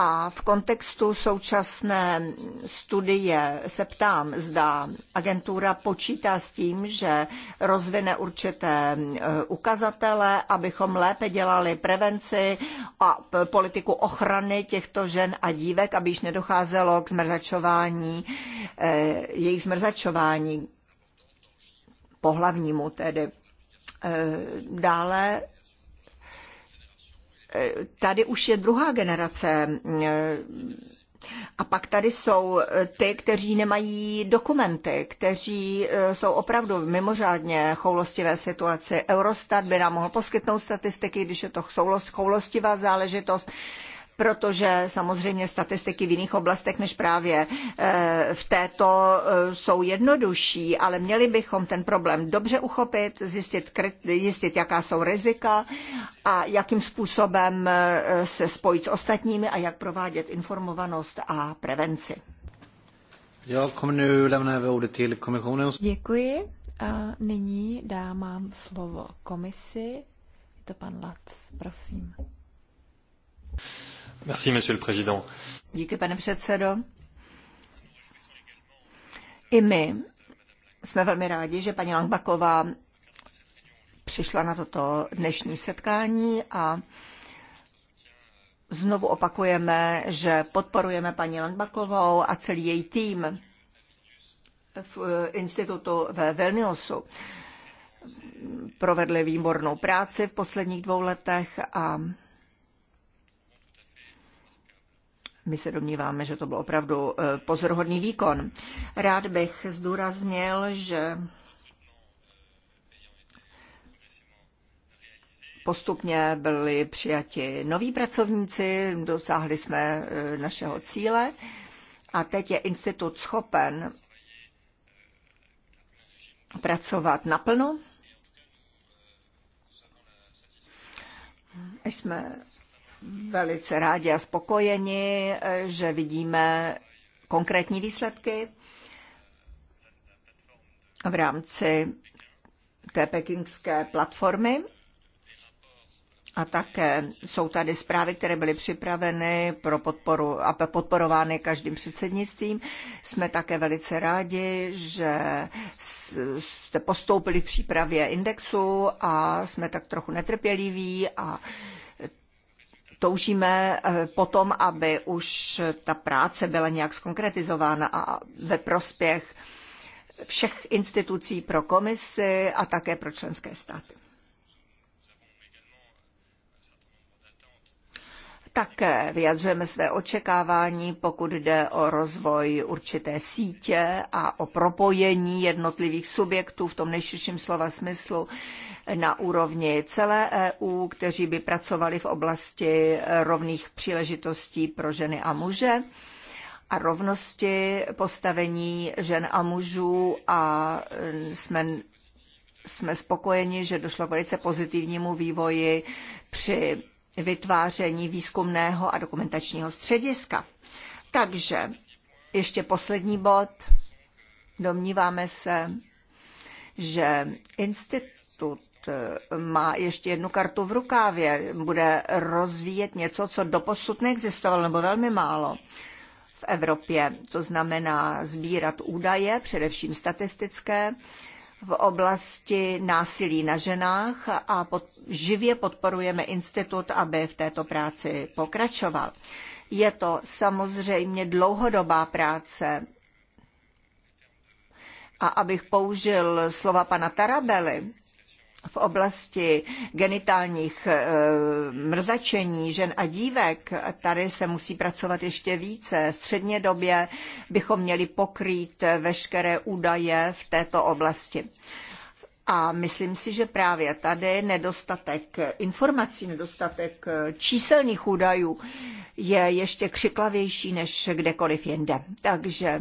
A v kontextu současné studie se ptám, zda agentura počítá s tím, že rozvine určité eh, ukazatele, abychom lépe dělali prevenci a politiku ochrany těchto žen a dívek, aby již nedocházelo k zmrzačování, eh, jejich zmrzačování pohlavnímu tedy. Eh, dále tady už je druhá generace. A pak tady jsou ty, kteří nemají dokumenty, kteří eh, jsou opravdu v mimořádně choulostivé situaci. Eurostat by nám mohl poskytnout statistiky, když je to choulostivá záležitost protože samozřejmě statistiky v jiných oblastech než právě eh, v této eh, jsou jednodušší, ale měli bychom ten problém dobře uchopit, zjistit, zjistit jaká jsou rizika a jakým způsobem eh, se spojit s ostatními a jak provádět informovanost a prevenci. Děkuji. A nyní dávám slovo komisi. Je to pan Lac, prosím. Merci, monsieur le président. Díky, pane předsedo. I my jsme velmi rádi, že paní Langbaková přišla na toto dnešní setkání a znovu opakujeme, že podporujeme paní Landbakovou a celý její tým v eh, institutu ve Vilniusu. Provedli výbornou práci v posledních dvou letech a My se domníváme, že to byl opravdu eh, pozoruhodný výkon. Rád bych zdůraznil, že postupně byli přijati noví pracovníci, dosáhli jsme eh, našeho cíle a teď je institut schopen pracovat naplno. Jsme velice rádi a spokojeni, že vidíme konkrétní výsledky v rámci té pekingské platformy. A také jsou tady zprávy, které byly připraveny pro podporu a podporovány každým předsednictvím. Jsme také velice rádi, že jste postoupili v přípravě indexu a jsme tak trochu netrpěliví a toužíme eh, potom, aby už ta práce byla nějak skonkretizována a ve prospěch všech institucí pro komisi a také pro členské státy. také vyjadřujeme své očekávání, pokud jde o rozvoj určité sítě a o propojení jednotlivých subjektů v tom nejširším slova smyslu na úrovni celé EU, kteří by pracovali v oblasti rovných příležitostí pro ženy a muže a rovnosti postavení žen a mužů a jsme jsme spokojeni, že došlo k velice pozitivnímu vývoji při vytváření výzkumného a dokumentačního střediska. Takže ještě poslední bod. Domníváme se, že institut eh, má ještě jednu kartu v rukávě, bude rozvíjet něco, co doposud neexistovalo, nebo velmi málo v Evropě. To znamená sbírat údaje, především statistické, v oblasti násilí na ženách a pod, živě podporujeme institut, aby v této práci pokračoval. Je to samozřejmě dlouhodobá práce. A abych použil slova pana Tarabely, v oblasti genitálních eh, mrzačení žen a dívek, tady se musí pracovat ještě více. Středně době bychom měli pokrýt veškeré údaje v této oblasti. A myslím si, že právě tady nedostatek informací, nedostatek eh, číselných údajů je ještě křiklavější než kdekoliv jinde. Takže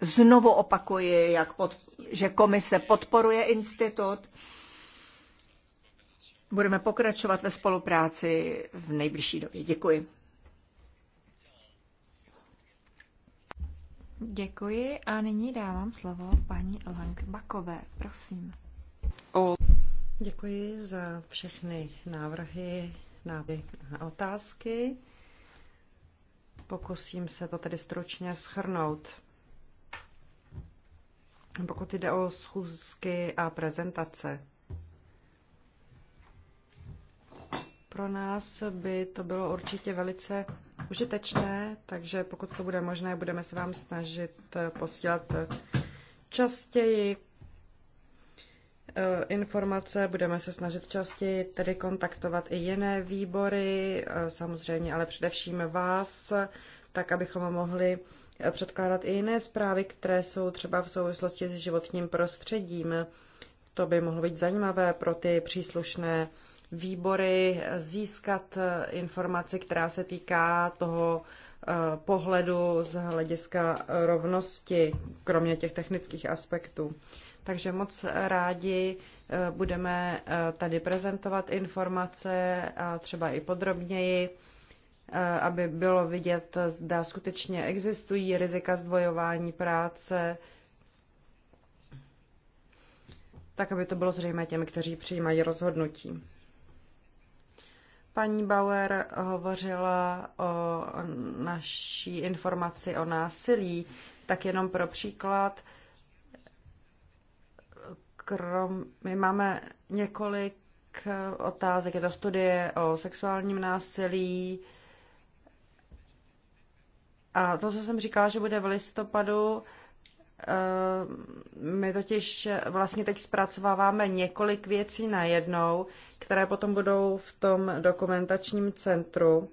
Znovu opakuji, jak pod, že komise podporuje institut. Budeme pokračovat ve spolupráci v nejbližší době. Děkuji. Děkuji a nyní dávám slovo paní Lang Bakové. Prosím. O. Děkuji za všechny návrhy, na otázky. Pokusím se to tedy stručně schrnout pokud jde o schůzky a prezentace. Pro nás by to bylo určitě velice užitečné, takže pokud to bude možné, budeme se vám snažit eh, posílat eh, častěji eh, informace, budeme se snažit častěji tedy kontaktovat i jiné výbory, samozřejmě ale především vás, tak abychom mohli předkládat i jiné zprávy, které jsou třeba v souvislosti s životním prostředím. To by mohlo být zajímavé pro ty příslušné výbory získat eh, informaci, která se týká toho eh, pohledu z hlediska rovnosti, kromě těch technických aspektů. Takže moc rádi eh, budeme tady prezentovat informace a třeba i podrobněji Eh, aby bylo vidět, zda skutečně existují rizika zdvojování práce, tak aby to bylo zřejmé těm, kteří přijímají rozhodnutí. Paní Bauer hovořila o naší informaci o násilí, tak jenom pro příklad, krom, my máme několik otázek. Je to studie o sexuálním násilí, a to, co jsem říkala, že bude v listopadu, eh, my totiž vlastně teď zpracováváme několik věcí najednou, které potom budou v tom dokumentačním centru.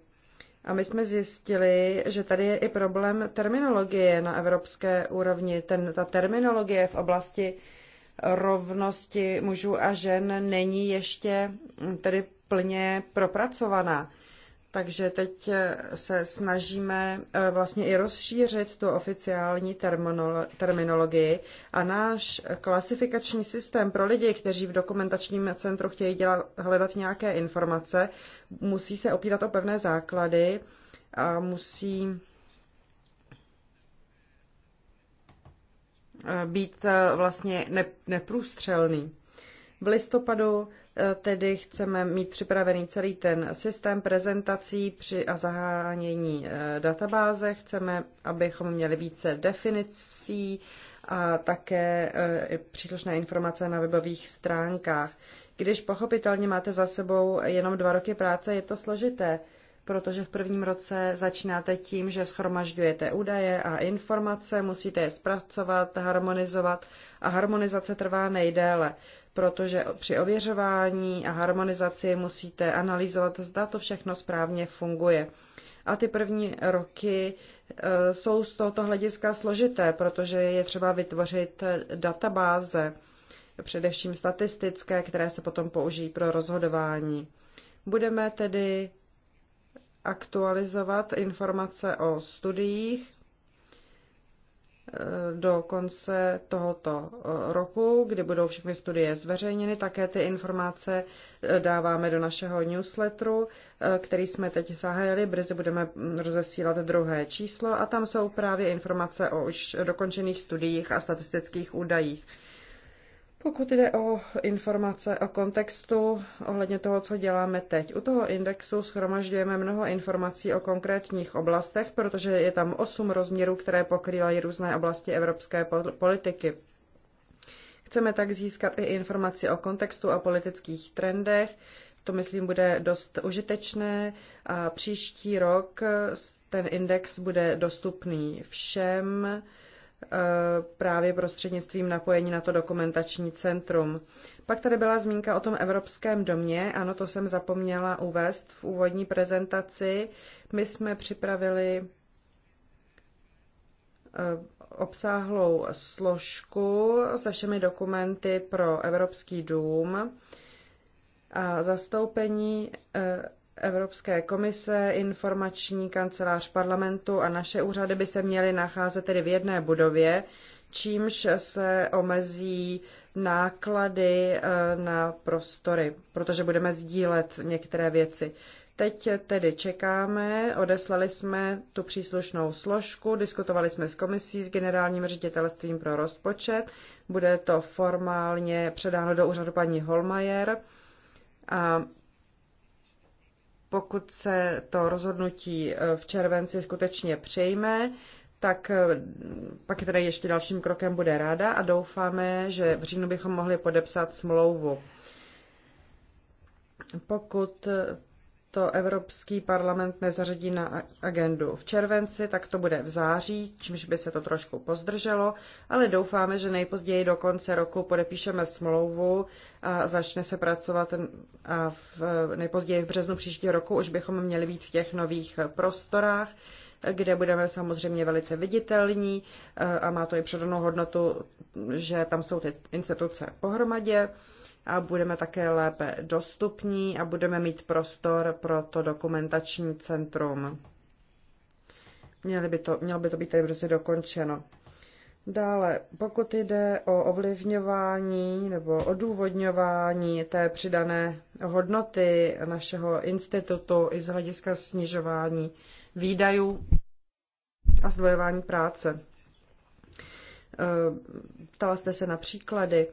A my jsme zjistili, že tady je i problém terminologie na evropské úrovni. Ten, ta terminologie v oblasti rovnosti mužů a žen není ještě tedy plně propracovaná. Takže teď eh, se snažíme eh, vlastně i rozšířit tu oficiální terminologii a náš klasifikační systém pro lidi, kteří v dokumentačním centru chtějí dělat, hledat nějaké informace, musí se opírat o pevné základy a musí eh, být vlastně neprůstřelný. V listopadu eh, tedy chceme mít připravený celý ten systém prezentací při a zahájení eh, databáze. Chceme, abychom měli více definicí a také eh, příslušné informace na webových stránkách. Když pochopitelně máte za sebou jenom dva roky práce, je to složité protože v prvním roce začínáte tím, že schromažďujete údaje a informace, musíte je zpracovat, harmonizovat a harmonizace trvá nejdéle, protože při ověřování a harmonizaci musíte analyzovat, zda to všechno správně funguje. A ty první roky e, jsou z tohoto hlediska složité, protože je třeba vytvořit databáze, především statistické, které se potom použijí pro rozhodování. Budeme tedy aktualizovat informace o studiích eh, do konce tohoto eh, roku, kdy budou všechny studie zveřejněny. Také ty informace eh, dáváme do našeho newsletteru, který jsme teď zahájili. Brzy budeme mm, rozesílat druhé číslo a tam jsou právě informace o už dokončených studiích a statistických údajích. Pokud jde o informace o kontextu ohledně toho, co děláme teď, u toho indexu schromažďujeme mnoho informací o konkrétních oblastech, protože je tam osm rozměrů, které pokrývají různé oblasti evropské politiky. Chceme tak získat i informaci o kontextu a politických trendech. To, myslím, bude dost užitečné a příští rok ten index bude dostupný všem Eh, právě prostřednictvím napojení na to dokumentační centrum. Pak tady byla zmínka o tom Evropském domě, ano, to jsem zapomněla uvést v úvodní prezentaci. My jsme připravili eh, obsáhlou složku se všemi dokumenty pro Evropský dům a zastoupení eh, Evropské komise, informační kancelář parlamentu a naše úřady by se měly nacházet tedy v jedné budově, čímž se omezí náklady eh, na prostory, protože budeme sdílet některé věci. Teď tedy čekáme, odeslali jsme tu příslušnou složku, diskutovali jsme s komisí, s generálním ředitelstvím pro rozpočet, bude to formálně předáno do úřadu paní Holmajer a pokud se to rozhodnutí eh, v červenci skutečně přejme, tak eh, pak tedy ještě dalším krokem bude ráda a doufáme, že v říjnu bychom mohli podepsat smlouvu. Pokud eh, to Evropský parlament nezařadí na agendu v červenci, tak to bude v září, čímž by se to trošku pozdrželo, ale doufáme, že nejpozději do konce roku podepíšeme smlouvu a začne se pracovat a v, nejpozději v březnu příštího roku už bychom měli být v těch nových prostorách, kde budeme samozřejmě velice viditelní eh, a má to i přidanou hodnotu, že tam jsou ty instituce pohromadě a budeme také lépe dostupní a budeme mít prostor pro to dokumentační centrum. Měli by to, mělo by to být tady brzy dokončeno. Dále, pokud jde o ovlivňování nebo odůvodňování té přidané hodnoty našeho institutu i z hlediska snižování výdajů a zdvojování práce. E, ptala jste se na příklady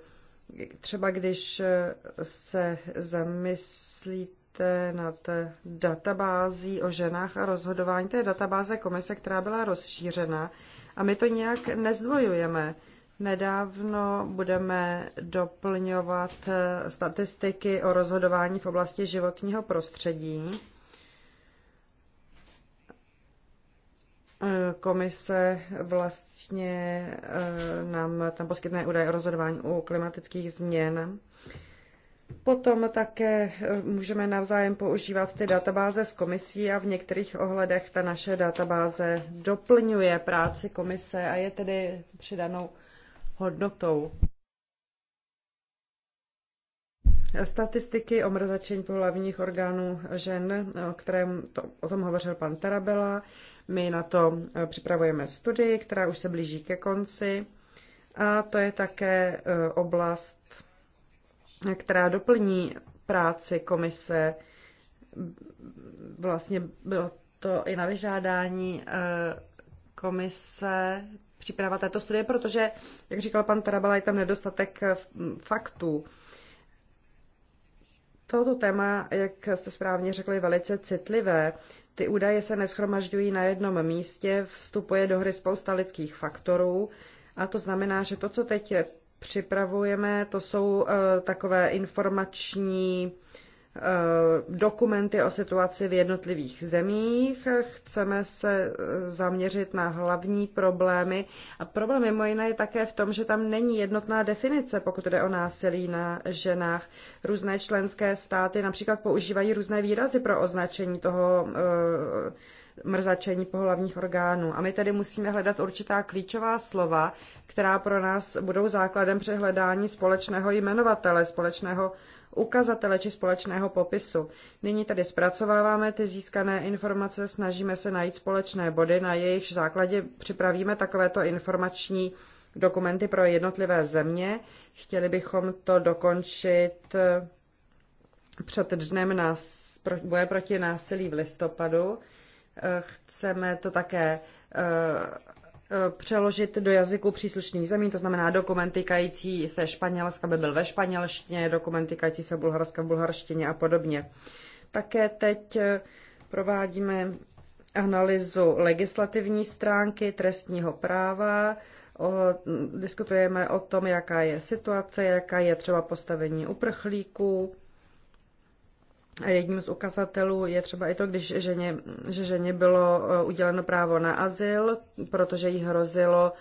třeba když eh, se zamyslíte nad databází o ženách a rozhodování, to je databáze komise, která byla rozšířena a my to nějak nezdvojujeme. Nedávno budeme doplňovat eh, statistiky o rozhodování v oblasti životního prostředí Komise vlastně eh, nám tam poskytne údaje o rozhodování u klimatických změn. Potom také eh, můžeme navzájem používat ty databáze z komisí a v některých ohledech ta naše databáze doplňuje práci komise a je tedy přidanou hodnotou. Statistiky o mrzačení pohlavních orgánů žen, o kterém to, o tom hovořil pan Tarabela. My na to eh, připravujeme studii, která už se blíží ke konci. A to je také eh, oblast, která doplní práci komise. Vlastně bylo to i na vyžádání eh, komise příprava této studie, protože, jak říkal pan Tarabela, je tam nedostatek faktů tohoto téma, jak jste správně řekli, velice citlivé. Ty údaje se neschromažďují na jednom místě, vstupuje do hry spousta lidských faktorů a to znamená, že to, co teď připravujeme, to jsou eh, takové informační uh, Eh, dokumenty o situaci v jednotlivých zemích. Chceme se eh, zaměřit na hlavní problémy. A problém mimo jiné je také v tom, že tam není jednotná definice, pokud jde o násilí na ženách. Různé členské státy například používají různé výrazy pro označení toho eh, mrzačení pohlavních orgánů. A my tedy musíme hledat určitá klíčová slova, která pro nás budou základem přehledání společného jmenovatele, společného ukazatele či společného popisu. Nyní tedy zpracováváme ty získané informace, snažíme se najít společné body, na jejich základě připravíme takovéto informační dokumenty pro jednotlivé země. Chtěli bychom to dokončit eh, před dnem nás, boje proti násilí v listopadu. Eh, chceme to také eh, Eh, přeložit do jazyku příslušných zemí, to znamená dokument týkající se Španělska by byl ve španělštině, dokument týkající se Bulharska v bulharštině a podobně. Také teď eh, provádíme analýzu legislativní stránky trestního práva, o, mm, diskutujeme o tom, jaká je situace, jaká je třeba postavení uprchlíků, a Jedním z ukazatelů je třeba i to, když ženě, že ženě bylo e, uděleno právo na azyl, protože jí hrozilo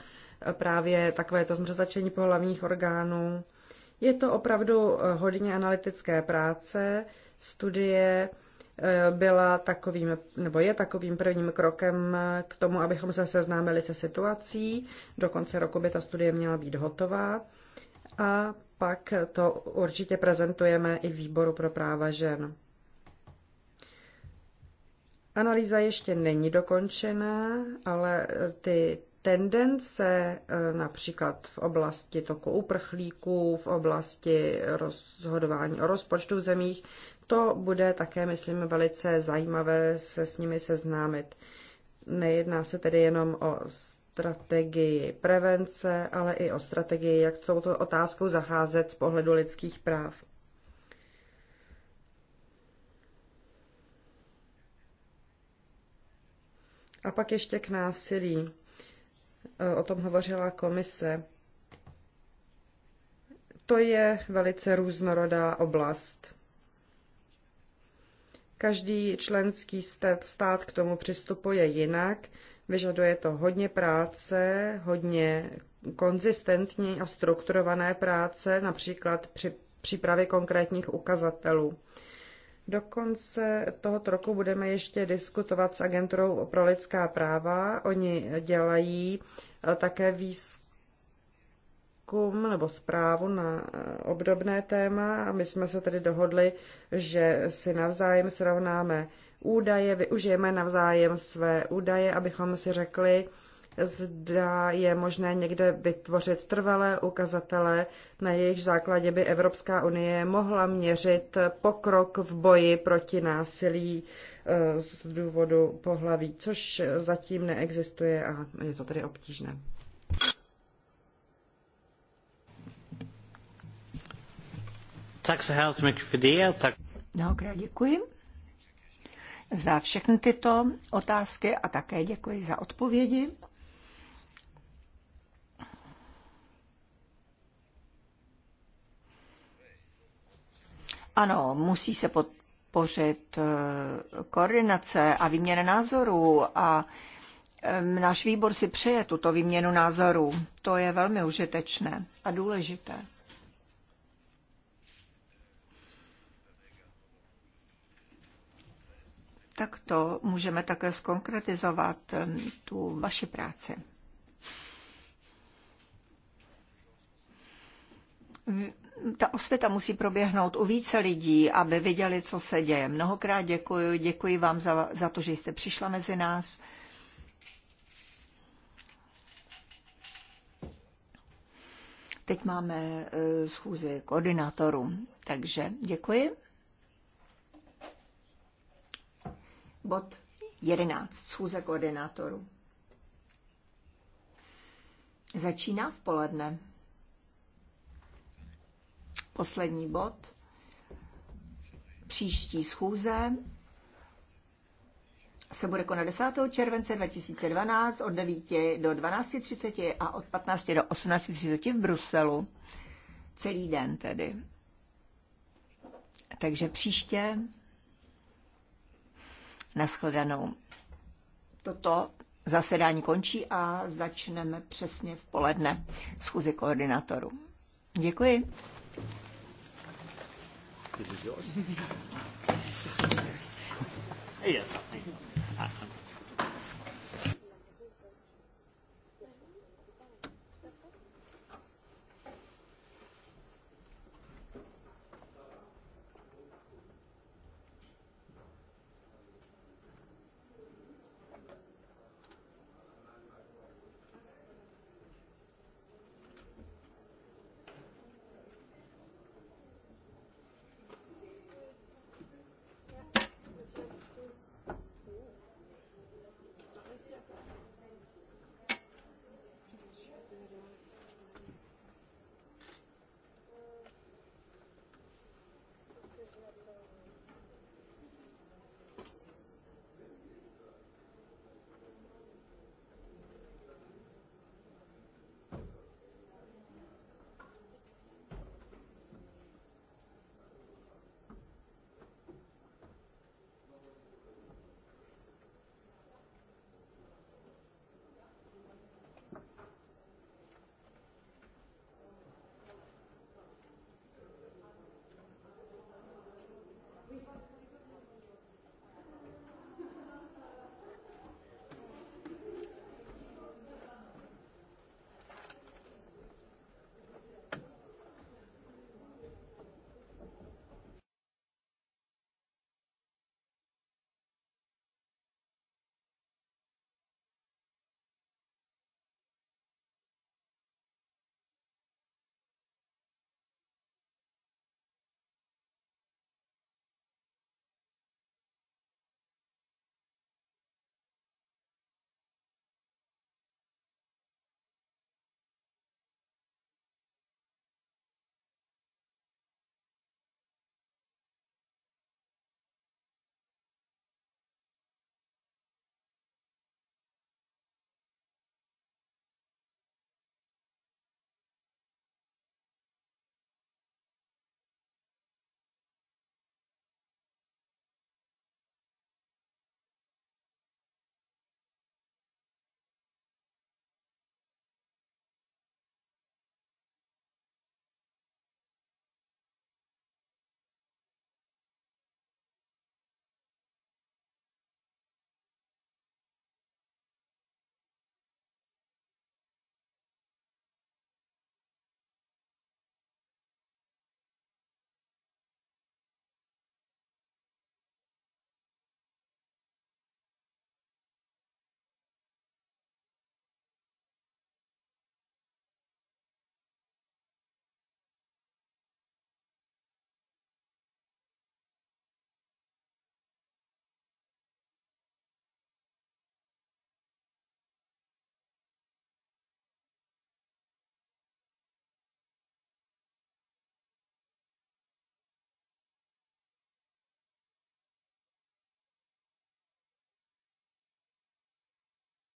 e, právě takové to zmřezačení pohlavních orgánů. Je to opravdu e, hodně analytické práce, studie byla takovým, nebo je takovým prvním krokem k tomu, abychom se seznámili se situací. Do konce roku by ta studie měla být hotová. A pak to určitě prezentujeme i výboru pro práva žen. Analýza ještě není dokončená, ale e, ty tendence e, například v oblasti toku uprchlíků, v oblasti rozhodování o rozpočtu v zemích, to bude také, myslím, velice zajímavé se s nimi seznámit. Nejedná se tedy jenom o strategii prevence, ale i o strategii, jak s touto otázkou zacházet z pohledu lidských práv. A pak ještě k násilí. O tom hovořila komise. To je velice různorodá oblast. Každý členský stát k tomu přistupuje jinak Vyžaduje to hodně práce, hodně konzistentní a strukturované práce, například při přípravě konkrétních ukazatelů. Do konce tohoto roku budeme ještě diskutovat s agenturou pro lidská práva. Oni dělají eh, také výzkum nebo zprávu na eh, obdobné téma a my jsme se tedy dohodli, že si navzájem srovnáme údaje, využijeme navzájem své údaje, abychom si řekli, zda je možné někde vytvořit trvalé ukazatele, na jejich základě by Evropská unie mohla měřit pokrok v boji proti násilí eh, z důvodu pohlaví, což zatím neexistuje a je to tedy obtížné. Tak se házme k tak. Mnohokrát děkuji za všechny tyto otázky a také děkuji za odpovědi. Ano, musí se podpořit eh, koordinace a výměna názorů a eh, náš výbor si přeje tuto výměnu názorů. To je velmi užitečné a důležité. takto můžeme také skonkretizovat ehm, tu vaši práci. ta osvěta musí proběhnout u více lidí, aby viděli, co se děje. Mnohokrát děkuji, děkuji vám za, za to, že jste přišla mezi nás. Teď máme eh, schůzi koordinátorů, takže děkuji. Bod 11. Schůze koordinátorů. Začíná v poledne. Poslední bod. Příští schůze se bude konat 10. července 2012 od 9 do 12.30 a od 15 do 18.30 v Bruselu. Celý den tedy. Takže příště Naschledanou. Toto zasedání končí a začneme přesně v poledne schůzi koordinátorů. Děkuji. Yes, I, I,